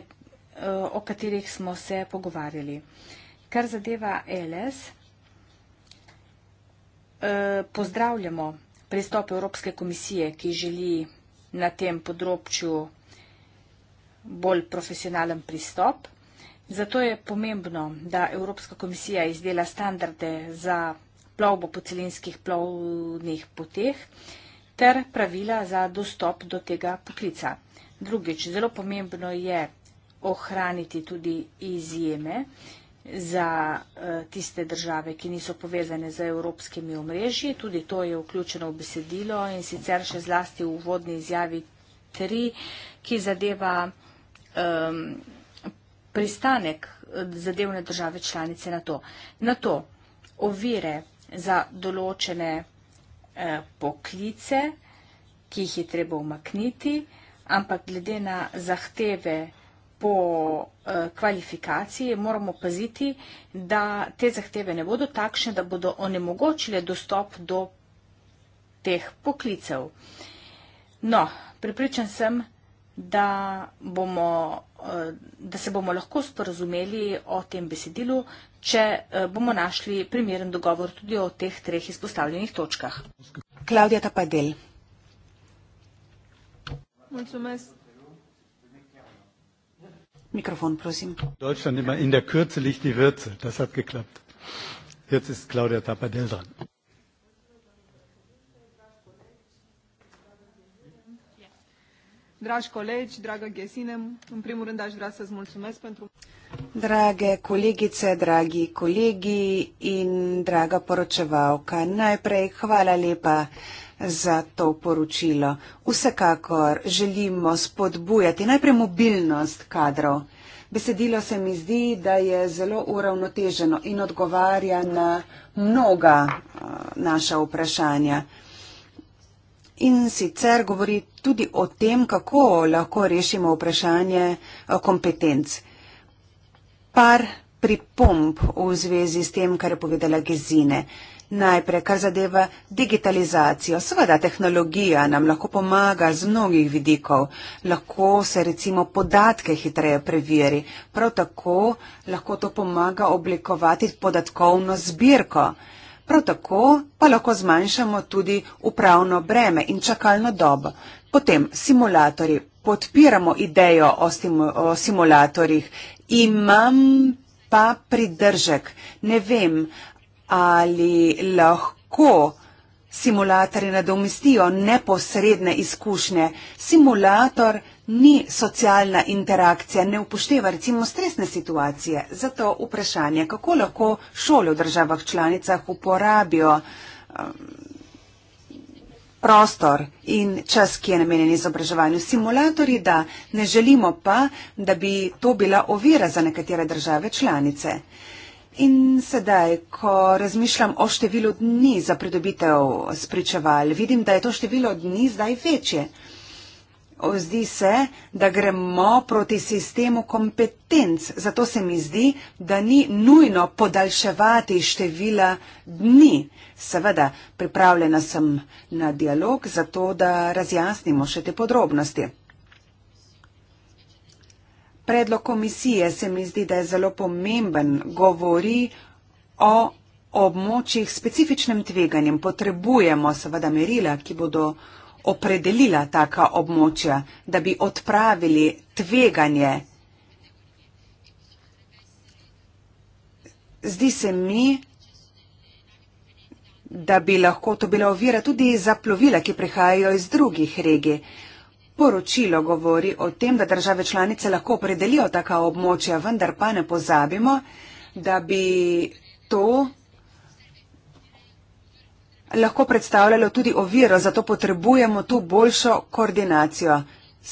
Eh, o katerih smo se pogovarjali. Kar zadeva LS, eh, pozdravljamo pristop Evropske komisije, ki želi na tem področju bolj profesionalen pristop. Zato je pomembno, da Evropska komisija izdela standarde za plovbo po celinskih plovnih poteh ter pravila za dostop do tega poklica. Drugič, zelo pomembno je ohraniti tudi izjeme za eh, tiste države, ki niso povezane z evropskimi omrežji. Tudi to je vključeno v besedilo in sicer še zlasti v uvodni izjavi 3, ki zadeva um, pristanek eh, zadevne države članice na to. Na to ovire za določene eh, poklice, ki jih je treba umakniti, ampak glede na zahteve po eh, kvalifikaciji, moramo paziti, da te zahteve ne bodo takšne, da bodo onemogočile dostop do teh poklicev. No, pripričan sem, da, bomo, eh, da se bomo lahko sporazumeli o tem besedilu, če eh, bomo našli primeren dogovor tudi o teh treh izpostavljenih točkah. Klaudija Tapadel. Mulțumesc. Mikrofon, prosim. Deutschland immer in der Kürze liegt die Würze. Das hat geklappt. Jetzt ist Claudia Tapadell dran. Dragi colegi, dragă Ghesine, în primul rând aș vrea să-ți mulțumesc pentru... Drage kolegice, dragi kolegi in draga poročevalka, najprej hvala lepa za to poročilo. Vsekakor želimo spodbujati najprej mobilnost kadrov. Besedilo se mi zdi, da je zelo uravnoteženo in odgovarja na mnoga naša vprašanja. In sicer govori tudi o tem, kako lahko rešimo vprašanje kompetenc. Par pripomp v zvezi s tem, kar je povedala Gezine najprej kar zadeva digitalizacijo. Seveda tehnologija nam lahko pomaga z mnogih vidikov, lahko se recimo podatke hitreje preveri, prav tako lahko to pomaga oblikovati podatkovno zbirko. Prav tako pa lahko zmanjšamo tudi upravno breme in čakalno dobo. Potem simulatori, podpiramo idejo o, simu, o simulatorjih. Imam pa pridržek. Ne vem, ali lahko simulatorji nadomestijo neposredne izkušnje. Simulator ni socialna interakcija, ne upošteva recimo stresne situacije. Zato vprašanje, kako lahko šole v državah članicah uporabijo um, prostor in čas, ki je namenjen izobraževanju. Simulatorji da, ne želimo pa, da bi to bila ovira za nekatere države članice. Uh, In sedaj, ko razmišljam o številu dni za pridobitev spričeval, vidim, da je to število dni zdaj večje. Zdi se, da gremo proti sistemu kompetenc, zato se mi zdi, da ni nujno podaljševati števila dni. Seveda, pripravljena sem na dialog, zato da razjasnimo še te podrobnosti predlog komisije se mi zdi, da je zelo pomemben, govori o območjih specifičnem tveganjem. Potrebujemo seveda merila, ki bodo opredelila taka območja, da bi odpravili tveganje. Zdi se mi, da bi lahko to bila ovira tudi za plovila, ki prihajajo iz drugih regij. Poročilo govori o tem, da države članice lahko opredelijo taka območja, vendar pa ne pozabimo, da bi to lahko predstavljalo tudi oviro, zato potrebujemo tu boljšo koordinacijo.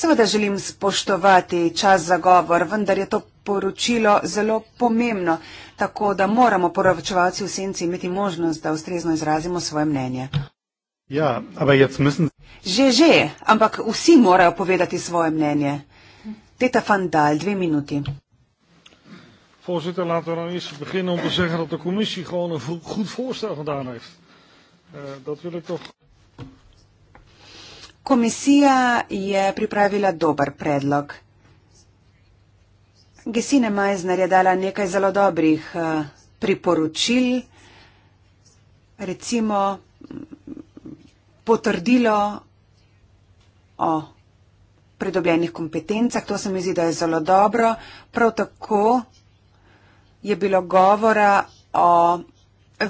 Seveda želim spoštovati čas za govor, vendar je to poročilo zelo pomembno, tako da moramo poročevalci v senci imeti možnost, da ustrezno izrazimo svoje mnenje. Ja, ampak jaz mislim. Že, že, ampak vsi morajo povedati svoje mnenje. Teta Fandal, dve minuti. Voorzitter, laten we dan eerst beginnen om te zeggen dat de commissie gewoon een goed voorstel gedaan heeft. Uh, dat wil ik toch. Commissie je pripravila dober predlog. Gesine Meisner je dala nekaj zelo dobrih uh, priporočil. Recimo, potrdilo o pridobljenih kompetencah. To se mi zdi, da je zelo dobro. Prav tako je bilo govora o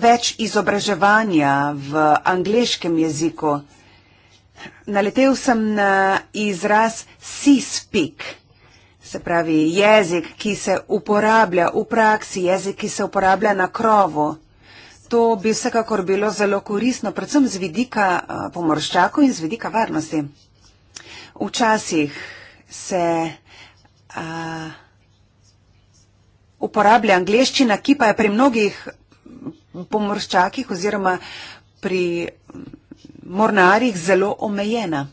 več izobraževanja v angliškem jeziku. Naletel sem na izraz C-speak, se pravi jezik, ki se uporablja v praksi, jezik, ki se uporablja na krovu. To bi vsekakor bilo zelo korisno, predvsem z vidika eh, pomorščakov in z vidika varnosti. Včasih se a, eh, uporablja angleščina, ki pa je pri mnogih pomorščakih oziroma pri mm, mornarjih zelo omejena.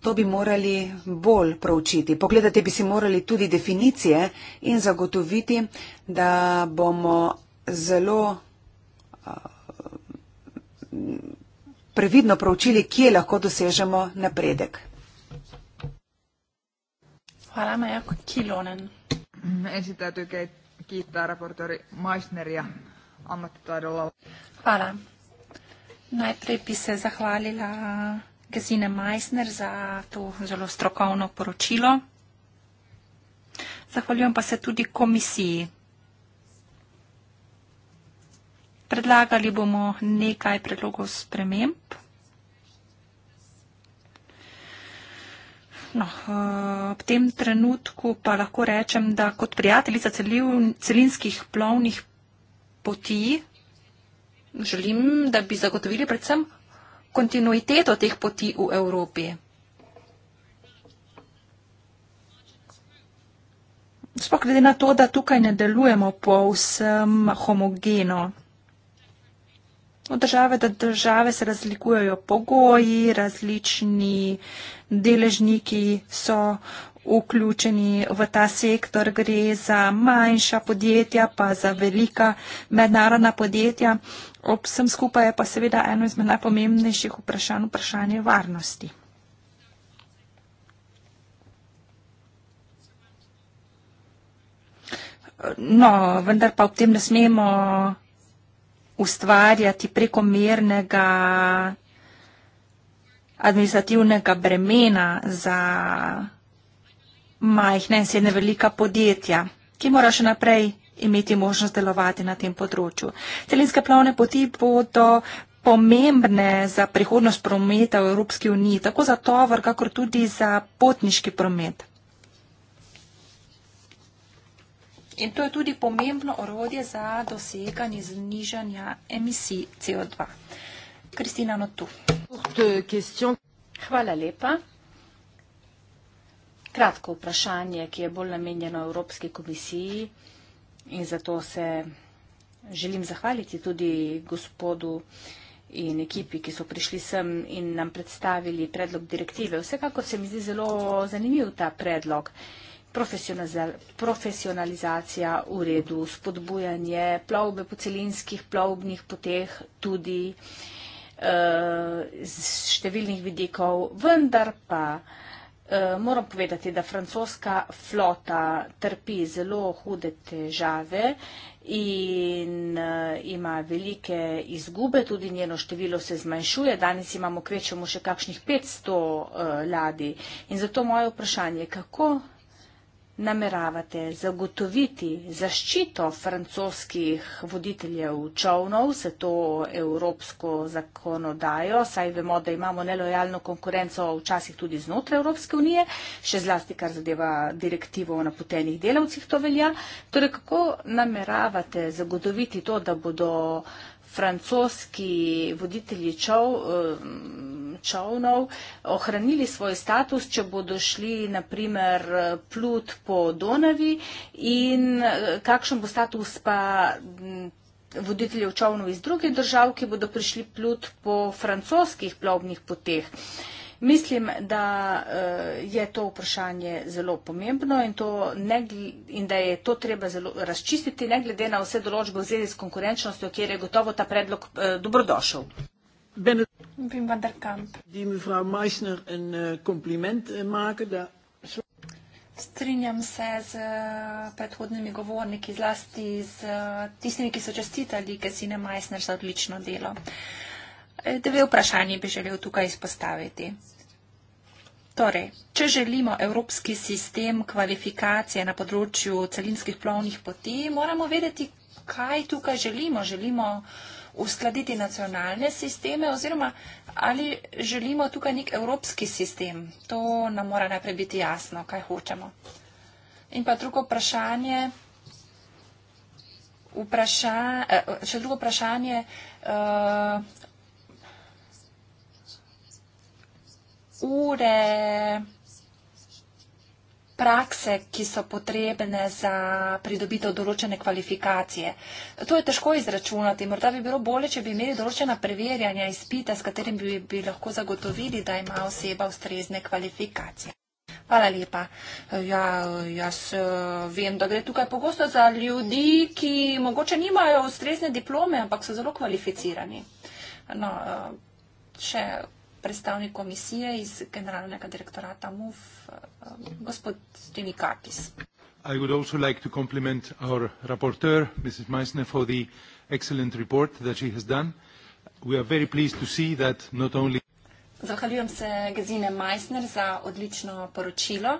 To bi morali bolj proučiti. Pogledati bi si morali tudi definicije in zagotoviti, da bomo zelo previdno proučili, kje lahko dosežemo napredek. Hvala, Maja Kilonen. Ja Hvala. Najprej bi se zahvalila Gesine Meissner za to zelo strokovno poročilo. Zahvaljujem pa se tudi komisiji. Predlagali bomo nekaj predlogov sprememb. No, eh, ob tem trenutku pa lahko rečem, da kot prijateljica celinskih plovnih poti želim, da bi zagotovili predvsem kontinuiteto teh poti v Evropi. Sploh glede na to, da tukaj ne delujemo povsem homogeno. Od države do države se razlikujejo pogoji, različni deležniki so vključeni v ta sektor, gre za manjša podjetja, pa za velika mednarodna podjetja. Ob vsem skupaj je pa seveda eno izmed najpomembnejših vprašanj vprašanje varnosti. No, vendar pa ob tem ne smemo ustvarjati prekomernega administrativnega bremena za majhne in srednje velika podjetja, ki mora še naprej imeti možnost delovati na tem področju. Celinske plovne poti bodo pomembne za prihodnost prometa v Evropski uniji, tako za tovor, kakor tudi za potniški promet. In to je tudi pomembno orodje za doseganje znižanja emisij CO2. Kristina Notu. Hvala lepa. Kratko vprašanje, ki je bolj namenjeno Evropski komisiji in zato se želim zahvaliti tudi gospodu in ekipi, ki so prišli sem in nam predstavili predlog direktive. Vsekako se mi zdi zelo zanimiv ta predlog. Uh, profesionalizacija v redu, spodbujanje plovbe po celinskih plovbnih poteh tudi eh, z številnih vidikov, vendar pa eh, moram povedati, da francoska flota trpi zelo hude težave in eh, ima velike izgube, tudi njeno število se zmanjšuje. Danes imamo kvečemo še kakšnih 500 ladi. In zato moje vprašanje, kako nameravate zagotoviti zaščito francoskih voditeljev čovnov, se to evropsko zakonodajo, saj vemo, da imamo nelojalno konkurenco včasih tudi znotraj Evropske unije, še zlasti, kar zadeva direktivo o napotenih delavcih, to velja. Torej, kako nameravate zagotoviti to, da bodo francoski voditelji čov, eh, čovnov ohranili svoj status, če bodo šli naprimer plut po Donavi in eh, kakšen bo status pa voditeljev čovnov iz druge držav, ki bodo prišli plut po francoskih plovnih poteh. Mislim, da eh, je to vprašanje zelo pomembno in, to ne, in da je to treba zelo razčistiti, ne glede na vse določbe v zvezi s konkurenčnostjo, kjer je gotovo ta predlog eh, dobrodošel. Eh, Strinjam se z predhodnimi govorniki, zlasti z tistimi, ki so čestitali Kesine Meissner za odlično delo. Uh, Eh, dve vprašanji bi želel tukaj izpostaviti. Torej, če želimo evropski sistem kvalifikacije na področju celinskih plovnih poti, moramo vedeti, kaj tukaj želimo. Želimo uskladiti nacionalne sisteme oziroma ali želimo tukaj nek evropski sistem. To nam mora najprej biti jasno, kaj hočemo. In pa drugo vprašanje. Vpraša, eh, še drugo vprašanje, eh, ure prakse, ki so potrebne za pridobitev določene kvalifikacije. To je težko izračunati. Morda bi bilo bolje, če bi imeli določena preverjanja izpita, s katerim bi, bi lahko zagotovili, da ima oseba ustrezne kvalifikacije. Hvala lepa. Ja, jaz eh, vem, da gre tukaj pogosto za ljudi, ki mogoče nimajo ustrezne diplome, ampak so zelo kvalificirani. No, eh, še predstavnik komisije iz generalnega direktorata MUF, eh, gospod Dimikakis. I would also like to compliment our rapporteur, Mrs. Meissner, for the excellent report that she has done. We are very pleased to see that not only. Zahvaljujem se Gazine Meissner za odlično poročilo.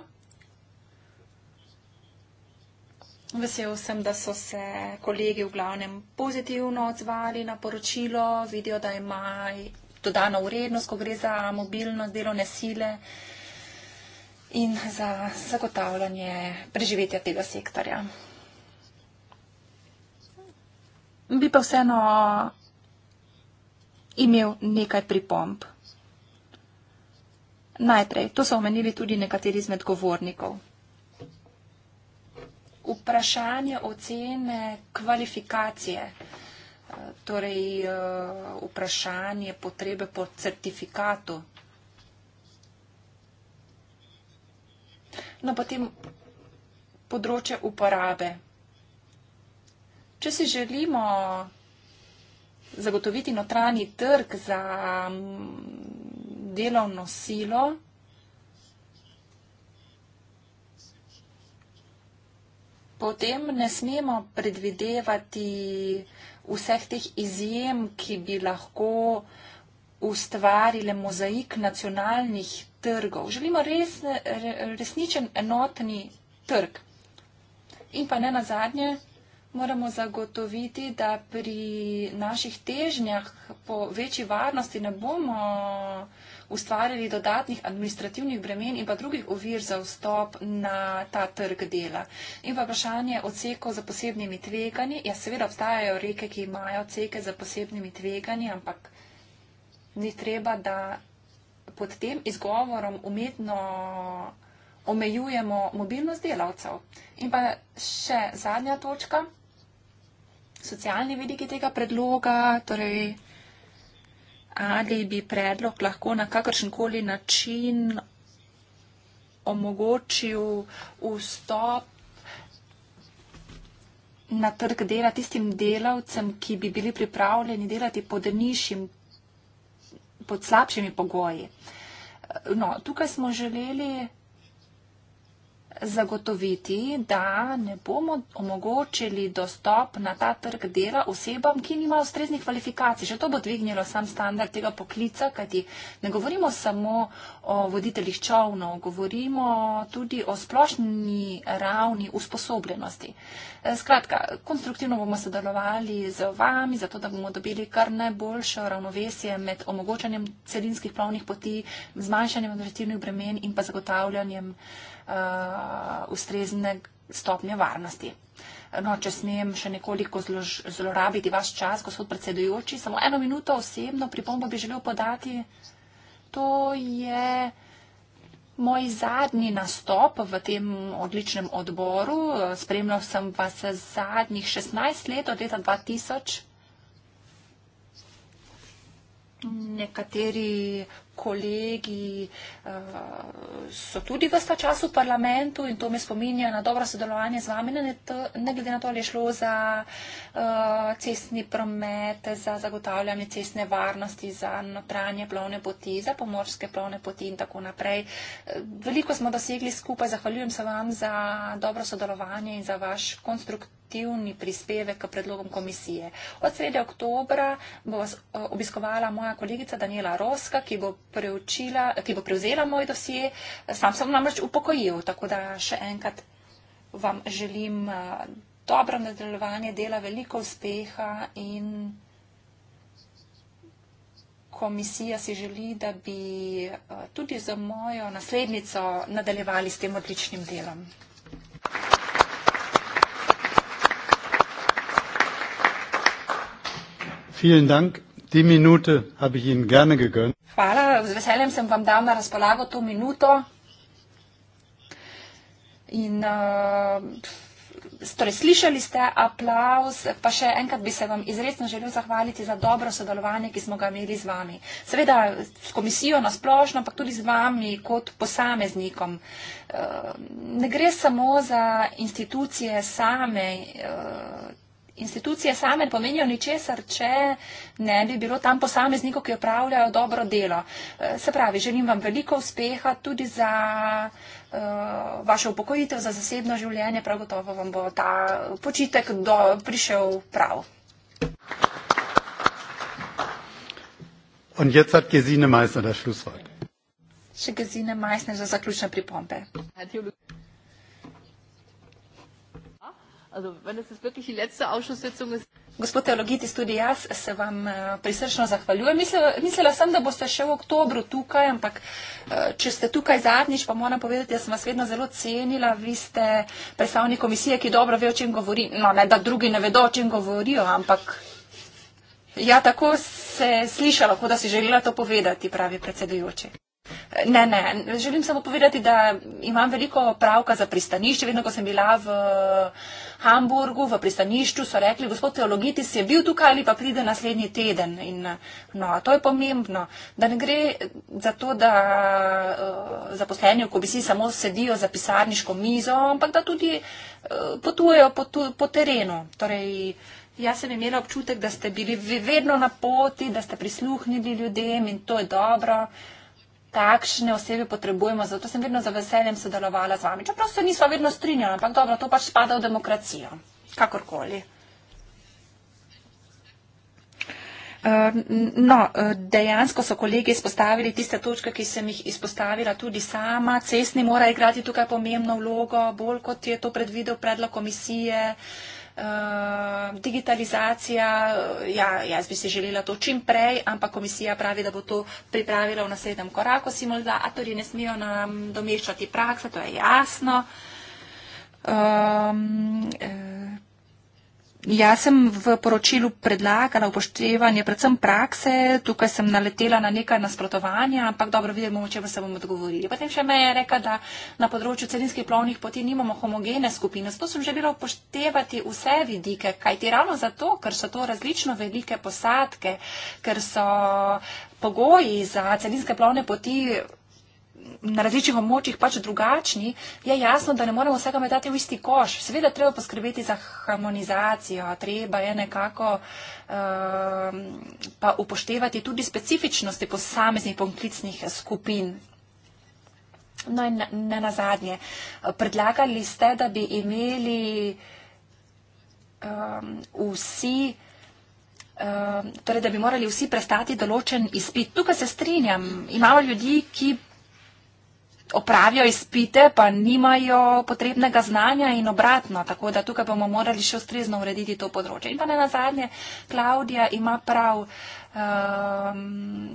Vesel sem, da so se kolegi v glavnem pozitivno odzvali na poročilo. Vidijo, da ima dodano vrednost, ko gre za mobilnost delovne sile in za zagotavljanje preživetja tega sektorja. Bi pa vseeno imel nekaj pripomb. Najprej, to so omenili tudi nekateri izmed govornikov. Vprašanje ocene kvalifikacije torej eh, vprašanje potrebe po certifikatu. No, potem področje uporabe. Če si želimo zagotoviti notranji trg za mm, delovno silo, potem ne smemo predvidevati vseh teh izjem, ki bi lahko ustvarile mozaik nacionalnih trgov. Želimo res, resničen enotni trg. In pa ne nazadnje, moramo zagotoviti, da pri naših težnjah po večji varnosti ne bomo uh, ustvarili dodatnih administrativnih bremen in pa drugih ovir za vstop na ta trg dela. In pa vprašanje odsekov za posebnimi tveganji. Ja, seveda obstajajo reke, ki imajo odseke za posebnimi tveganji, ampak ni treba, da pod tem izgovorom umetno omejujemo mobilnost delavcev. In pa še zadnja točka, socialni vidiki tega predloga, torej ali bi predlog lahko na kakršenkoli način omogočil vstop na trg dela tistim delavcem, ki bi bili pripravljeni delati pod nižjim, pod slabšimi pogoji. No, tukaj smo želeli zagotoviti, da ne bomo omogočili dostop na ta trg dela osebam, ki nimajo ustreznih kvalifikacij. Že to bo dvignilo sam standard tega poklica, kajti ne govorimo samo o voditeljih čovnov, govorimo tudi o splošni ravni usposobljenosti. E, skratka, konstruktivno bomo sodelovali z vami, zato da bomo dobili kar najboljšo ravnovesje med omogočanjem celinskih plovnih poti, zmanjšanjem administrativnih bremen in pa zagotavljanjem uh, ustrezne stopnje varnosti. No, če smem še nekoliko zlorabiti vaš čas, gospod predsedujoči, samo eno minuto osebno pripombo bi želel podati. To je moj zadnji nastop v tem odličnem odboru. Spremljal sem vas zadnjih 16 let od leta 2000. Nekateri kolegi eh, so tudi v sta čas v parlamentu in to me spominja na dobro sodelovanje z vami, ne glede na to, ali je šlo za eh, cestni promet, za zagotavljanje cestne varnosti, za notranje plovne poti, za pomorske plovne poti in tako naprej. Eh, veliko smo dosegli skupaj, zahvaljujem se vam za dobro sodelovanje in za vaš konstruktivno konstruktivni prispevek k predlogom komisije. Od srede oktobra bo eh, obiskovala moja kolegica Daniela Roska, ki bo, ki bo prevzela moj dosje. Sam sem namreč upokojil, tako da še enkrat vam želim eh, dobro nadaljevanje dela, veliko uspeha in komisija si želi, da bi eh, tudi za mojo naslednico nadaljevali s tem odličnim delom. Vielen Dank. Die Minute habe ich Ihnen gerne gegönnt. Hvala, z veseljem sem vam dal na razpolago to minuto. In, uh, torej, slišali ste aplauz, pa še enkrat bi se vam izredno želel zahvaliti za dobro sodelovanje, ki smo ga imeli z vami. Seveda s komisijo na splošno, ampak tudi z vami kot posameznikom. Uh, ne gre samo za institucije same. Uh, institucije same ne pomenijo ničesar, če ne bi bilo tam posameznikov, ki opravljajo dobro delo. E, se pravi, želim vam veliko uspeha tudi za uh, e, vaše upokojitev, za zasebno življenje, prav gotovo vam bo ta počitek do, prišel prav. Und jetzt hat Gesine Meissner das Schlusswort. Gesine Meissner, das ist eine Klüschner-Pripompe. Also, wenn es jetzt wirklich die letzte Ausschusssitzung ist. Gospod Teologitis, tudi jaz se vam eh, prisrčno zahvaljujem. Mislila, mislila sem, da boste še v oktobru tukaj, ampak eh, če ste tukaj zadnjič, pa moram povedati, da sem vas vedno zelo cenila. Vi ste predstavnik komisije, ki dobro ve, o čem govori. No, ne, da drugi ne vedo, o čem govorijo, ampak ja, tako se je slišalo, kot da si želela to povedati, pravi predsedujoči. Eh, ne, ne, želim samo povedati, da imam veliko pravka za pristanišče, vedno ko sem bila v. Hamburgu, v pristanišču, so rekli, gospod teologitis je bil tukaj ali pa pride naslednji teden. In, no, to je pomembno, da ne gre za to, da uh, zaposleni v komisiji samo sedijo za pisarniško mizo, ampak da tudi uh, potujejo po, tu, po terenu. Torej, Jaz sem imela občutek, da ste bili vedno na poti, da ste prisluhnili ljudem in to je dobro. Uh, kakšne osebe potrebujemo, zato sem vedno za veseljem sodelovala z vami. Čeprav se nismo vedno strinjali, ampak dobro, to pač spada v demokracijo. Kakorkoli. Eh, no, eh, dejansko so kolegi izpostavili tiste točke, ki sem jih izpostavila tudi sama. Cestni mora igrati tukaj pomembno vlogo, bolj kot je to predvidel predlog komisije. Uh, Ehm, digitalizacija, ja, jaz bi si želela to čim prej, ampak komisija pravi, da bo to pripravila v naslednjem koraku, simulatorji ne smijo nam domeščati prakse, to je jasno. Um, eh, Jaz sem v poročilu predlagala upoštevanje predvsem prakse, tukaj sem naletela na nekaj nasprotovanja, ampak dobro, vidimo, če se bomo odgovorili. Potem še me je reka, da na področju celinskih plovnih poti nimamo homogene skupine. Zato sem želela upoštevati vse vidike, kajti ravno zato, ker so to različno velike posadke, ker so pogoji za celinske plovne poti na različnih območjih pač drugačni, je jasno, da ne moremo vsega metati v isti koš. Seveda treba poskrbeti za harmonizacijo, treba je nekako um, pa upoštevati tudi specifičnosti posameznih poklicnih skupin. No in ne na zadnje, predlagali ste, da bi imeli um, vsi, um, torej da bi morali vsi prestati določen izpit. Tukaj se strinjam, imamo ljudi, ki opravijo izpite, pa nimajo potrebnega znanja in obratno. Tako da tukaj bomo morali še ustrezno urediti to področje. In pa ne na zadnje, Klaudija ima prav. Um,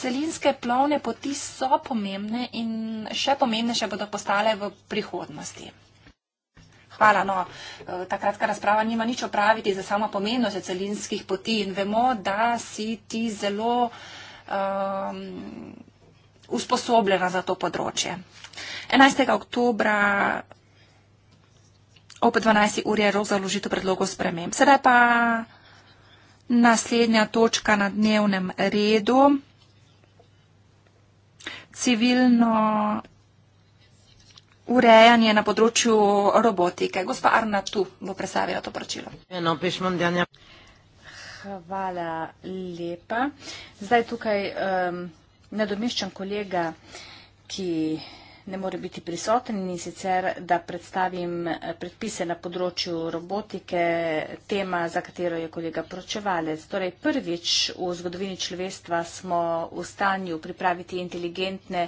celinske plovne poti so pomembne in še pomembnejše bodo postale v prihodnosti. Hvala, no, e, ta kratka razprava nima nič opraviti za samo pomembnost celinskih poti in vemo, da si ti zelo. Um, usposobljena za to področje. 11. oktober ob 12. uri je rok za vložitev predlogov sprememb. Sedaj pa naslednja točka na dnevnem redu. Civilno urejanje na področju robotike. Gospa Arna tu bo predstavila to poročilo. Hvala lepa. Zdaj tukaj um, nadomeščam kolega, ki ne more biti prisoten in sicer, da predstavim eh, predpise na področju robotike, tema, za katero je kolega pročevalec. Torej, prvič v zgodovini človeštva smo v stanju pripraviti inteligentne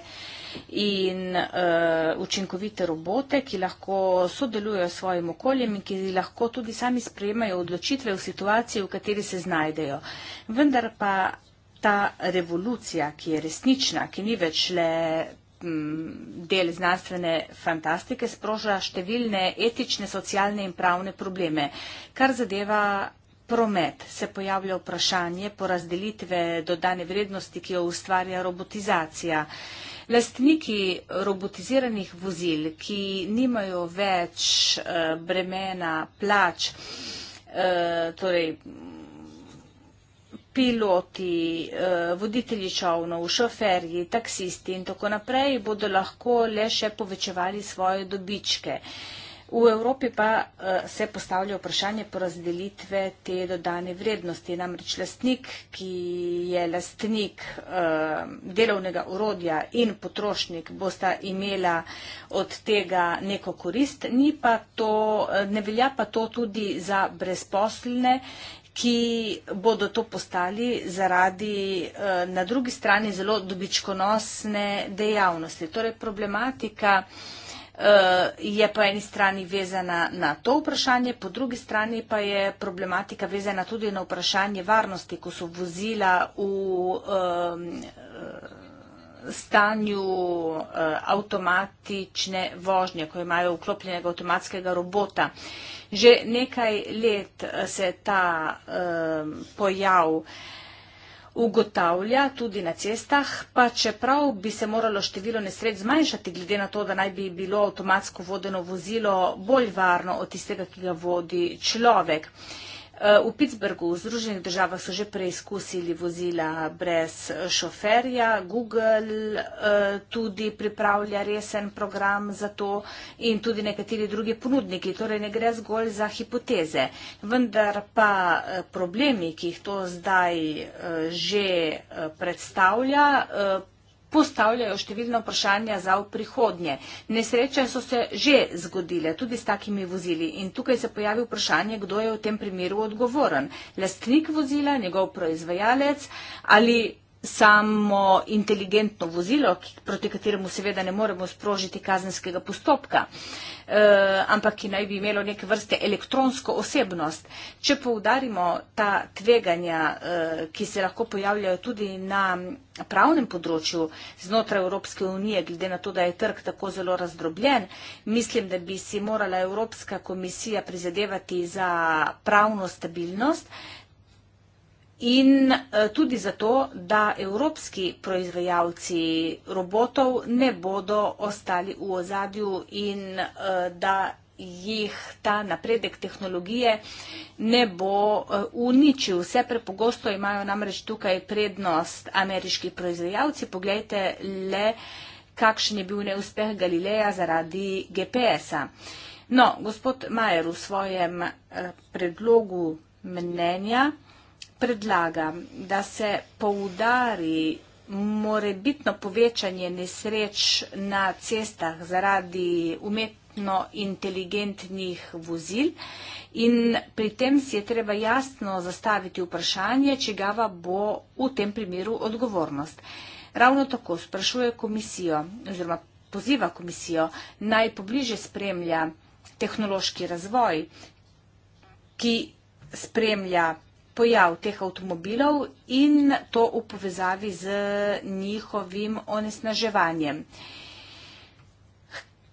in uh, učinkovite robote, ki lahko sodelujo s svojim okoljem in ki lahko tudi sami sprejemajo odločitve v situaciji, v kateri se znajdejo. Vendar pa ta revolucija, ki je resnična, ki ni več le mm, del znanstvene fantastike, sproža številne etične, socialne in pravne probleme. Kar zadeva promet, se pojavlja vprašanje porazdelitve dodane vrednosti, ki jo ustvarja robotizacija. Lastniki robotiziranih vozil, ki nimajo več eh, bremena plač, eh, torej piloti, eh, voditelji čovnov, šoferji, taksisti in tako naprej bodo lahko le še povečevali svoje dobičke. V Evropi pa eh, se postavlja vprašanje porazdelitve te dodane vrednosti. Namreč lastnik, ki je lastnik eh, delovnega urodja in potrošnik, bosta imela od tega neko korist. Pa to, ne velja pa to tudi za brezposlne ki bodo to postali zaradi eh, na drugi strani zelo dobičkonosne dejavnosti. Torej, problematika eh, je po eni strani vezana na to vprašanje, po drugi strani pa je problematika vezana tudi na vprašanje varnosti, ko so vozila v eh, stanju eh, avtomatične vožnje, ko imajo vklopljenega avtomatskega robota, eh, že nekaj let eh, se ta um, pojav ugotavlja tudi na cestah, pa čeprav bi se moralo število nesreč zmanjšati, glede na to, da naj bi bilo avtomatsko vodeno vozilo bolj varno od tistega, ki ga vodi človek. Uh, Eh, v Pittsburghu v Združenih državah so že preizkusili vozila brez eh, šoferja. Google eh, tudi pripravlja resen program za to in tudi nekateri drugi ponudniki. Torej ne gre zgolj za hipoteze. Vendar pa problemi, ki jih to zdaj že predstavlja, postavljajo številno vprašanje za v prihodnje. Nesreče so se že zgodile, tudi s takimi vozili. In tukaj se pojavi vprašanje, kdo je v tem primeru odgovoren. Lastnik vozila, njegov proizvajalec ali samo inteligentno vozilo, proti kateremu seveda ne moremo sprožiti kazenskega postopka, eh, ampak ki naj bi imelo neke vrste elektronsko osebnost. Če poudarimo ta tveganja, eh, ki se lahko pojavljajo tudi na pravnem področju znotraj Evropske unije, glede na to, da je trg tako zelo razdrobljen, mislim, da bi si morala Evropska komisija prizadevati za pravno stabilnost, In eh, tudi zato, da evropski proizvajalci robotov ne bodo ostali v ozadju in eh, da jih ta napredek tehnologije ne bo eh, uničil. Vse prepogosto imajo namreč tukaj prednost ameriški proizvajalci. Poglejte le, kakšen je bil neuspeh Galileja zaradi GPS-a. No, gospod Majer v svojem predlogu mnenja predlagam, da se poudari morebitno povečanje nesreč na cestah zaradi umetno inteligentnih vozil in pri tem si je treba jasno zastaviti vprašanje, če ga bo v tem primeru odgovornost. Ravno tako sprašuje komisijo oziroma poziva komisijo naj pobliže spremlja tehnološki razvoj, ki spremlja pojav teh avtomobilov in to v povezavi z njihovim onesnaževanjem.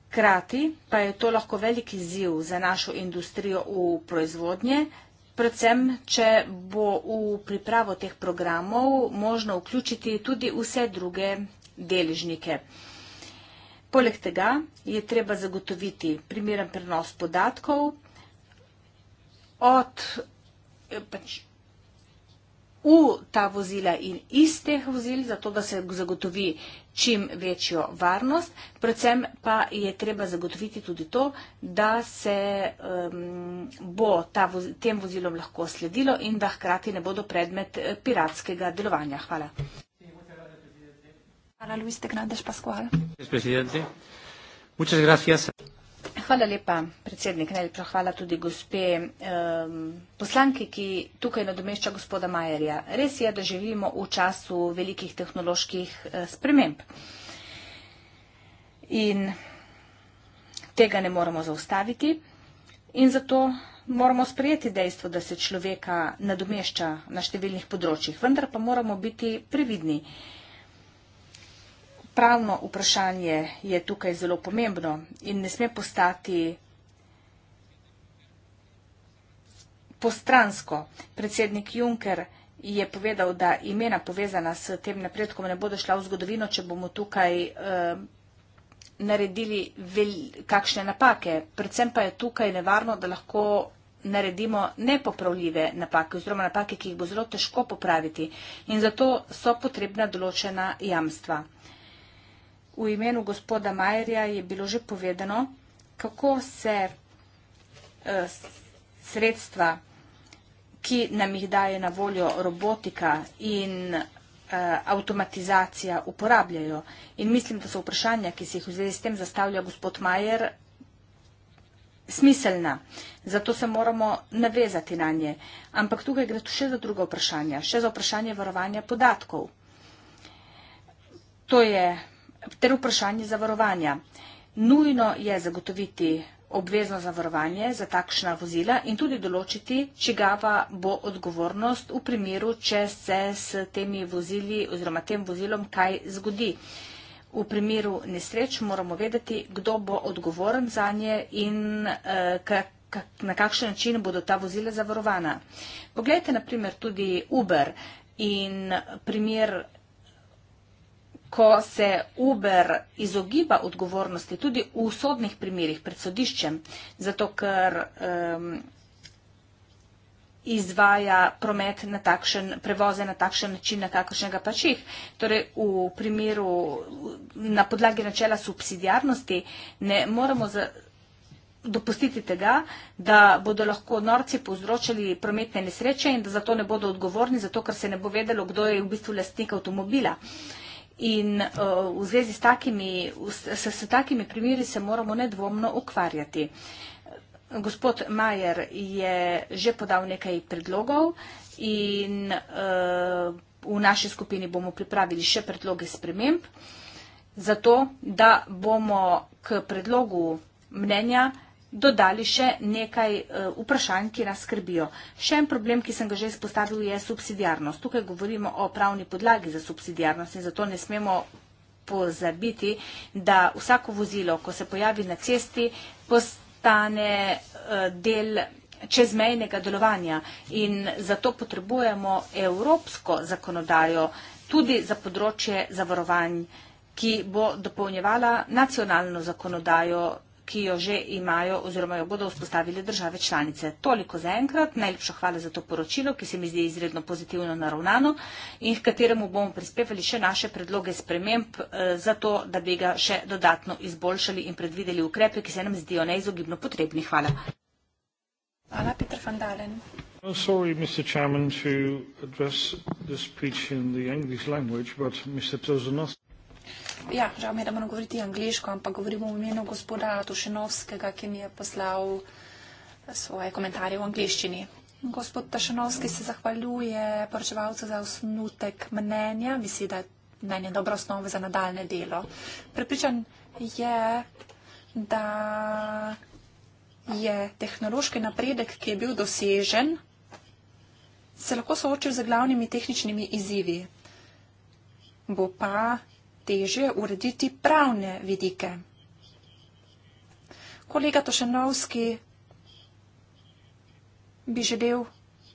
Hkrati pa je to lahko velik izziv za našo industrijo v proizvodnje, predvsem, če bo v pripravo teh programov možno vključiti tudi vse druge deležnike. Poleg tega je treba zagotoviti primeren prenos podatkov od pač, v ta vozila in iz teh vozil, zato da se zagotovi čim večjo varnost. Predvsem pa je treba zagotoviti tudi to, da se um, bo ta, tem vozilom lahko sledilo in da hkrati ne bodo predmet eh, piratskega delovanja. Hvala. Hvala, Luis Tegnadeš Pascual. Muchas gracias. Hvala lepa, predsednik. Najlepša hvala tudi gospe um, poslanki, ki tukaj nadomešča gospoda Majerja. Res je, da živimo v času velikih tehnoloških uh, sprememb. In tega ne moramo zaustaviti. In zato moramo sprejeti dejstvo, da se človeka nadomešča na številnih področjih. Vendar pa moramo biti previdni. Uh, pravno vprašanje je tukaj zelo pomembno in ne sme postati postransko. Predsednik Juncker je povedal, da imena povezana s tem napredkom ne bodo šla v zgodovino, če bomo tukaj eh, naredili vel, kakšne napake. Predvsem pa je tukaj nevarno, da lahko naredimo nepopravljive napake oziroma napake, ki jih bo zelo težko popraviti. In zato so potrebna določena jamstva. Eh, v imenu gospoda Majerja je bilo že povedano, kako se eh, sredstva, ki nam jih daje na voljo robotika in eh, avtomatizacija uporabljajo. In mislim, da so vprašanja, ki se jih v zvezi s tem zastavlja gospod Majer, smiselna. Zato se moramo navezati na nje. Ampak tukaj gre tu še za druga vprašanja. Še za vprašanje varovanja podatkov. To je ter vprašanje zavarovanja. Nujno je zagotoviti obvezno zavarovanje za takšna vozila in tudi določiti, čigava bo odgovornost v primeru, če se s temi vozili oziroma tem vozilom kaj zgodi. V primeru nesreč moramo vedeti, kdo bo odgovoren za nje in eh, na kakšen način bodo ta vozila zavarovana. Poglejte naprimer tudi Uber in primer ko se Uber izogiba odgovornosti tudi v sodnih primerjih pred sodiščem, zato ker um, izvaja promet na takšen, prevoze na takšen način, na kakršnega pač jih. Torej, v primeru, na podlagi načela subsidijarnosti, ne moremo za, dopustiti tega, da bodo lahko norci povzročali prometne nesreče in da zato ne bodo odgovorni, zato ker se ne bo vedelo, kdo je v bistvu lastnik avtomobila. Uh, In uh, v zvezi s takimi, s, s, s takimi primiri se moramo nedvomno ukvarjati. Gospod Majer je že podal nekaj predlogov in uh, v naši skupini bomo pripravili še predloge sprememb, zato da bomo k predlogu mnenja dodali še nekaj eh, vprašanj, ki nas skrbijo. Še en problem, ki sem ga že izpostavil, je subsidijarnost. Tukaj govorimo o pravni podlagi za subsidijarnost in zato ne smemo pozabiti, da vsako vozilo, ko se pojavi na cesti, postane eh, del čezmejnega delovanja in zato potrebujemo evropsko zakonodajo tudi za področje zavarovanj, ki bo dopolnjevala nacionalno zakonodajo ki jo že imajo oziroma jo bodo vzpostavili države članice. Toliko za enkrat. Najlepša hvala za to poročilo, ki se mi zdi izredno pozitivno naravnano in k kateremu bomo prispevali še naše predloge sprememb eh, za to, da bi ga še dodatno izboljšali in predvideli ukrepe, ki se nam zdijo neizogibno potrebni. Hvala. Hvala, Peter van Dalen. Well, sorry, Mr. Chairman, to address the speech in the English language, but Mr. Tozanos. Ja, žal mi je, da moram govoriti angliško, ampak govorim v imenu gospoda Tušenovskega, ki mi je poslal eh, svoje komentarje v angliščini. Gospod Tušenovski se zahvaljuje poročevalcu za osnutek mnenja, misli, da je mnenje dobro osnove za nadaljne delo. Prepričan je, da je tehnološki napredek, ki je bil dosežen, se lahko soočil z glavnimi tehničnimi izzivi. Bo pa težje urediti pravne vidike. Kolega Tošenovski bi želel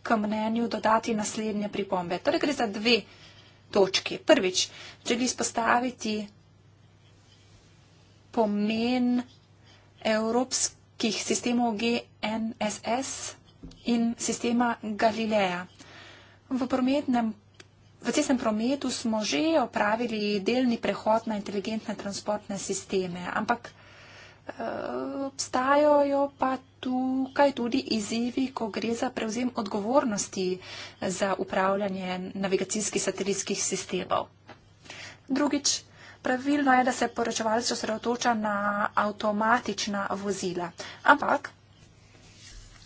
k mnenju dodati naslednje pripombe. Torej gre za dve točki. Prvič, želi spostaviti pomen evropskih sistemov GNSS in sistema Galileja. V prometnem V cestnem prometu smo že opravili delni prehod na inteligentne transportne sisteme, ampak eh, obstajajo pa tukaj tudi izzivi, ko gre za prevzem odgovornosti za upravljanje navigacijskih satelitskih sistemov. Drugič, pravilno je, da se poročevalce osredotoča na avtomatična vozila. Ampak,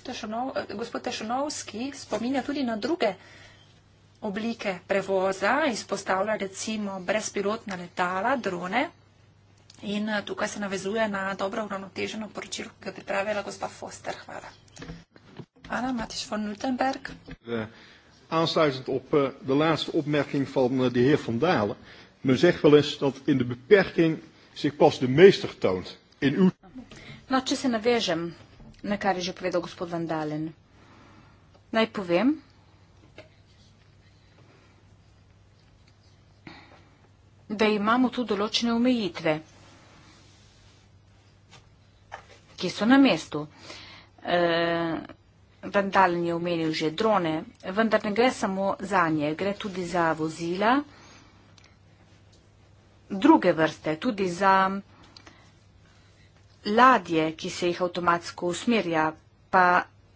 tešanov, eh, gospod Tešanovski spominja tudi na druge oblike prevoza izpostavlja recimo brezpilotna letala, drone. In eh, tukaj se navezuje na dobro uravnoteženo poročilo, ki ga je pripravila gospa Foster. Hvala. Hvala, Matiš von Nultenberg. Eh, aansluitend op eh, de laatste opmerking van de heer Van Dalen. Men zegt wel eens dat in de beperking zich pas de meester toont. In uw... Nou, als ik me naar wat je zei, van Dalen. Ik zeg, da imamo tu določene omejitve, ki so na mestu. E, Vandalen je omenil že drone, vendar ne gre samo za nje, gre tudi za vozila druge vrste, tudi za ladje, ki se jih avtomatsko usmerja, pa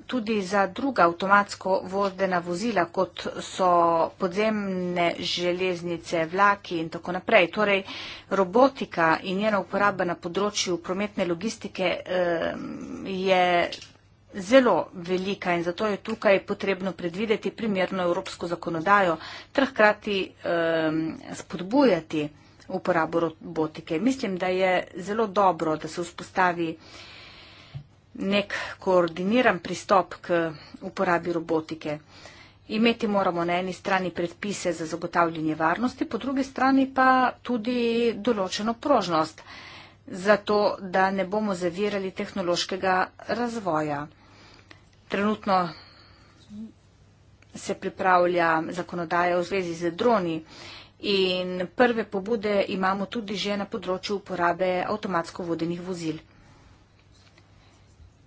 tudi za druga avtomatsko vozdena vozila, kot so podzemne železnice, vlaki in tako naprej. Torej, robotika in njena uporaba na področju prometne logistike je zelo velika in zato je tukaj potrebno predvideti primerno evropsko zakonodajo, ter hkrati spodbujati uporabo robotike. Mislim, da je zelo dobro, da se vzpostavi nek koordiniran pristop k uporabi robotike. Imeti moramo na eni strani predpise za zagotavljanje varnosti, po drugi strani pa tudi določeno prožnost, zato da ne bomo zavirali tehnološkega razvoja. Trenutno se pripravlja zakonodaja v zvezi z droni in prve pobude imamo tudi že na področju uporabe avtomatsko vodenih vozil.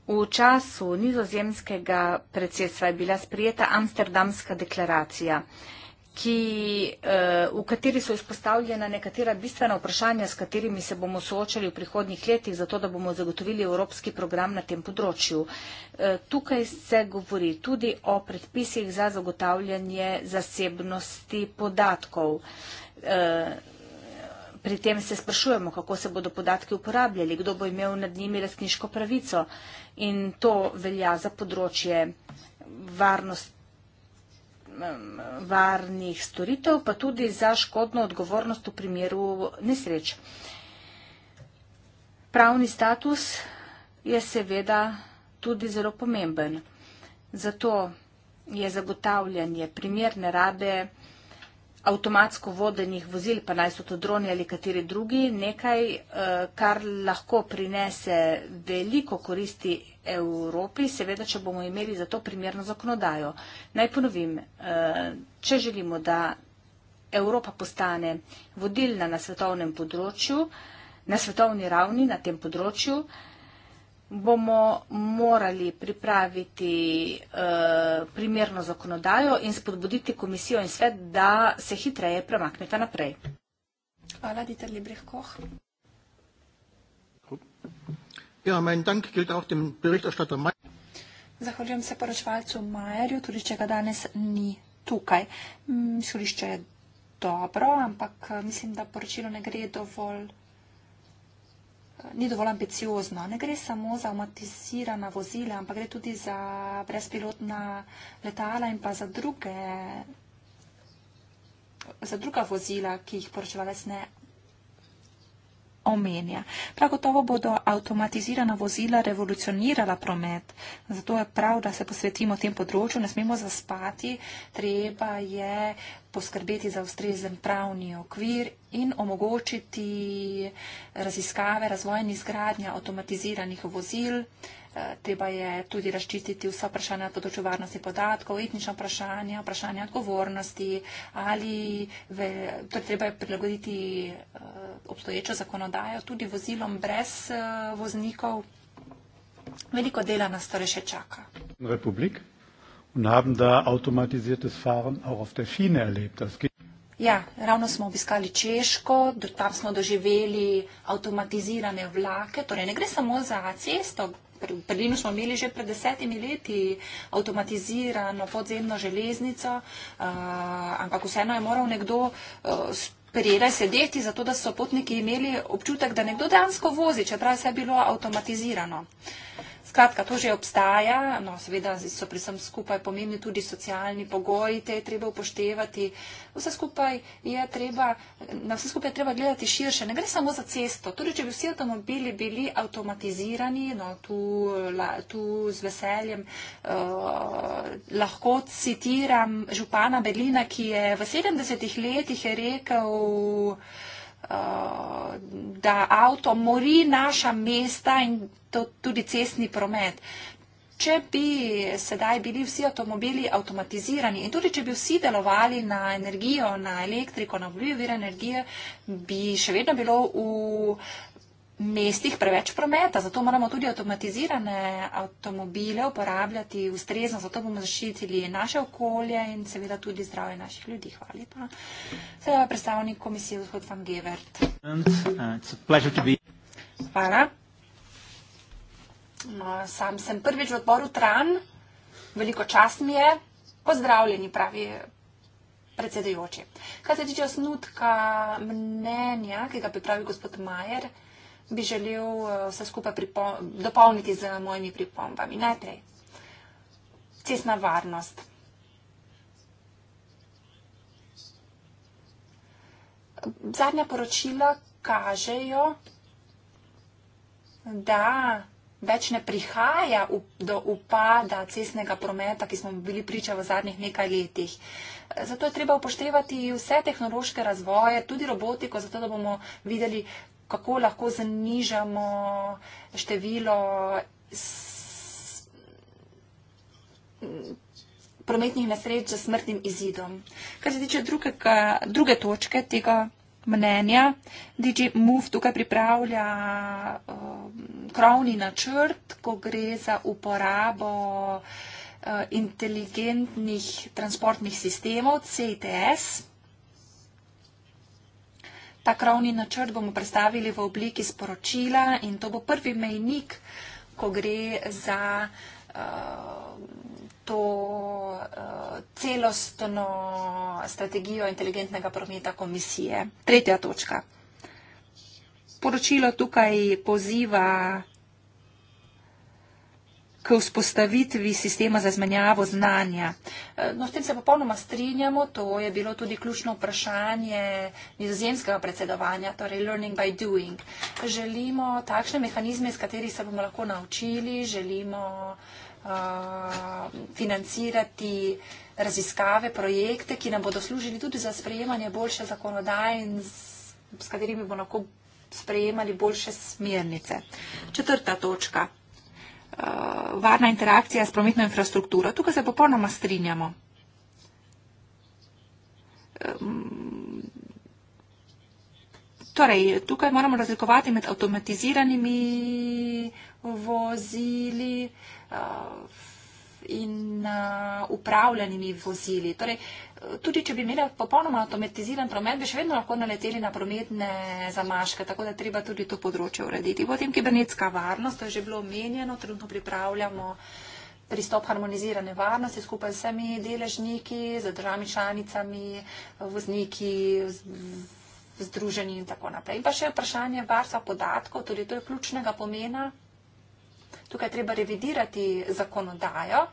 V času nizozemskega predsedstva je bila sprijeta Amsterdamska deklaracija, ki, eh, v kateri so izpostavljena nekatera bistvena vprašanja, s katerimi se bomo soočali v prihodnjih letih, zato da bomo zagotovili evropski program na tem področju. Eh, tukaj se govori tudi o predpisih za zagotavljanje zasebnosti podatkov. Eh, Pri tem se sprašujemo, kako se bodo podatki uporabljali, kdo bo imel nad njimi lastniško pravico in to velja za področje varnost, varnih storitev, pa tudi za škodno odgovornost v primeru nesreč. Pravni status je seveda tudi zelo pomemben. Zato je zagotavljanje primerne rabe avtomatsko vodenih vozil, pa naj so to droni ali kateri drugi, nekaj, eh, kar lahko prinese veliko koristi Evropi, seveda, če bomo imeli za to primerno zakonodajo. Naj ponovim, eh, če želimo, da Evropa postane vodilna na svetovnem področju, na svetovni ravni na tem področju, bomo morali pripraviti eh, primerno zakonodajo in spodbuditi komisijo in svet, da se hitreje premaknete naprej. Hvala, Dieter Lebrich-Koch. Ja, mein Dank gilt auch dem Berichterstatter Mayer. Zahvaljujem se poročevalcu Majerju, tudi če ga danes ni tukaj. Sodišče mm, je dobro, ampak eh, mislim, da poročilo ne gre dovolj ni dovolj ambiciozno. Ne gre samo za avtomatizirana vozila, ampak gre tudi za brezpilotna letala in pa za druge. Za druga vozila, ki jih poročevalec ne omenja. Prav gotovo bodo avtomatizirana vozila revolucionirala promet, zato je prav, da se posvetimo tem področju, ne smemo zaspati, treba je poskrbeti za ustrezen pravni okvir in omogočiti raziskave, razvoj in izgradnja avtomatiziranih vozil, Eh, treba je tudi razčistiti vsa vprašanja na področju varnosti podatkov, etnična vprašanja, vprašanja odgovornosti ali ve, torej treba je prilagoditi eh, obstoječo zakonodajo tudi vozilom brez eh, voznikov. Veliko dela nas torej še čaka. Republik in haben da avtomatizirate sfaren auch auf der Schiene erlebt. Ja, ravno smo obiskali Češko, tam smo doživeli avtomatizirane vlake, torej ne gre samo za cesto, V Berlinu smo imeli že pred desetimi leti avtomatizirano podzemno železnico, ampak vseeno je moral nekdo e, prijedaj sedeti, zato da so potniki imeli občutek, da nekdo dejansko vozi, čeprav vse je bilo avtomatizirano. Skratka, to že obstaja, no seveda so pri vsem skupaj pomembni tudi socialni pogoji, te je treba upoštevati. Vse skupaj je treba, na vse skupaj je treba gledati širše. Ne gre samo za cesto. Tudi torej, če bi vsi avtomobili bili avtomatizirani, no tu, la, tu z veseljem uh, lahko citiram župana Berlina, ki je v 70-ih letih je rekel, uh, Eh, da avto mori naša mesta in tudi cestni promet. Če bi sedaj bili vsi avtomobili avtomatizirani in tudi če bi vsi delovali na energijo, na elektriko, na obljubljive energije, bi še vedno bilo v mestih preveč prometa, zato moramo tudi avtomatizirane avtomobile uporabljati ustrezno, zato bomo zaščitili naše okolje in seveda tudi zdravje naših ljudi. Hvala lepa. Sedaj je predstavnik komisije vzhod van Gevert. Uh, Hvala. No, sam sem prvič v odboru Tran, veliko čas mi je, pozdravljeni pravi predsedujoči. Kaj se tiče osnutka mnenja, ki ga pripravi gospod Majer, bi želel eh, vse skupaj dopolniti z mojimi pripombami. Najprej, cestna varnost. Zadnja poročila kažejo, da več ne prihaja do upada cestnega prometa, ki smo bili priča v zadnjih nekaj letih. Zato je treba upoštevati vse tehnološke razvoje, tudi robotiko, zato da bomo videli, kako lahko znižamo število prometnih nesreč z smrtnim izidom. Kar se tiče drugega, druge točke tega mnenja, DJ MOVE tukaj pripravlja um, krovni načrt, ko gre za uporabo uh, inteligentnih transportnih sistemov CITS. Ta krovni načrt bomo predstavili v obliki sporočila in to bo prvi mejnik, ko gre za uh, to uh, celostno strategijo inteligentnega prometa komisije. Tretja točka. Poročilo tukaj poziva k vzpostavitvi sistema za zmenjavo znanja. E, no, s tem se popolnoma strinjamo, to je bilo tudi ključno vprašanje nizozemskega predsedovanja, torej learning by doing. Želimo takšne mehanizme, s katerih se bomo lahko naučili, želimo uh, financirati raziskave, projekte, ki nam bodo služili tudi za sprejemanje boljše zakonodaje in s, s katerimi bomo lahko sprejemali boljše smernice. Četrta točka uh, varna interakcija s prometno infrastrukturo. Tukaj se popolnoma strinjamo. Um, torej, tukaj moramo razlikovati med avtomatiziranimi vozili uh, in uh, eh, upravljenimi vozili. Torej, uh, tudi če bi imeli popolnoma avtomatiziran promet, bi še vedno lahko naleteli na prometne zamaške, tako da treba tudi to področje urediti. Potem kibernetska varnost, to je že bilo omenjeno, trenutno pripravljamo pristop harmonizirane varnosti skupaj z vsemi deležniki, z državami članicami, vozniki, združeni in tako naprej. In pa še vprašanje varstva podatkov, tudi torej to je ključnega pomena. Tukaj treba revidirati zakonodajo,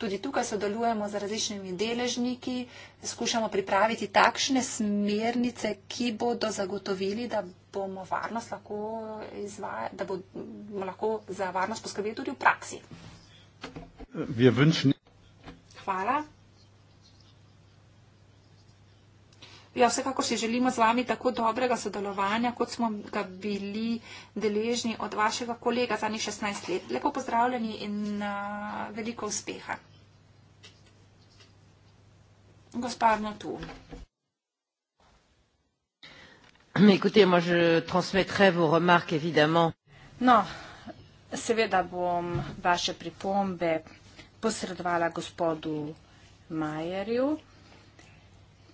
Tudi tukaj sodelujemo z različnimi deležniki, skušamo pripraviti takšne smernice, ki bodo zagotovili, da bomo, lahko, izvaja, da bomo lahko za varnost poskrbeli tudi v praksi. Hvala. Ja, vsekakor si želimo z vami tako dobrega sodelovanja, kot smo ga bili deležni od vašega kolega za njih 16 let. Lepo pozdravljeni in uh, veliko uspeha. Gospodno tu. Écoutez, moi je transmettrai vos remarques évidemment. No, seveda bom vaše pripombe posredovala gospodu Majerju.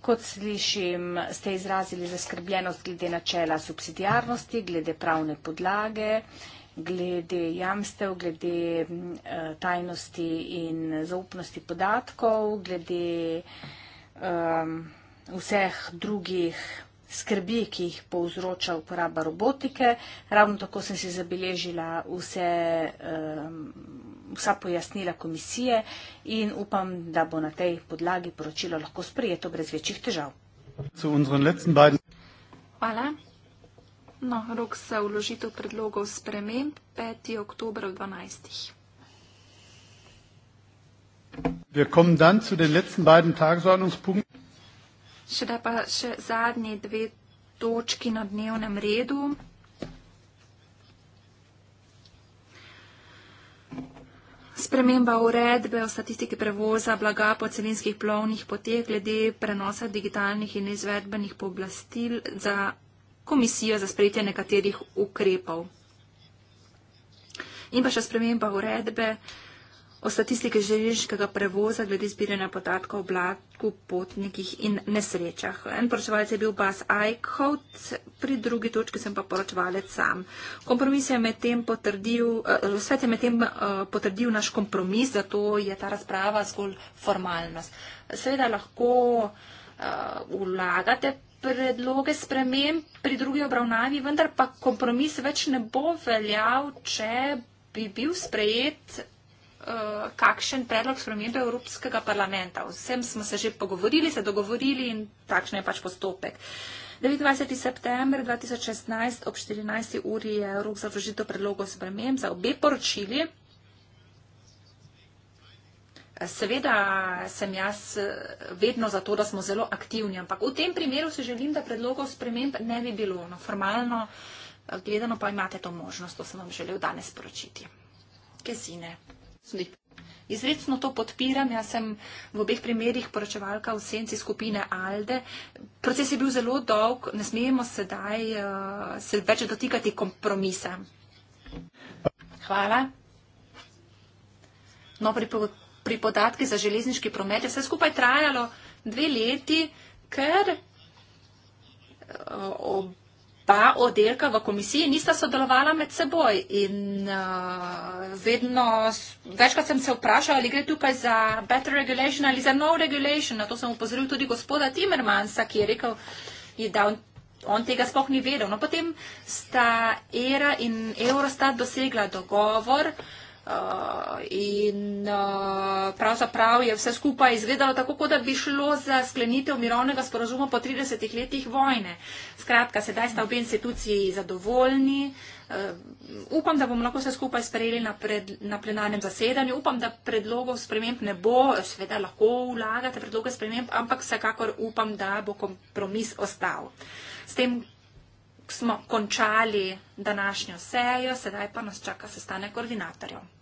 Kot slišim, ste izrazili zaskrbljenost glede načela subsidijarnosti, glede pravne podlage, glede jamstev, glede eh, tajnosti in zaupnosti podatkov, glede um, vseh drugih skrbi, ki jih povzroča uporaba robotike. Ravno tako sem si zabeležila vse um, vsa pojasnila komisije in upam, da bo na tej podlagi poročilo lahko sprejeto brez večjih težav. Hvala. No, rok za uložitev predlogov sprememb 5. oktober v 12. Še da pa še zadnji dve točki na dnevnem redu. Sprememba uredbe o statistiki prevoza blaga po celinskih plovnih poteh glede prenosa digitalnih in izvedbenih pooblastil za komisijo za sprejetje nekaterih ukrepov. In pa še sprememba uredbe. O statistike železniškega prevoza glede zbiranja podatkov o blagu, potnikih in nesrečah. En poročevalec je bil Bas Eichhout, pri drugi točki sem pa poročevalec sam. Kompromis je med tem potrdil, eh, svet je med tem eh, potrdil naš kompromis, zato je ta razprava zgolj formalnost. Seveda lahko eh, vlagate predloge spremem pri drugi obravnavi, vendar pa kompromis več ne bo veljav, če bi bil sprejet Eh, kakšen predlog spremembe Evropskega parlamenta. Vsem smo se že pogovorili, se dogovorili in takšen je pač postopek. 29. september 2016 ob 14. uri je rok za vložitev predlogov sprememb za obe poročili. Seveda sem jaz eh, vedno za to, da smo zelo aktivni, ampak v tem primeru se želim, da predlogov sprememb ne bi bilo. No, formalno eh, gledano pa imate to možnost, to sem vam želel danes poročiti. Kesine. Izredno to podpiram. Jaz sem v obeh primerjih poročevalka v senci skupine Alde. Proces je bil zelo dolg, ne smemo sedaj uh, se več dotikati kompromisa. Hvala. No, pri, pri podatki za železniški promet je vse skupaj trajalo dve leti, ker uh, ob dva oddelka v komisiji nista sodelovala med seboj. In uh, vedno, večkrat sem se vprašala, ali gre tukaj za better regulation ali za no regulation. Na to sem upozoril tudi gospoda Timmermansa, ki je rekel, da on, on tega sploh ni vedel. No, potem sta ERA in Eurostat dosegla dogovor. Uh, Eh, in uh, pravzaprav je vse skupaj izgledalo tako, kot da bi šlo za sklenitev mirovnega sporozuma po 30 letih vojne. Skratka, sedaj sta obe instituciji zadovoljni. Uh, upam, da bomo lahko vse skupaj sprejeli na, pred, na plenarnem zasedanju. Upam, da predlogov sprememb ne bo. Sveda lahko vlagate predloge sprememb, ampak vsekakor upam, da bo kompromis ostal. S tem smo končali današnjo sejo, sedaj pa nas čaka sestanek koordinatorjev.